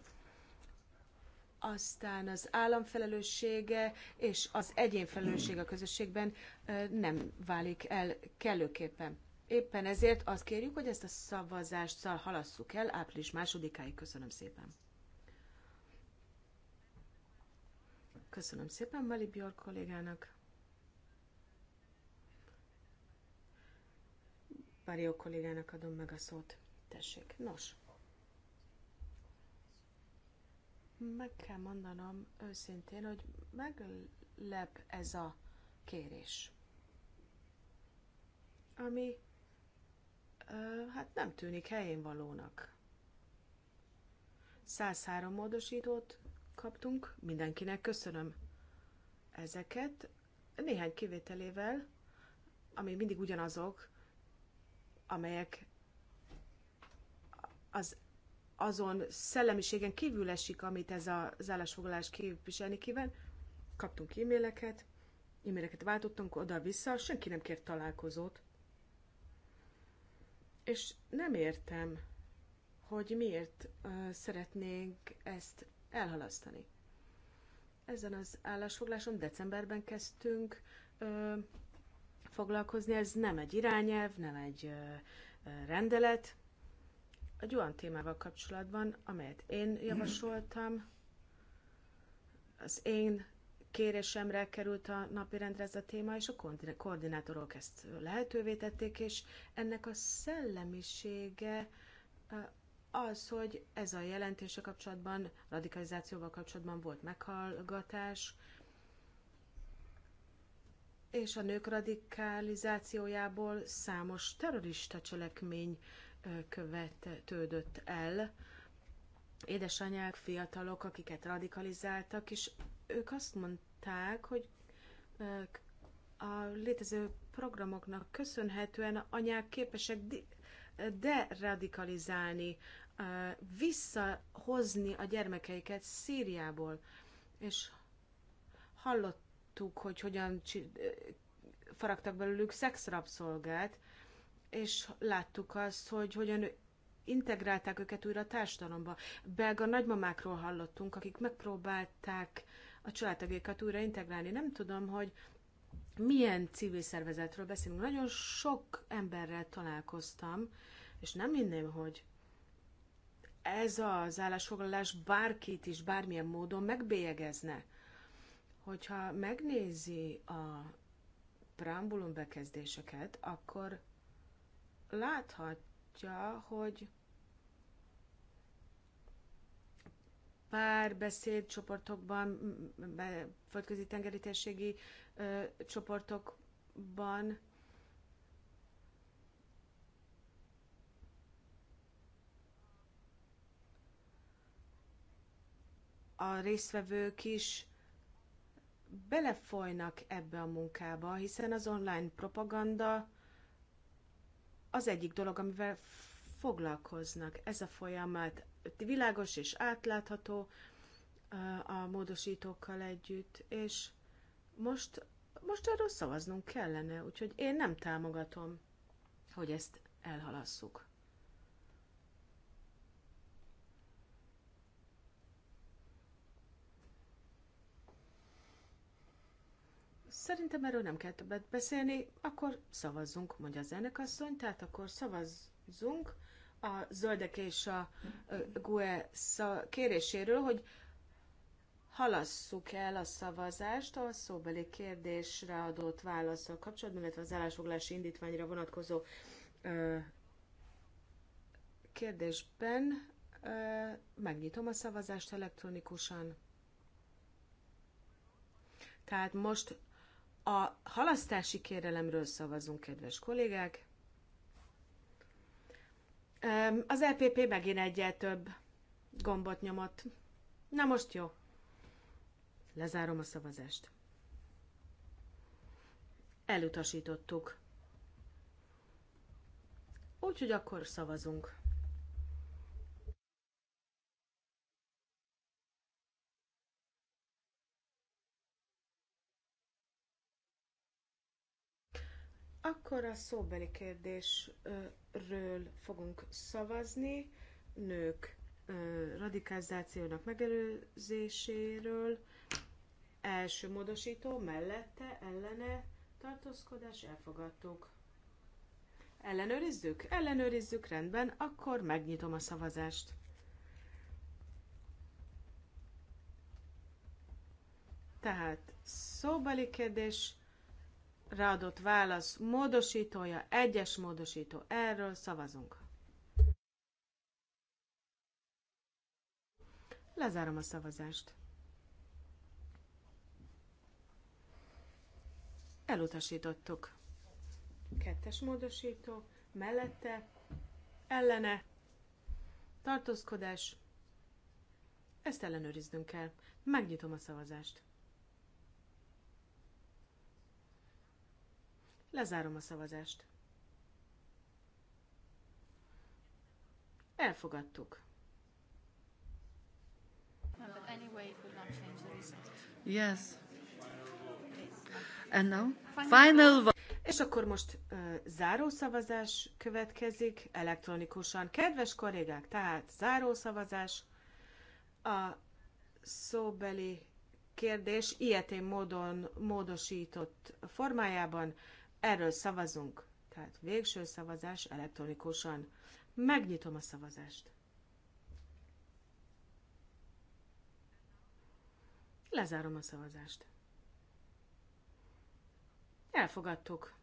aztán az állam felelőssége és az egyén felelőssége a közösségben nem válik el kellőképpen. Éppen ezért azt kérjük, hogy ezt a szavazást halasszuk el április másodikáig. Köszönöm szépen. Köszönöm szépen Mali Björk kollégának. Mario kollégának adom meg a szót. Tessék. Nos. Meg kell mondanom őszintén, hogy meglep ez a kérés. Ami ö, hát nem tűnik helyén valónak. 103 módosítót kaptunk, mindenkinek köszönöm ezeket, néhány kivételével, ami mindig ugyanazok, amelyek az azon szellemiségen kívül esik, amit ez az állásfoglalás képviselni kíván. Kaptunk e-maileket, e-maileket váltottunk oda-vissza, senki nem kért találkozót. És nem értem, hogy miért uh, szeretnénk ezt elhalasztani. Ezen az állásfogláson decemberben kezdtünk uh, foglalkozni, ez nem egy irányelv, nem egy uh, rendelet, egy olyan témával kapcsolatban, amelyet én javasoltam, az én kérésemre került a napirendre ez a téma, és a koordinátorok ezt lehetővé tették, és ennek a szellemisége az, hogy ez a jelentése kapcsolatban, radikalizációval kapcsolatban volt meghallgatás, és a nők radikalizációjából számos terrorista cselekmény követődött el. Édesanyák, fiatalok, akiket radikalizáltak, és ők azt mondták, hogy a létező programoknak köszönhetően anyák képesek deradikalizálni, visszahozni a gyermekeiket Szíriából. És hallottuk, hogy hogyan faragtak belőlük szexrabszolgát, és láttuk azt, hogy hogyan integrálták őket újra a társadalomba. Belga nagymamákról hallottunk, akik megpróbálták a családtagjaikat újra integrálni. Nem tudom, hogy milyen civil szervezetről beszélünk. Nagyon sok emberrel találkoztam, és nem hinném, hogy ez az állásfoglalás bárkit is bármilyen módon megbélyegezne. Hogyha megnézi a preambulum bekezdéseket, akkor láthatja, hogy beszéd csoportokban, földközi tengeri térségi csoportokban a résztvevők is belefolynak ebbe a munkába, hiszen az online propaganda az egyik dolog, amivel foglalkoznak. Ez a folyamat világos és átlátható a módosítókkal együtt, és most, most arról szavaznunk kellene, úgyhogy én nem támogatom, hogy ezt elhalasszuk. Szerintem erről nem kell többet beszélni, akkor szavazzunk, mondja az elnökasszony, tehát akkor szavazzunk a zöldek és a GUE kéréséről, hogy halasszuk el a szavazást a szóbeli kérdésre adott válaszsal kapcsolatban, illetve az állásfoglalási indítványra vonatkozó ö, kérdésben. Ö, megnyitom a szavazást elektronikusan. Tehát most a halasztási kérelemről szavazunk, kedves kollégák. Az LPP e megint egyel több gombot nyomott. Na most jó. Lezárom a szavazást. Elutasítottuk. Úgyhogy akkor szavazunk. Akkor a szóbeli kérdésről fogunk szavazni, nők radikalizációnak megelőzéséről, első módosító, mellette, ellene, tartózkodás, elfogadtuk. Ellenőrizzük? Ellenőrizzük, rendben, akkor megnyitom a szavazást. Tehát szóbeli kérdés, ráadott válasz módosítója, egyes módosító. Erről szavazunk. Lezárom a szavazást. Elutasítottuk. Kettes módosító, mellette, ellene, tartózkodás. Ezt ellenőriznünk kell. Megnyitom a szavazást. Lezárom a szavazást. Elfogadtuk. Yes. And now, final És akkor most uh, zárószavazás következik elektronikusan. Kedves kollégák, tehát zárószavazás. A szóbeli kérdés ilyetén módon módosított formájában Erről szavazunk. Tehát végső szavazás elektronikusan. Megnyitom a szavazást. Lezárom a szavazást. Elfogadtuk.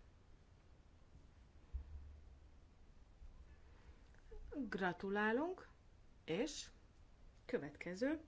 Gratulálunk, és következő.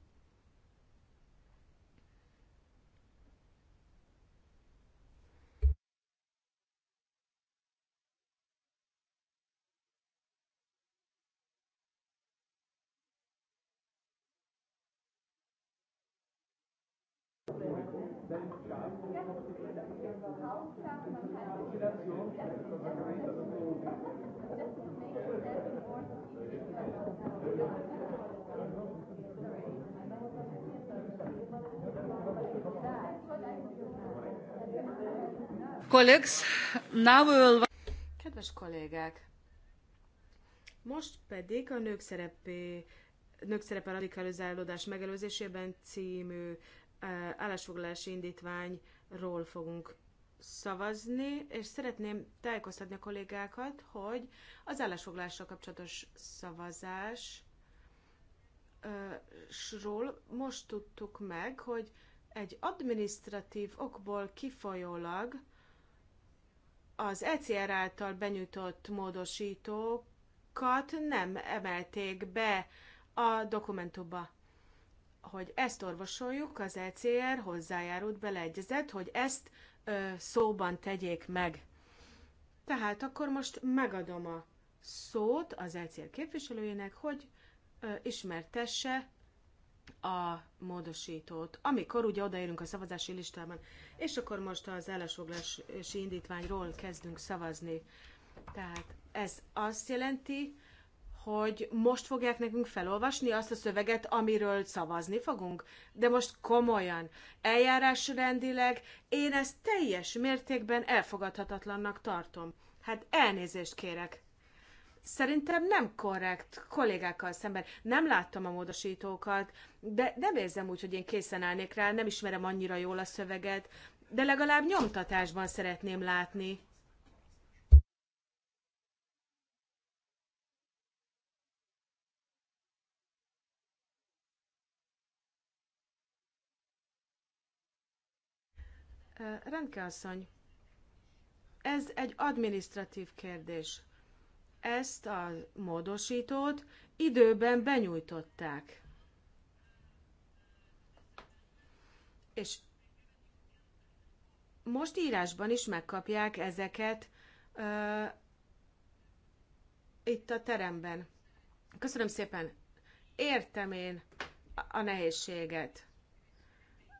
Kedves kollégák! Most pedig a nők szerepe, nők szerepe radikalizálódás megelőzésében című állásfoglalási indítványról fogunk szavazni, és szeretném tájékoztatni a kollégákat, hogy az állásfoglalással kapcsolatos szavazásról most tudtuk meg, hogy egy administratív okból kifolyólag az ECR által benyújtott módosítókat nem emelték be a dokumentumba hogy ezt orvosoljuk, az ECR hozzájárult, beleegyezett, hogy ezt ö, szóban tegyék meg. Tehát akkor most megadom a szót az ECR képviselőjének, hogy ö, ismertesse a módosítót, amikor ugye odaérünk a szavazási listában. És akkor most az ellensoglási indítványról kezdünk szavazni. Tehát ez azt jelenti, hogy most fogják nekünk felolvasni azt a szöveget, amiről szavazni fogunk? De most komolyan, eljárásrendileg én ezt teljes mértékben elfogadhatatlannak tartom. Hát elnézést kérek. Szerintem nem korrekt kollégákkal szemben. Nem láttam a módosítókat, de nem érzem úgy, hogy én készen állnék rá, nem ismerem annyira jól a szöveget, de legalább nyomtatásban szeretném látni. Rendke asszony, ez egy administratív kérdés. Ezt a módosítót időben benyújtották. És most írásban is megkapják ezeket uh, itt a teremben. Köszönöm szépen. Értem én a nehézséget.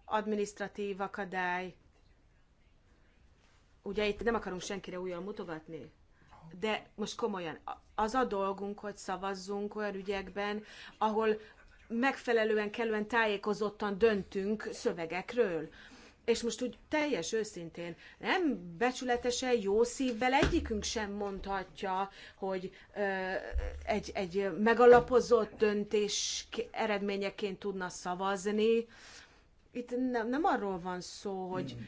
Administratív akadály, Ugye itt nem akarunk senkire újra mutogatni, de most komolyan, az a dolgunk, hogy szavazzunk olyan ügyekben, ahol megfelelően, kellően tájékozottan döntünk szövegekről. És most úgy teljes őszintén, nem becsületesen, jó szívvel egyikünk sem mondhatja, hogy ö, egy, egy megalapozott döntés eredményeként tudna szavazni. Itt nem, nem arról van szó, hogy mm-hmm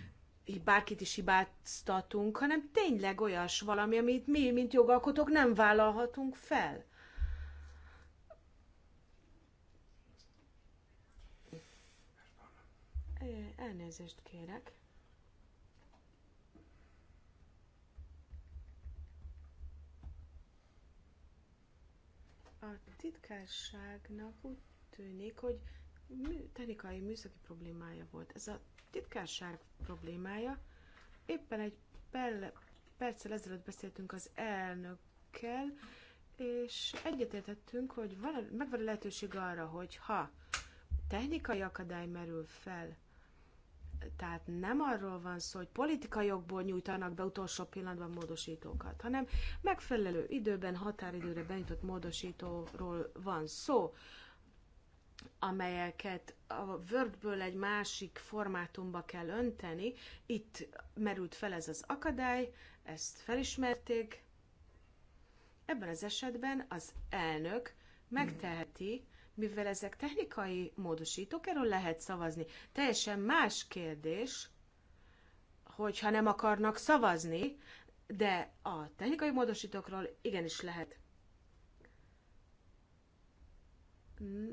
bárkit is hibáztatunk, hanem tényleg olyas valami, amit mi, mint jogalkotók nem vállalhatunk fel. Elnézést kérek. A titkárságnak úgy tűnik, hogy technikai műszaki problémája volt. Ez a titkárság problémája. Éppen egy per, perccel ezelőtt beszéltünk az elnökkel, és egyetértettünk, hogy van, megvan a lehetőség arra, hogy ha technikai akadály merül fel, tehát nem arról van szó, hogy politikai jogból nyújtanak be utolsó pillanatban módosítókat, hanem megfelelő időben, határidőre benyújtott módosítóról van szó, amelyeket a Wordből egy másik formátumba kell önteni. Itt merült fel ez az akadály, ezt felismerték. Ebben az esetben az elnök megteheti, mivel ezek technikai módosítók, erről lehet szavazni. Teljesen más kérdés, hogyha nem akarnak szavazni, de a technikai módosítókról igenis lehet.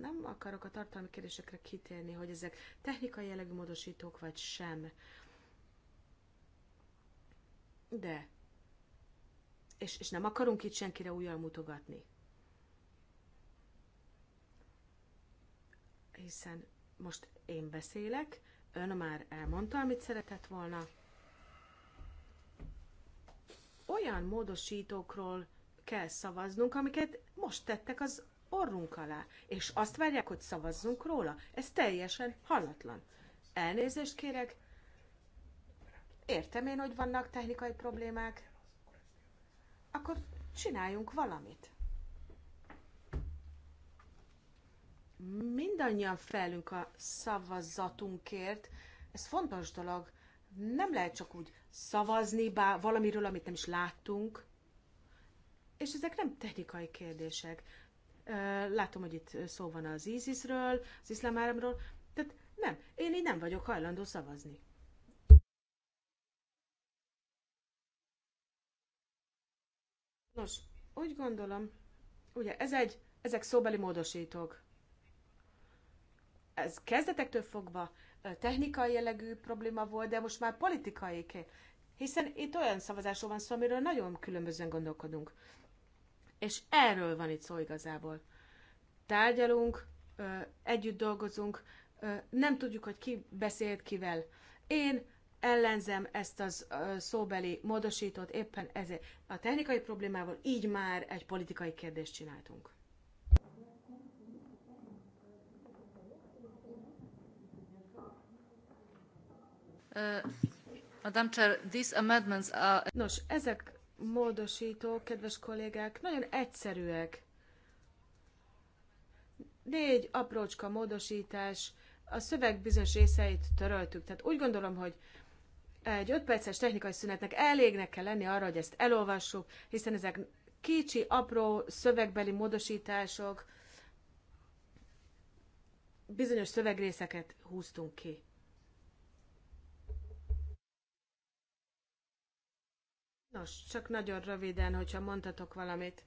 nem akarok a tartalmi kérdésekre kitérni, hogy ezek technikai jellegű módosítók vagy sem. De. És, és nem akarunk itt senkire újjal mutogatni. Hiszen most én beszélek, ön már elmondta, amit szeretett volna. Olyan módosítókról kell szavaznunk, amiket most tettek az orrunk alá, és azt várják, hogy szavazzunk róla. Ez teljesen hallatlan. Elnézést kérek, értem én, hogy vannak technikai problémák, akkor csináljunk valamit. Mindannyian felünk a szavazatunkért, ez fontos dolog. Nem lehet csak úgy szavazni bá, valamiről, amit nem is láttunk. És ezek nem technikai kérdések. Látom, hogy itt szó van az ISIS-ről, az iszlám államról, Tehát nem, én így nem vagyok hajlandó szavazni. Nos, úgy gondolom, ugye ez egy, ezek szóbeli módosítók. Ez kezdetektől fogva technikai jellegű probléma volt, de most már politikai, hiszen itt olyan szavazásról van szó, amiről nagyon különbözően gondolkodunk. És erről van itt szó igazából. Tárgyalunk, együtt dolgozunk, nem tudjuk, hogy ki beszélt kivel. Én ellenzem ezt az szóbeli módosítót, éppen ezért a technikai problémával így már egy politikai kérdést csináltunk. Madam Chair, these amendments are... Nos, ezek módosítók, kedves kollégák, nagyon egyszerűek. Négy aprócska módosítás, a szöveg bizonyos részeit töröltük. Tehát úgy gondolom, hogy egy 5 perces technikai szünetnek elégnek kell lenni arra, hogy ezt elolvassuk, hiszen ezek kicsi, apró szövegbeli módosítások, bizonyos szövegrészeket húztunk ki. Nos, csak nagyon röviden, hogyha mondhatok valamit.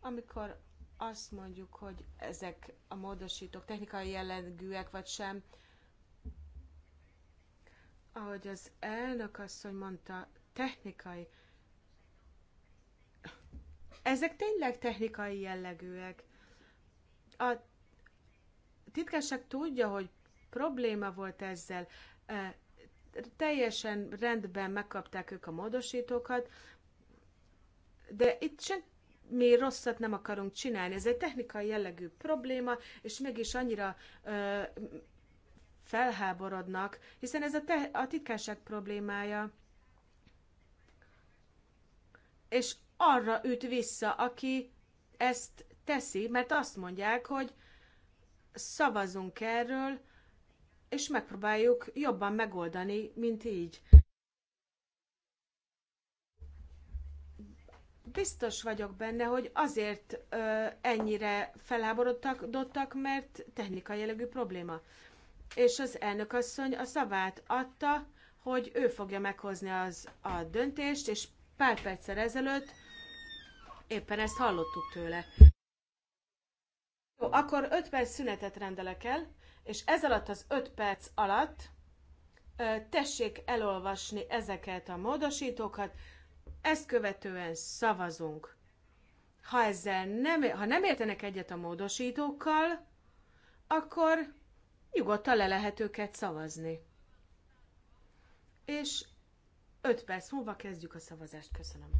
Amikor azt mondjuk, hogy ezek a módosítók technikai jellegűek vagy sem, ahogy az elnök asszony mondta, technikai. Ezek tényleg technikai jellegűek. A titkárság tudja, hogy probléma volt ezzel teljesen rendben megkapták ők a módosítókat, de itt sem mi rosszat nem akarunk csinálni. Ez egy technikai jellegű probléma, és mégis annyira ö, felháborodnak, hiszen ez a, te, a titkásság problémája. És arra üt vissza, aki ezt teszi, mert azt mondják, hogy szavazunk erről, és megpróbáljuk jobban megoldani, mint így. Biztos vagyok benne, hogy azért ö, ennyire felháborodtak, mert technikai jellegű probléma. És az elnökasszony a szavát adta, hogy ő fogja meghozni az a döntést, és pár perccel ezelőtt éppen ezt hallottuk tőle. Jó, akkor 5 perc szünetet rendelek el, és ez alatt az 5 perc alatt tessék elolvasni ezeket a módosítókat, ezt követően szavazunk. Ha ezzel nem, ha nem értenek egyet a módosítókkal, akkor nyugodtan le lehet őket szavazni. És 5 perc múlva kezdjük a szavazást. Köszönöm.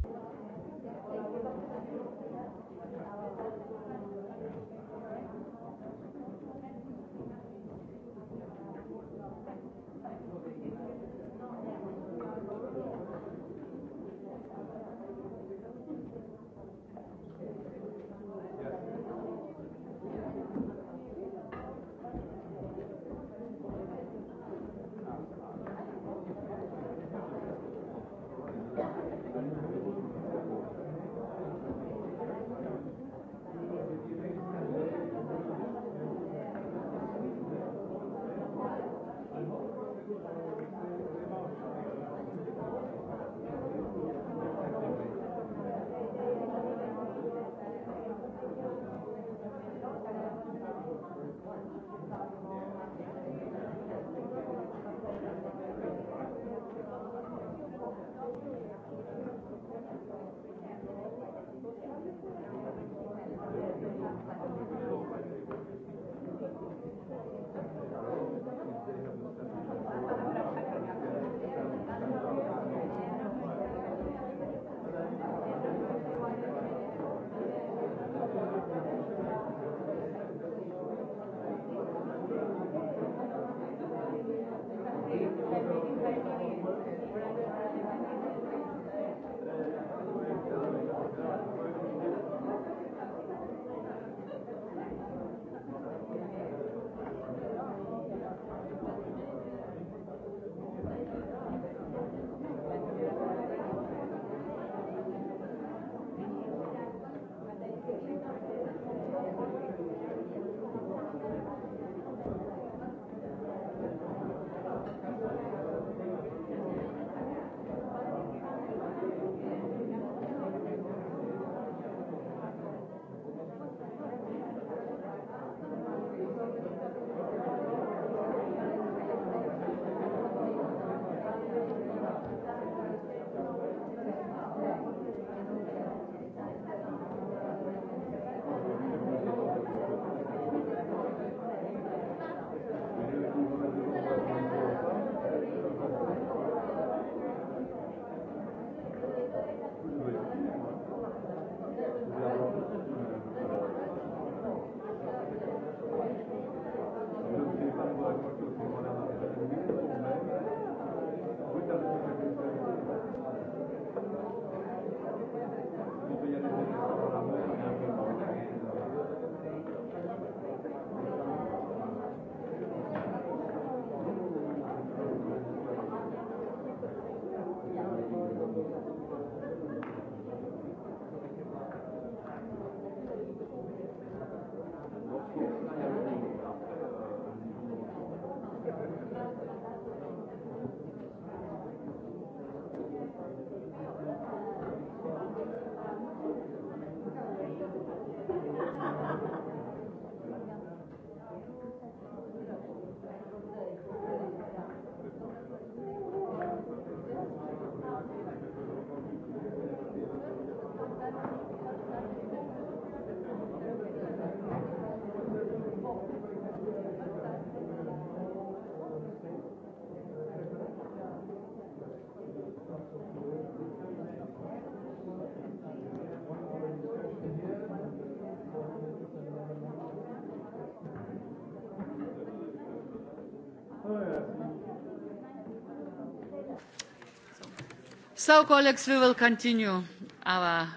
So, colleagues, we will continue our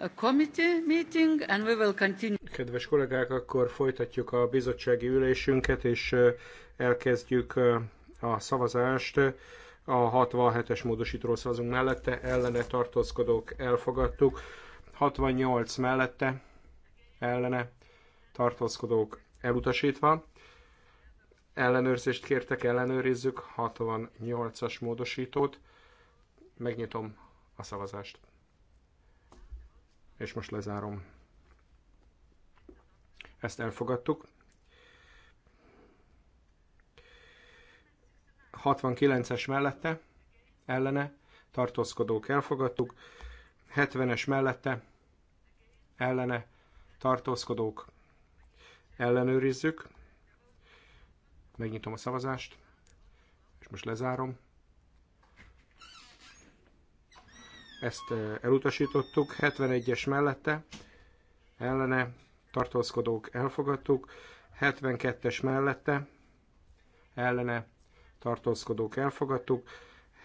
uh, committee meeting, and we will continue. Kedves kollégák, akkor folytatjuk a bizottsági ülésünket, és uh, elkezdjük uh, a szavazást. A 67-es módosítról szavazunk mellette, ellene tartózkodók elfogadtuk. 68 mellette, ellene tartózkodók elutasítva. Ellenőrzést kértek, ellenőrizzük 68-as módosítót Megnyitom a szavazást. És most lezárom. Ezt elfogadtuk. 69-es mellette, ellene, tartózkodók elfogadtuk. 70-es mellette, ellene, tartózkodók ellenőrizzük. Megnyitom a szavazást, és most lezárom. ezt elutasítottuk, 71-es mellette ellene tartózkodók elfogadtuk, 72-es mellette ellene tartózkodók elfogadtuk,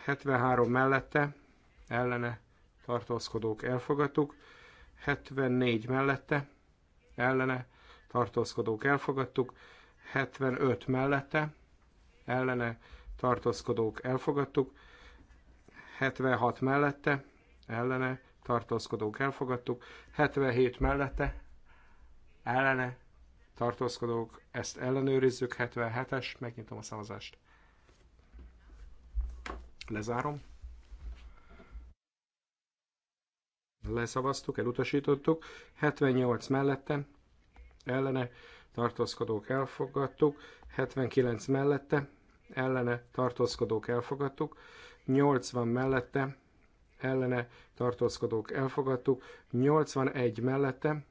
73 mellette ellene tartózkodók elfogadtuk, 74 mellette ellene tartózkodók elfogadtuk, 75 mellette ellene tartózkodók elfogadtuk, 76 mellette ellene, tartózkodók elfogadtuk, 77 mellette, ellene, tartózkodók, ezt ellenőrizzük, 77-es, megnyitom a szavazást. Lezárom. Leszavaztuk, elutasítottuk, 78 mellette, ellene, tartózkodók elfogadtuk, 79 mellette, ellene tartózkodók elfogadtuk, 80 mellette ellene tartózkodók elfogadtuk, 81 mellette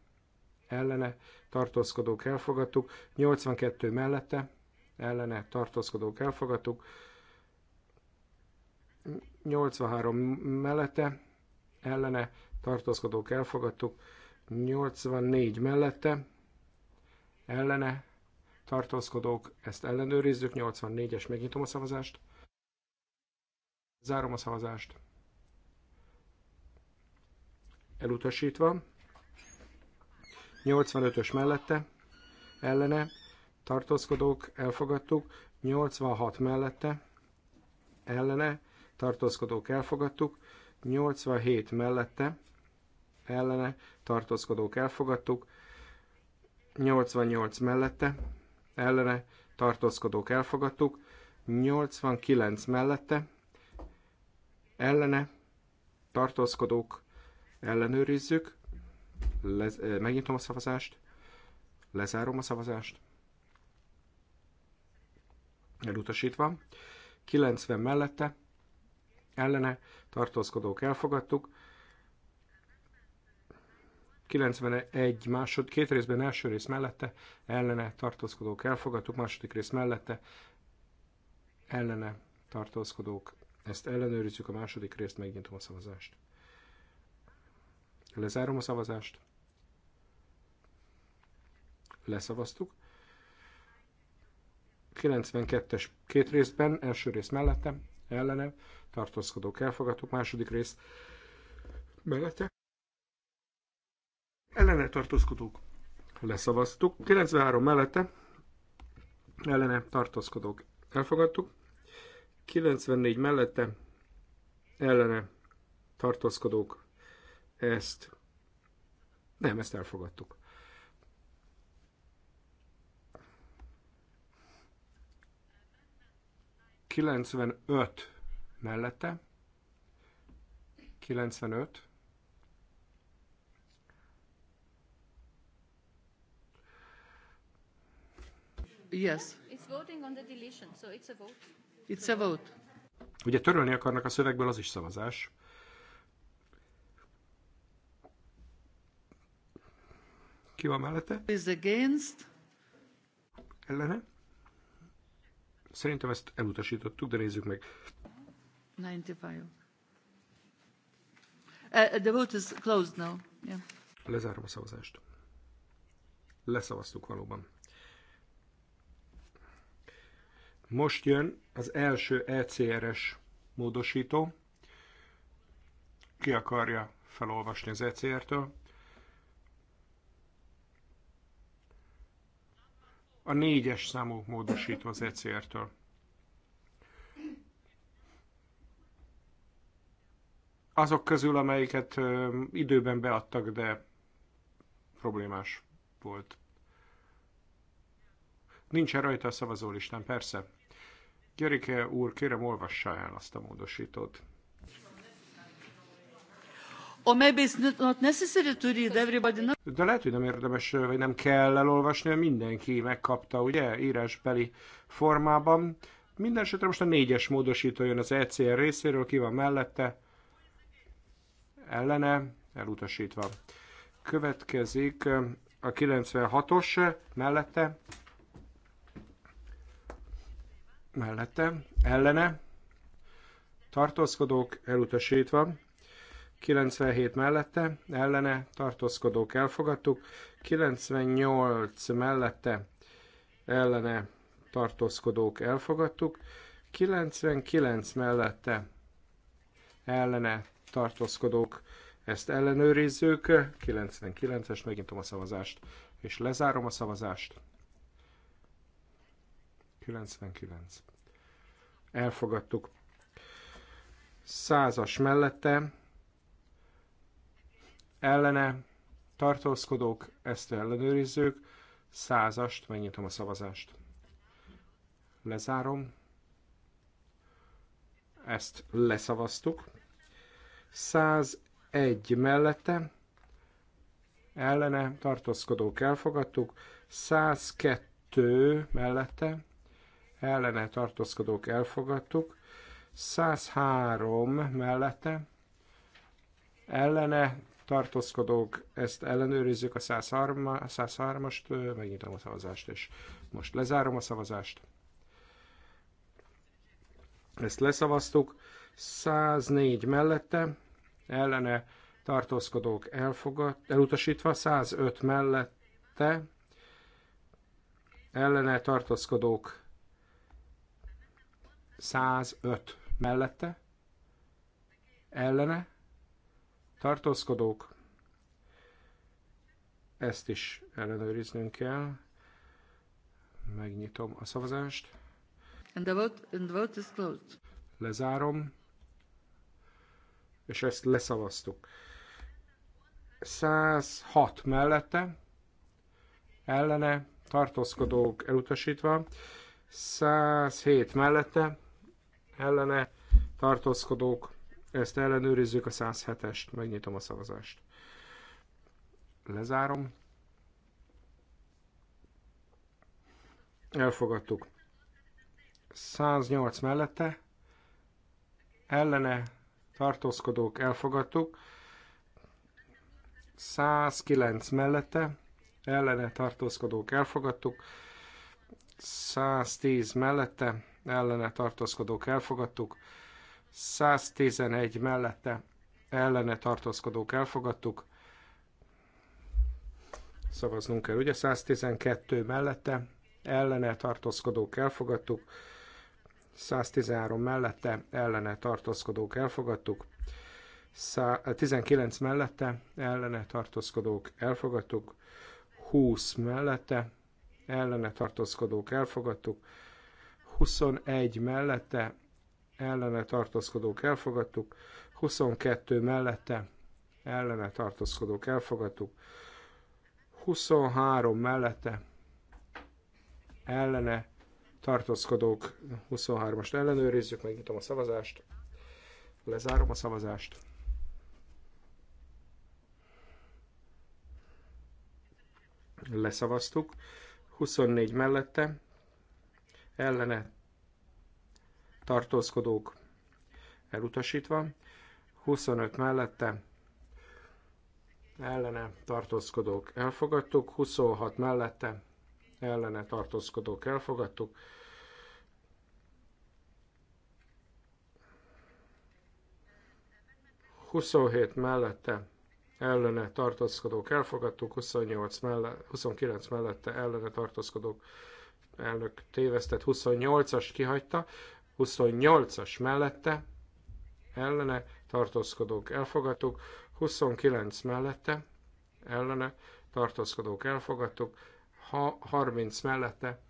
ellene tartózkodók elfogadtuk, 82 mellette ellene tartózkodók elfogadtuk, 83 mellette ellene tartózkodók elfogadtuk, 84 mellette ellene tartózkodók, ezt ellenőrizzük, 84-es megnyitom a szavazást, zárom a szavazást elutasítva. 85-ös mellette, ellene, tartózkodók, elfogadtuk. 86 mellette, ellene, tartózkodók, elfogadtuk. 87 mellette, ellene, tartózkodók, elfogadtuk. 88 mellette, ellene, tartózkodók, elfogadtuk. 89 mellette, ellene tartózkodók ellenőrizzük, Lez, megnyitom a szavazást, lezárom a szavazást, elutasítva, 90 mellette, ellene, tartózkodók elfogadtuk, 91 másod, két részben első rész mellette, ellene tartózkodók elfogadtuk, második rész mellette, ellene tartózkodók. Ezt ellenőrizzük, a második részt megnyitom a szavazást. Lezárom a szavazást. Leszavaztuk. 92-es két részben, első rész mellette, ellene, tartózkodók elfogadtuk, második rész mellette, ellene tartózkodók leszavaztuk, 93 mellette, ellene tartózkodók elfogadtuk, 94 mellette, ellene tartózkodók ezt. Nem, ezt elfogadtuk. Kilencvenöt mellette. 95. Yes. It's voting on the deletion, so it's a vote. It's a vote. Ugye törölni akarnak a szövegből, az is szavazás. Ki van mellette? Is against. Ellene? Szerintem ezt elutasítottuk, de nézzük meg. 95. Uh, uh, the vote is closed now. Yeah. Lezárom a szavazást. Leszavaztuk valóban. Most jön az első ECRS módosító. Ki akarja felolvasni az ECR-től? A négyes számú módosítva az ECR-től. Azok közül, amelyiket időben beadtak, de problémás volt. Nincsen rajta a szavazólistán, persze. Gyerike úr, kérem olvassa el azt a módosítót. De lehet, hogy nem érdemes, vagy nem kell elolvasni, mert mindenki megkapta, ugye, írásbeli formában. Minden most a négyes módosító jön az ECR részéről, ki van mellette, ellene, elutasítva. Következik a 96-os mellette, mellette, ellene, tartózkodók elutasítva, 97 mellette, ellene tartózkodók elfogadtuk, 98 mellette, ellene tartózkodók elfogadtuk, 99 mellette, ellene tartózkodók, ezt ellenőrizzük, 99-es, megintom a szavazást, és lezárom a szavazást. 99. Elfogadtuk. Százas mellette, ellene tartózkodók, ezt ellenőrizzük, százast, megnyitom a szavazást. Lezárom. Ezt leszavaztuk. 101 mellette, ellene tartózkodók elfogadtuk, 102 mellette, ellene tartózkodók elfogadtuk, 103 mellette, ellene tartózkodók, ezt ellenőrizzük a 103-ast, megnyitom a szavazást, és most lezárom a szavazást. Ezt leszavaztuk, 104 mellette, ellene tartózkodók elfogad, elutasítva, 105 mellette, ellene tartózkodók 105 mellette, ellene tartózkodók. Ezt is ellenőriznünk kell. Megnyitom a szavazást. And the vote, and the vote is closed. Lezárom. És ezt leszavaztuk. 106 mellette, ellene, tartózkodók elutasítva, 107 mellette, ellene, tartózkodók ezt ellenőrizzük a 107-est, megnyitom a szavazást. Lezárom. Elfogadtuk. 108 mellette, ellene tartózkodók elfogadtuk, 109 mellette, ellene tartózkodók elfogadtuk, 110 mellette, ellene tartózkodók elfogadtuk, 111 mellette ellene tartózkodók elfogadtuk. Szavaznunk kell, ugye? 112 mellette ellene tartózkodók elfogadtuk. 113 mellette ellene tartózkodók elfogadtuk. 19 eh, mellette ellene tartózkodók elfogadtuk. 20 mellette ellene tartózkodók elfogadtuk. 21 mellette ellene tartózkodók elfogadtuk, 22 mellette ellene tartózkodók elfogadtuk, 23 mellette ellene tartózkodók 23-ast ellenőrizzük, megnyitom a szavazást, lezárom a szavazást. Leszavaztuk, 24 mellette, ellene tartózkodók elutasítva, 25 mellette ellene tartózkodók elfogadtuk, 26 mellette ellene tartózkodók elfogadtuk, Huszonhét mellette ellene tartózkodók elfogadtuk, 28 mellette, 29 mellette ellene tartózkodók elnök tévesztett, 28-as kihagyta, 28-as mellette, ellene tartózkodók elfogadtuk, 29 mellette, ellene tartózkodók elfogadtuk, ha 30 mellette,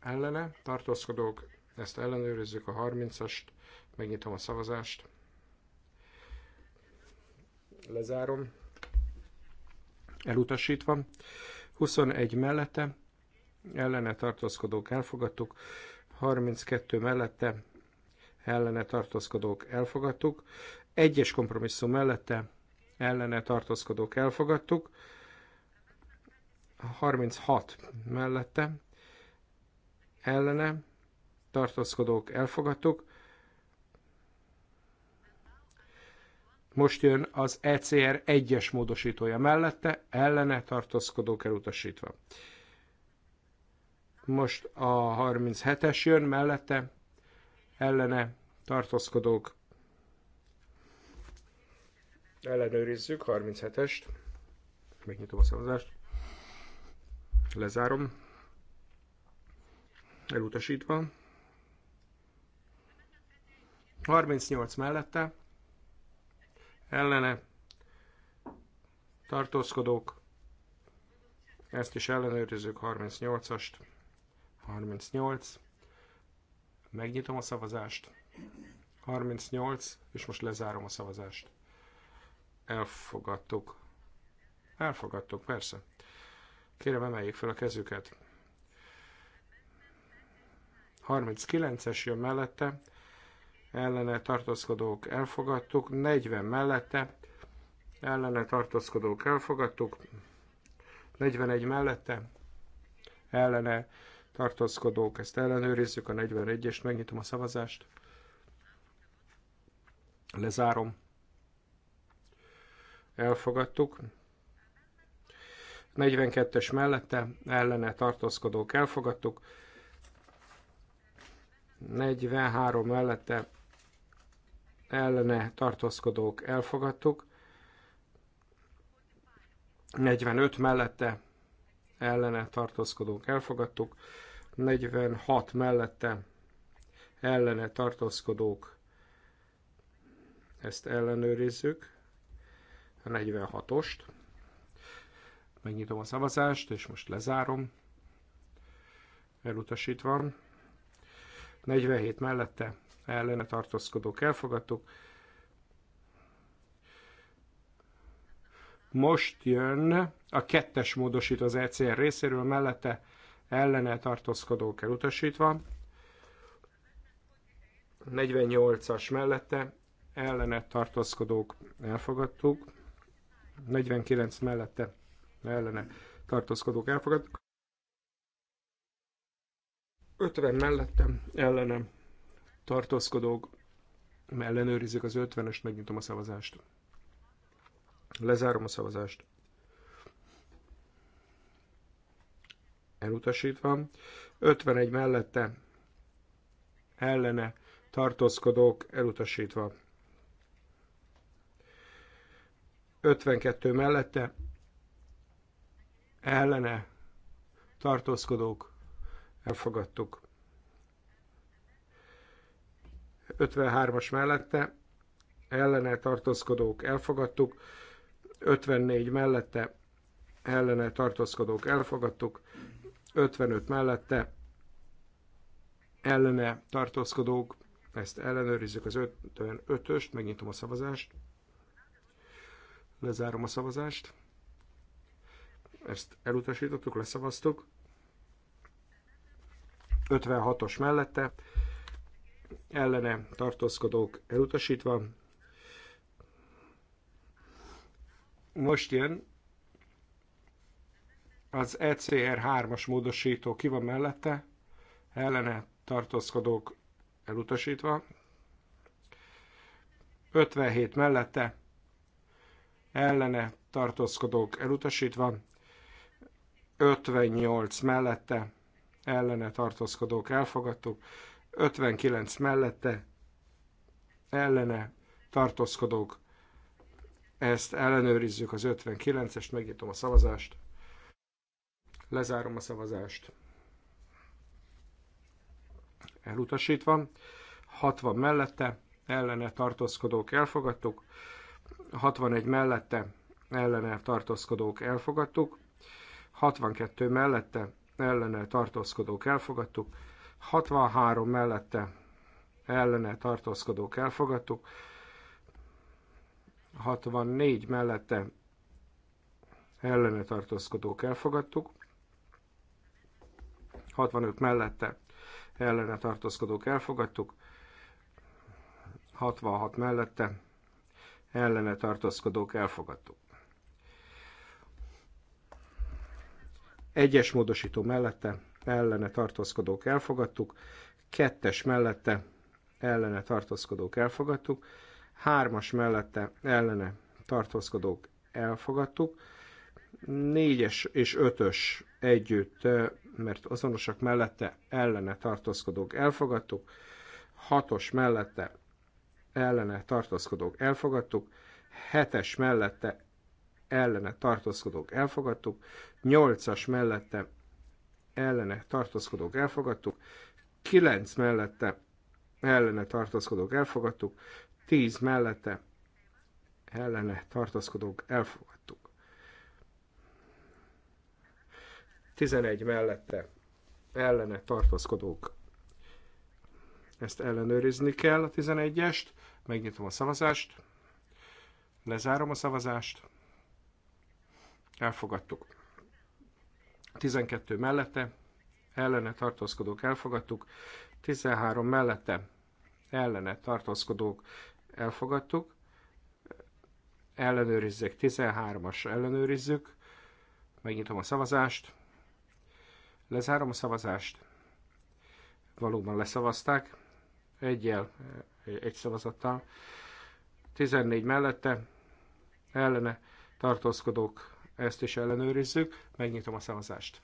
ellene tartózkodók, ezt ellenőrizzük a 30-ast, megnyitom a szavazást, lezárom, elutasítva, 21 mellette, ellene tartózkodók elfogadtuk, 32 mellette ellene tartózkodók elfogadtuk, egyes kompromisszum mellette ellene tartózkodók elfogadtuk, 36 mellette ellene tartózkodók elfogadtuk. Most jön az ECR egyes módosítója mellette, ellene tartózkodók elutasítva. Most a 37-es jön mellette, ellene tartózkodók. Ellenőrizzük 37-est. Megnyitom a szavazást. Lezárom. Elutasítva. 38 mellette. Ellene tartózkodók. Ezt is ellenőrizzük 38-ast. 38. Megnyitom a szavazást. 38, és most lezárom a szavazást. Elfogadtuk. Elfogadtuk, persze. Kérem, emeljék fel a kezüket. 39-es jön mellette, ellene tartózkodók elfogadtuk, 40 mellette, ellene tartózkodók elfogadtuk, 41 mellette, ellene tartózkodók, ezt ellenőrizzük, a 41-est, megnyitom a szavazást, lezárom, elfogadtuk, 42-es mellette ellene tartózkodók elfogadtuk, 43 mellette ellene tartózkodók elfogadtuk, 45 mellette ellene tartózkodók elfogadtuk, 46 mellette ellene tartózkodók, ezt ellenőrizzük, a 46-ost. Megnyitom a szavazást, és most lezárom. Elutasítva. 47 mellette ellene tartózkodók elfogadtuk. Most jön a kettes módosít az ECR részéről, mellette ellene tartózkodók elutasítva, 48-as mellette ellene tartózkodók elfogadtuk, 49 mellette ellene tartózkodók elfogadtuk, 50 mellette ellenem tartózkodók ellenőrizik az 50-est, megnyitom a szavazást. Lezárom a szavazást. elutasítva, 51 mellette ellene tartózkodók elutasítva, 52 mellette ellene tartózkodók elfogadtuk. 53-as mellette ellene tartózkodók elfogadtuk, 54 mellette ellene tartózkodók elfogadtuk, 55 mellette ellene tartózkodók, ezt ellenőrizzük az 55-öst, megnyitom a szavazást, lezárom a szavazást, ezt elutasítottuk, leszavaztuk, 56-os mellette, ellene tartózkodók elutasítva. Most jön az ECR 3-as módosító ki van mellette, ellene tartózkodók elutasítva. 57 mellette, ellene tartózkodók elutasítva. 58 mellette, ellene tartózkodók elfogadtuk. 59 mellette, ellene tartózkodók ezt ellenőrizzük az 59-est, megnyitom a szavazást. Lezárom a szavazást. Elutasítva. 60 mellette, ellene tartózkodók elfogadtuk. 61 mellette, ellene tartózkodók elfogadtuk. 62 mellette, ellene tartózkodók elfogadtuk. 63 mellette, ellene tartózkodók elfogadtuk. 64 mellette ellene tartózkodók elfogadtuk, 65 mellette ellene tartózkodók elfogadtuk, 66 mellette ellene tartózkodók elfogadtuk. Egyes módosító mellette ellene tartózkodók elfogadtuk, kettes mellette ellene tartózkodók elfogadtuk, hármas mellette ellene tartózkodók elfogadtuk, Négyes és ötös együtt, eh, mert azonosak mellette ellene tartózkodók elfogadtuk, hatos mellette ellene tartózkodók elfogadtuk, hetes mellette ellene tartózkodók elfogadtuk, nyolcas mellette ellene tartózkodók elfogadtuk, kilenc mellette ellene tartózkodók elfogadtuk, tíz mellette ellene tartózkodók elfogadtuk. 11 mellette ellene tartózkodók. Ezt ellenőrizni kell a 11-est. Megnyitom a szavazást. Lezárom a szavazást. Elfogadtuk. 12 mellette ellene tartózkodók elfogadtuk. 13 mellette ellene tartózkodók elfogadtuk. Ellenőrizzük, 13-as ellenőrizzük. Megnyitom a szavazást. Lezárom a szavazást. Valóban leszavazták. Egyel, egy szavazattal. 14 mellette, ellene tartózkodók, ezt is ellenőrizzük. Megnyitom a szavazást.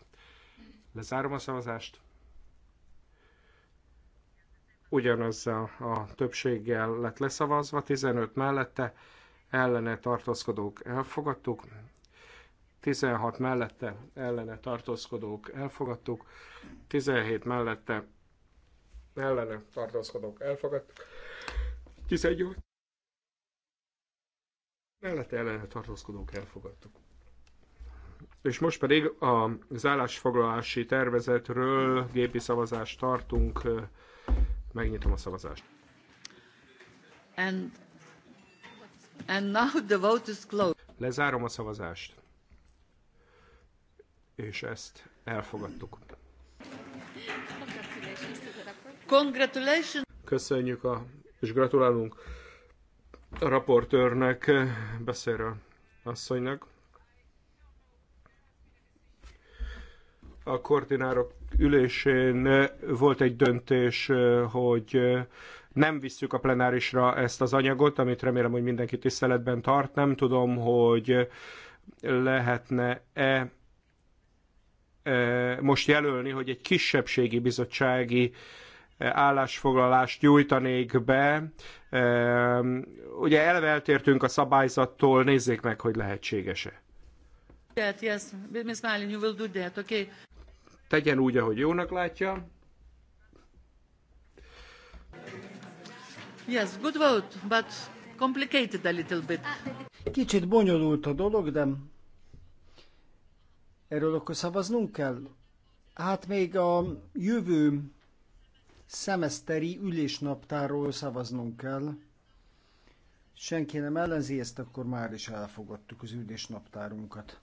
Lezárom a szavazást. Ugyanazzal a többséggel lett leszavazva, 15 mellette, ellene tartózkodók elfogadtuk, 16 mellette ellene tartózkodók elfogadtuk, 17 mellette ellene tartózkodók elfogadtuk, 18 mellette ellene tartózkodók elfogadtuk. És most pedig a állásfoglalási tervezetről gépi szavazást tartunk, megnyitom a szavazást. And, and now the vote is closed. Lezárom a szavazást és ezt elfogadtuk. Congratulations! Köszönjük a, és gratulálunk a raportőrnek, beszélő asszonynak. A koordinárok ülésén volt egy döntés, hogy nem visszük a plenárisra ezt az anyagot, amit remélem, hogy mindenki tiszteletben tart. Nem tudom, hogy lehetne-e most jelölni, hogy egy kisebbségi bizottsági állásfoglalást nyújtanék be. Ugye elveltértünk a szabályzattól, nézzék meg, hogy lehetséges-e. Yes, you will do that, okay? Tegyen úgy, ahogy jónak látja. Yes, good vote, but complicated a little bit. Kicsit bonyolult a dolog, de Erről akkor szavaznunk kell? Hát még a jövő szemeszteri ülésnaptáról szavaznunk kell. Senki nem ellenzi ezt, akkor már is elfogadtuk az ülésnaptárunkat.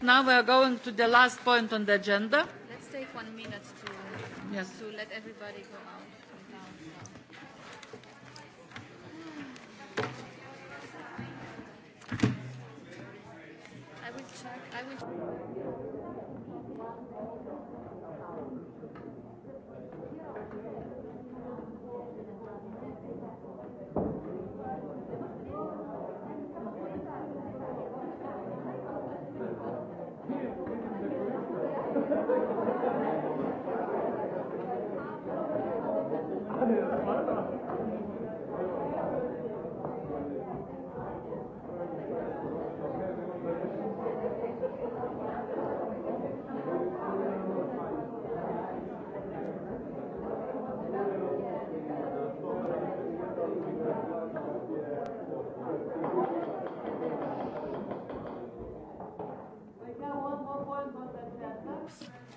Now we are going to the last point on the agenda. Let's take one minute to, yes. to let everybody go out. I went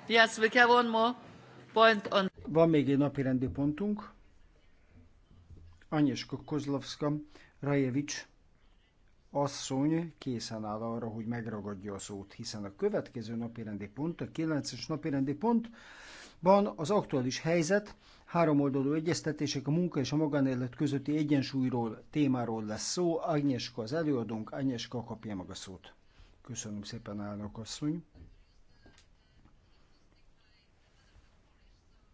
Yes, we have one more point on... Van még egy napi rendi pontunk. Anyeska Kozlovska, Rajevics asszony készen áll arra, hogy megragadja a szót, hiszen a következő napirendi pont, a 9-es napirendi pontban az aktuális helyzet, háromoldalú egyeztetések a munka és a magánélet közötti egyensúlyról, témáról lesz szó. Agnieszka az előadónk, Agnieszka kapja meg a szót. Köszönöm szépen, elnök asszony.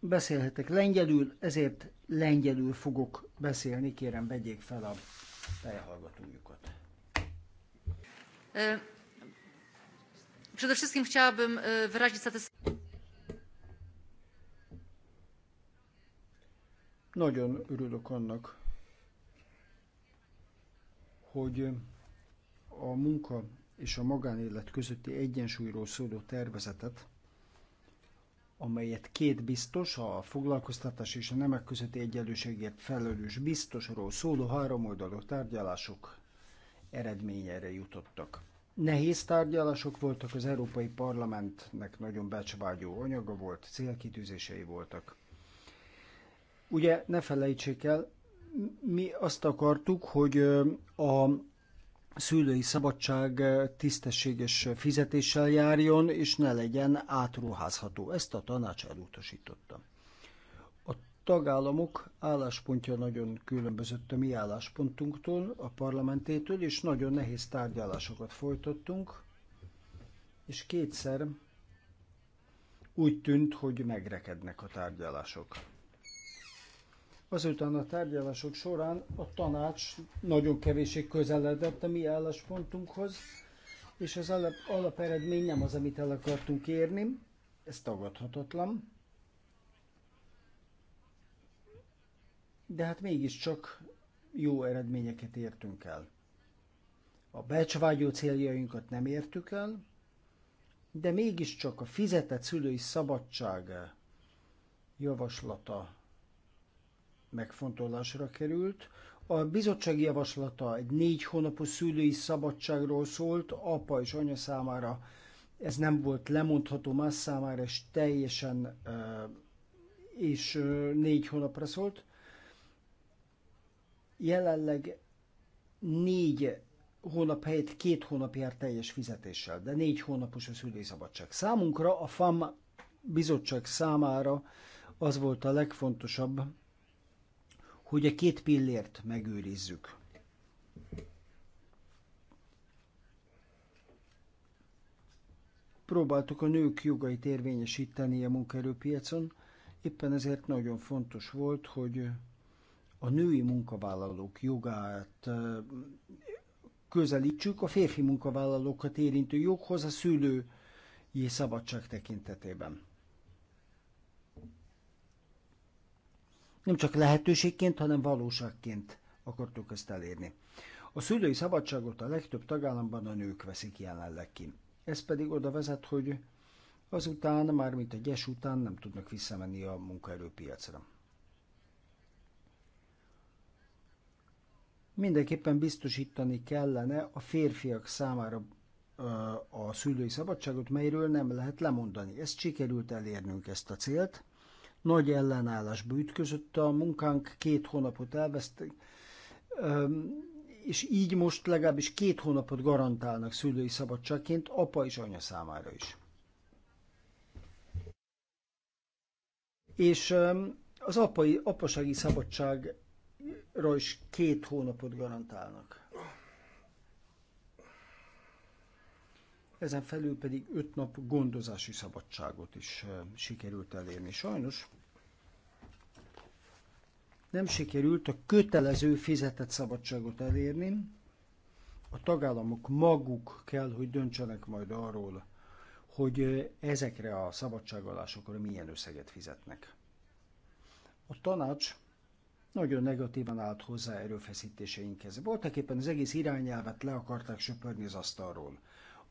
beszélhetek lengyelül, ezért lengyelül fogok beszélni, kérem vegyék fel a fejhallgatójukat. E, przede wszystkim chciałabym e, wyrazić Nagyon örülök annak, hogy a munka és a magánélet közötti egyensúlyról szóló tervezetet amelyet két biztos, a foglalkoztatás és a nemek közötti egyenlőségért felelős biztosról szóló háromoldalú tárgyalások eredményére jutottak. Nehéz tárgyalások voltak, az Európai Parlamentnek nagyon becsvágyó anyaga volt, célkitűzései voltak. Ugye ne felejtsék el, mi azt akartuk, hogy a szülői szabadság eh, tisztességes fizetéssel járjon, és ne legyen átruházható. Ezt a tanács elutasította. A tagállamok álláspontja nagyon különbözött a mi álláspontunktól, a parlamentétől, és nagyon nehéz tárgyalásokat folytattunk, és kétszer úgy tűnt, hogy megrekednek a tárgyalások. Azután a tárgyalások során a tanács nagyon kevésé közeledett a mi álláspontunkhoz, és az alap, alaperedmény nem az, amit el akartunk érni, ez tagadhatatlan. De hát mégiscsak jó eredményeket értünk el. A becsvágyó céljainkat nem értük el, de mégiscsak a fizetett szülői szabadság javaslata megfontolásra került. A bizottság javaslata egy négy hónapos szülői szabadságról szólt, apa és anya számára ez nem volt lemondható más számára, és teljesen és négy hónapra szólt. Jelenleg négy hónap helyett két hónap jár teljes fizetéssel, de négy hónapos a szülői szabadság. Számunkra, a FAM bizottság számára az volt a legfontosabb, hogy a két pillért megőrizzük. Próbáltuk a nők jogait érvényesíteni a munkaerőpiacon, éppen ezért nagyon fontos volt, hogy a női munkavállalók jogát közelítsük a férfi munkavállalókat érintő joghoz a szülői szabadság tekintetében. Nem csak lehetőségként, hanem valóságként akartuk ezt elérni. A szülői szabadságot a legtöbb tagállamban a nők veszik jelenleg ki. Ez pedig oda vezet, hogy azután, mármint a gyes után nem tudnak visszamenni a munkaerőpiacra. Mindenképpen biztosítani kellene a férfiak számára a szülői szabadságot, melyről nem lehet lemondani. Ezt sikerült elérnünk ezt a célt, nagy ellenállásba ütközött a munkánk, két hónapot elvesztek és így most legalábbis két hónapot garantálnak szülői szabadságként apa és anya számára is. És az apai, apasági szabadságra is két hónapot garantálnak. ezen felül pedig öt nap gondozási szabadságot is eh, sikerült elérni. Sajnos nem sikerült a kötelező fizetett szabadságot elérni, a tagállamok maguk kell, hogy döntsenek majd arról, hogy eh, ezekre a szabadságolásokra milyen összeget fizetnek. A tanács nagyon negatívan állt hozzá erőfeszítéseinkhez. Voltak éppen az egész irányelvet le akarták söpörni az asztalról.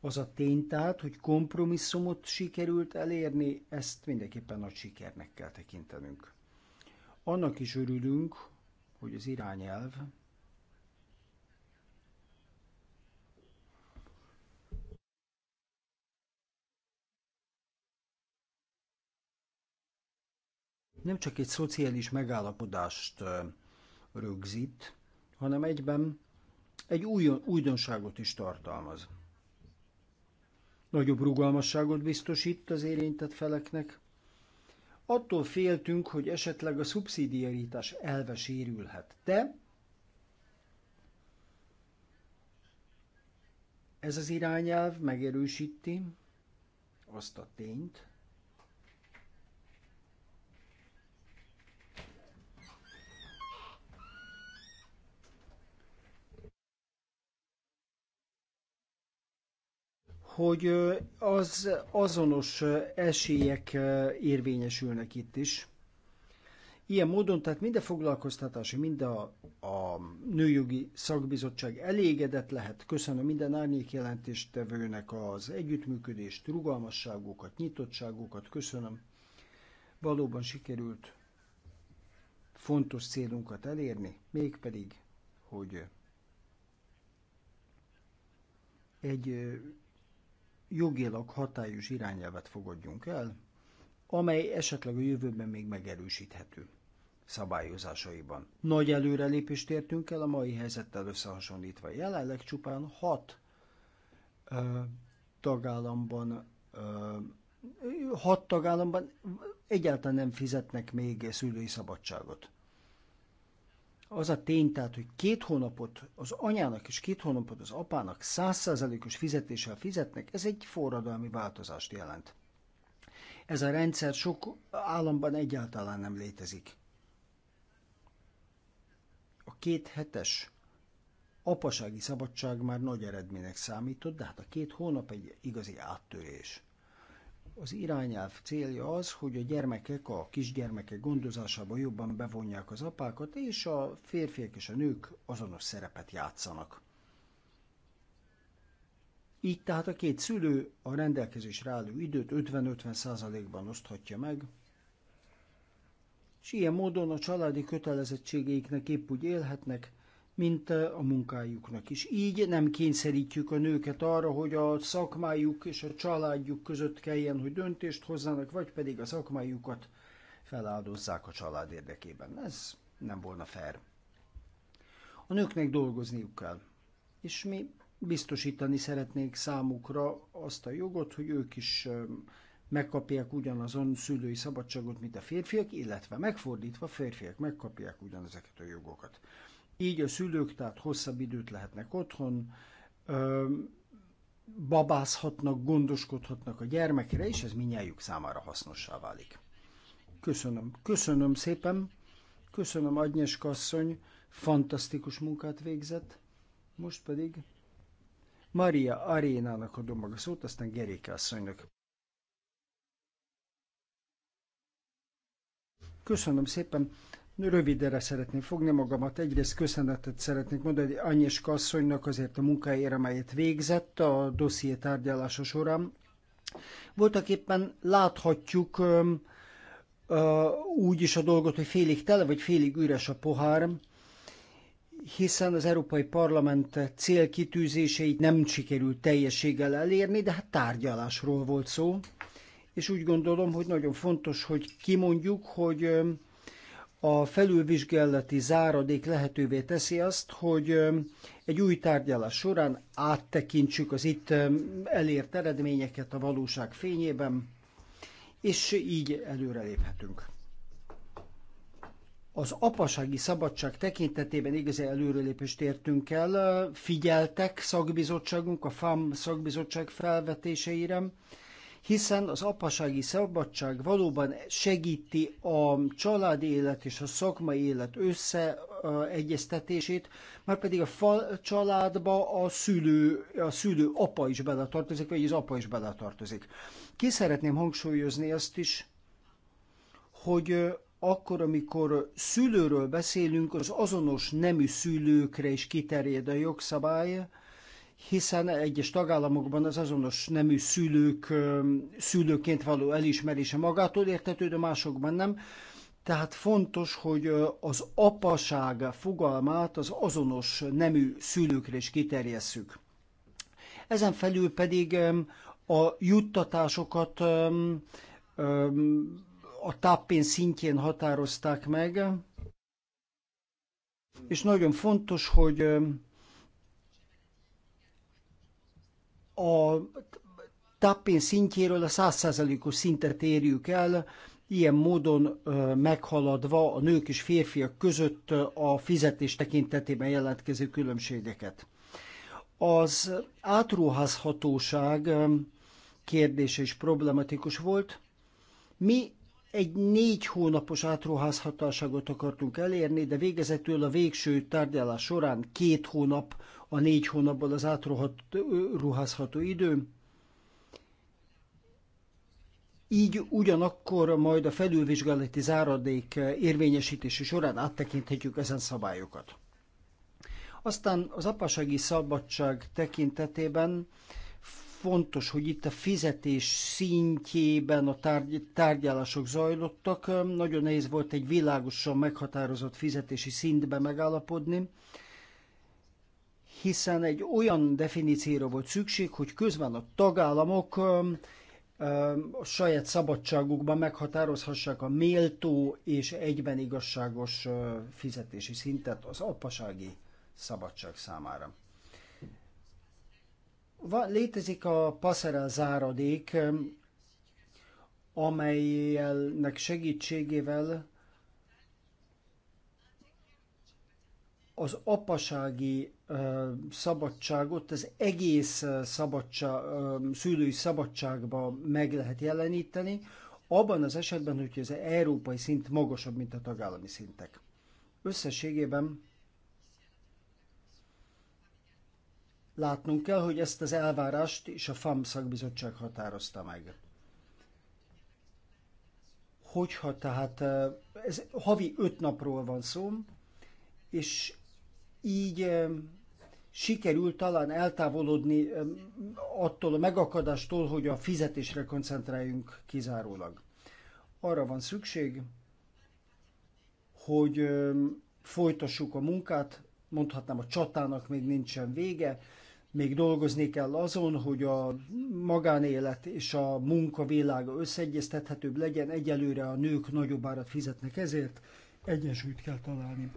Az a tény tehát, hogy kompromisszumot sikerült elérni, ezt mindenképpen nagy sikernek kell tekintenünk. Annak is örülünk, hogy az irányelv nem csak egy szociális megállapodást rögzít, hanem egyben egy új, újdonságot is tartalmaz nagyobb rugalmasságot biztosít az érintett feleknek. Attól féltünk, hogy esetleg a szubszidiaritás elve sérülhet, de ez az irányelv megerősíti azt a tényt, hogy az azonos esélyek érvényesülnek itt is. Ilyen módon tehát mind a foglalkoztatási, mind a, a nőjogi szakbizottság elégedett lehet. Köszönöm minden árnyék jelentéstevőnek az együttműködést, rugalmasságokat, nyitottságokat. Köszönöm. Valóban sikerült fontos célunkat elérni, mégpedig, hogy egy jogilag hatályos irányelvet fogadjunk el, amely esetleg a jövőben még megerősíthető szabályozásaiban. Nagy előrelépést értünk el a mai helyzettel összehasonlítva. Jelenleg csupán hat ö, tagállamban ö, hat tagállamban egyáltalán nem fizetnek még szülői szabadságot az a tény, tehát, hogy két hónapot az anyának és két hónapot az apának százszázalékos fizetéssel fizetnek, ez egy forradalmi változást jelent. Ez a rendszer sok államban egyáltalán nem létezik. A két hetes apasági szabadság már nagy eredménynek számított, de hát a két hónap egy igazi áttörés. Az irányelv célja az, hogy a gyermekek a kisgyermekek gondozásába jobban bevonják az apákat, és a férfiak és a nők azonos szerepet játszanak. Így tehát a két szülő a rendelkezésre álló időt 50-50 százalékban oszthatja meg, és ilyen módon a családi kötelezettségeiknek épp úgy élhetnek, mint a munkájuknak is. Így nem kényszerítjük a nőket arra, hogy a szakmájuk és a családjuk között kelljen, hogy döntést hozzanak, vagy pedig a szakmájukat feláldozzák a család érdekében. Ez nem volna fair. A nőknek dolgozniuk kell, és mi biztosítani szeretnék számukra azt a jogot, hogy ők is megkapják ugyanazon szülői szabadságot, mint a férfiak, illetve megfordítva a férfiak megkapják ugyanezeket a jogokat. Így a szülők tehát hosszabb időt lehetnek otthon, babázhatnak, gondoskodhatnak a gyermekre, és ez minnyájuk számára hasznossá válik. Köszönöm. Köszönöm szépen. Köszönöm, Agnes Kasszony. Fantasztikus munkát végzett. Most pedig Maria Arénának adom maga szót, aztán Geréke asszonynak. Köszönöm szépen. Rövidre szeretném fogni magamat. Egyrészt köszönetet szeretnék mondani Anyiska Kasszonynak azért a munkáért, amelyet végzett a dosszié tárgyalása során. Voltak éppen láthatjuk úgy is a dolgot, hogy félig tele vagy félig üres a pohár, hiszen az Európai Parlament célkitűzéseit nem sikerült teljességgel elérni, de hát tárgyalásról volt szó. És úgy gondolom, hogy nagyon fontos, hogy kimondjuk, hogy a felülvizsgálati záradék lehetővé teszi azt, hogy egy új tárgyalás során áttekintsük az itt elért eredményeket a valóság fényében, és így előreléphetünk. Az apasági szabadság tekintetében igazi előrelépést értünk el, figyeltek szakbizottságunk, a FAM szakbizottság felvetéseire, hiszen az apasági szabadság valóban segíti a családi élet és a szakmai élet összeegyeztetését, már pedig a fal családba a szülő, a szülő apa is beletartozik, vagy az apa is beletartozik. Ki szeretném hangsúlyozni azt is, hogy akkor, amikor szülőről beszélünk, az azonos nemű szülőkre is kiterjed a jogszabály, hiszen egyes tagállamokban az azonos nemű szülők szülőként való elismerése magától értetődő, másokban nem. Tehát fontos, hogy az apaság fogalmát az azonos nemű szülőkre is kiterjesszük. Ezen felül pedig a juttatásokat a táppén szintjén határozták meg, és nagyon fontos, hogy a táppén szintjéről a 100%-os szintet érjük el, ilyen módon meghaladva a nők és férfiak között a fizetés tekintetében jelentkező különbségeket. Az átruházhatóság kérdése is problematikus volt. Mi egy négy hónapos átruházhatóságot akartunk elérni, de végezetül a végső tárgyalás során két hónap a négy hónapban az átruházható idő. Így ugyanakkor majd a felülvizsgálati záradék érvényesítési során áttekinthetjük ezen szabályokat. Aztán az apasági szabadság tekintetében fontos, hogy itt a fizetés szintjében a tárgy, tárgyalások zajlottak. Nagyon nehéz volt egy világosan meghatározott fizetési szintbe megállapodni hiszen egy olyan definícióra volt szükség, hogy közben a tagállamok a saját szabadságukban meghatározhassák a méltó és egyben igazságos fizetési szintet az apasági szabadság számára. Van, létezik a passerel záradék, amelynek segítségével az apasági szabadságot az egész szabadság, szülői szabadságba meg lehet jeleníteni, abban az esetben, hogy az európai szint magasabb, mint a tagállami szintek. Összességében látnunk kell, hogy ezt az elvárást is a FAM szakbizottság határozta meg. Hogyha tehát ez havi öt napról van szó, és így sikerül talán eltávolodni attól a megakadástól, hogy a fizetésre koncentráljunk kizárólag. Arra van szükség, hogy folytassuk a munkát, mondhatnám a csatának még nincsen vége, még dolgozni kell azon, hogy a magánélet és a munka világa összeegyeztethetőbb legyen, egyelőre a nők nagyobb árat fizetnek ezért, egyensúlyt kell találni.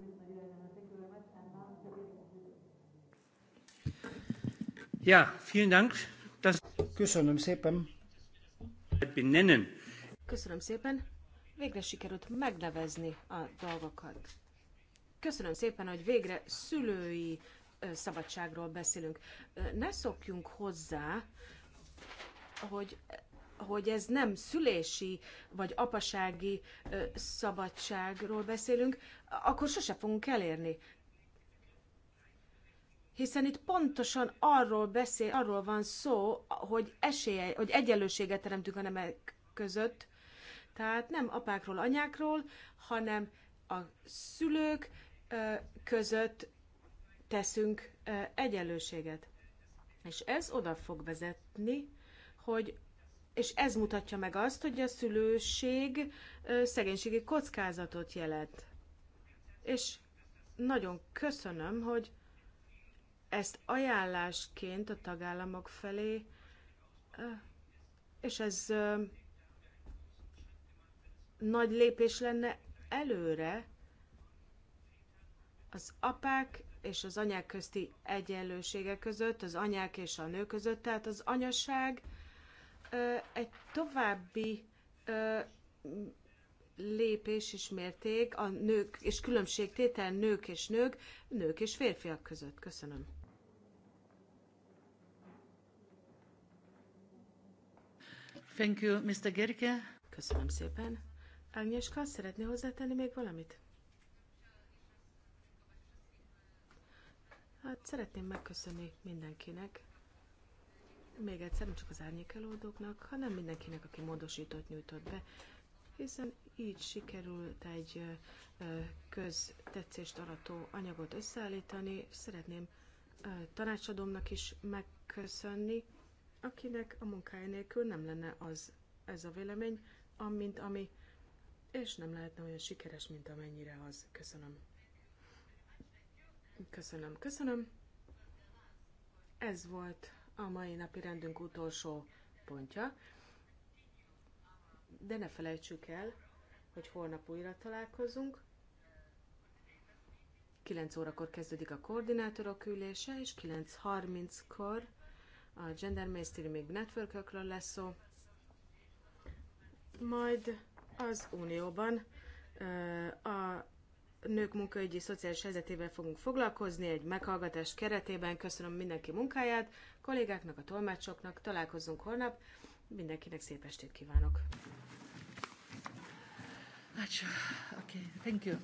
Ja, vielen Dank. Köszönöm szépen. Benennen. Köszönöm szépen. Végre sikerült megnevezni a dolgokat. Köszönöm szépen, hogy végre szülői szabadságról beszélünk. Ne szokjunk hozzá, hogy, hogy ez nem szülési vagy apasági szabadságról beszélünk, akkor sose fogunk elérni hiszen itt pontosan arról beszél, arról van szó, hogy esélye, hogy egyenlőséget teremtünk a nemek között, tehát nem apákról, anyákról, hanem a szülők között teszünk egyenlőséget. És ez oda fog vezetni, hogy és ez mutatja meg azt, hogy a szülőség szegénységi kockázatot jelent. És nagyon köszönöm, hogy ezt ajánlásként a tagállamok felé, és ez nagy lépés lenne előre az apák és az anyák közti egyenlősége között, az anyák és a nő között, tehát az anyaság egy további lépés és mérték a nők és különbségtétel nők és nők, nők és férfiak között. Köszönöm. Thank you, Mr. Gerke. Köszönöm szépen. Agnieszka, szeretné hozzátenni még valamit? Hát szeretném megköszönni mindenkinek, még egyszer nem csak az árnyékelődőknek, hanem mindenkinek, aki módosított, nyújtott be, hiszen így sikerült egy köztetszést arató anyagot összeállítani. Szeretném tanácsadómnak is megköszönni, akinek a munkája nélkül nem lenne az ez a vélemény, amint ami, és nem lehetne olyan sikeres, mint amennyire az. Köszönöm. Köszönöm, köszönöm. Ez volt a mai napi rendünk utolsó pontja, de ne felejtsük el, hogy holnap újra találkozunk. 9 órakor kezdődik a koordinátorok ülése, és 9.30-kor a Gender Mainstreaming Networkökről lesz szó, majd az Unióban a nők munkaügyi szociális helyzetével fogunk foglalkozni egy meghallgatás keretében. Köszönöm mindenki munkáját, kollégáknak, a tolmácsoknak, találkozunk holnap. Mindenkinek szép estét kívánok! Hát, okay, thank you.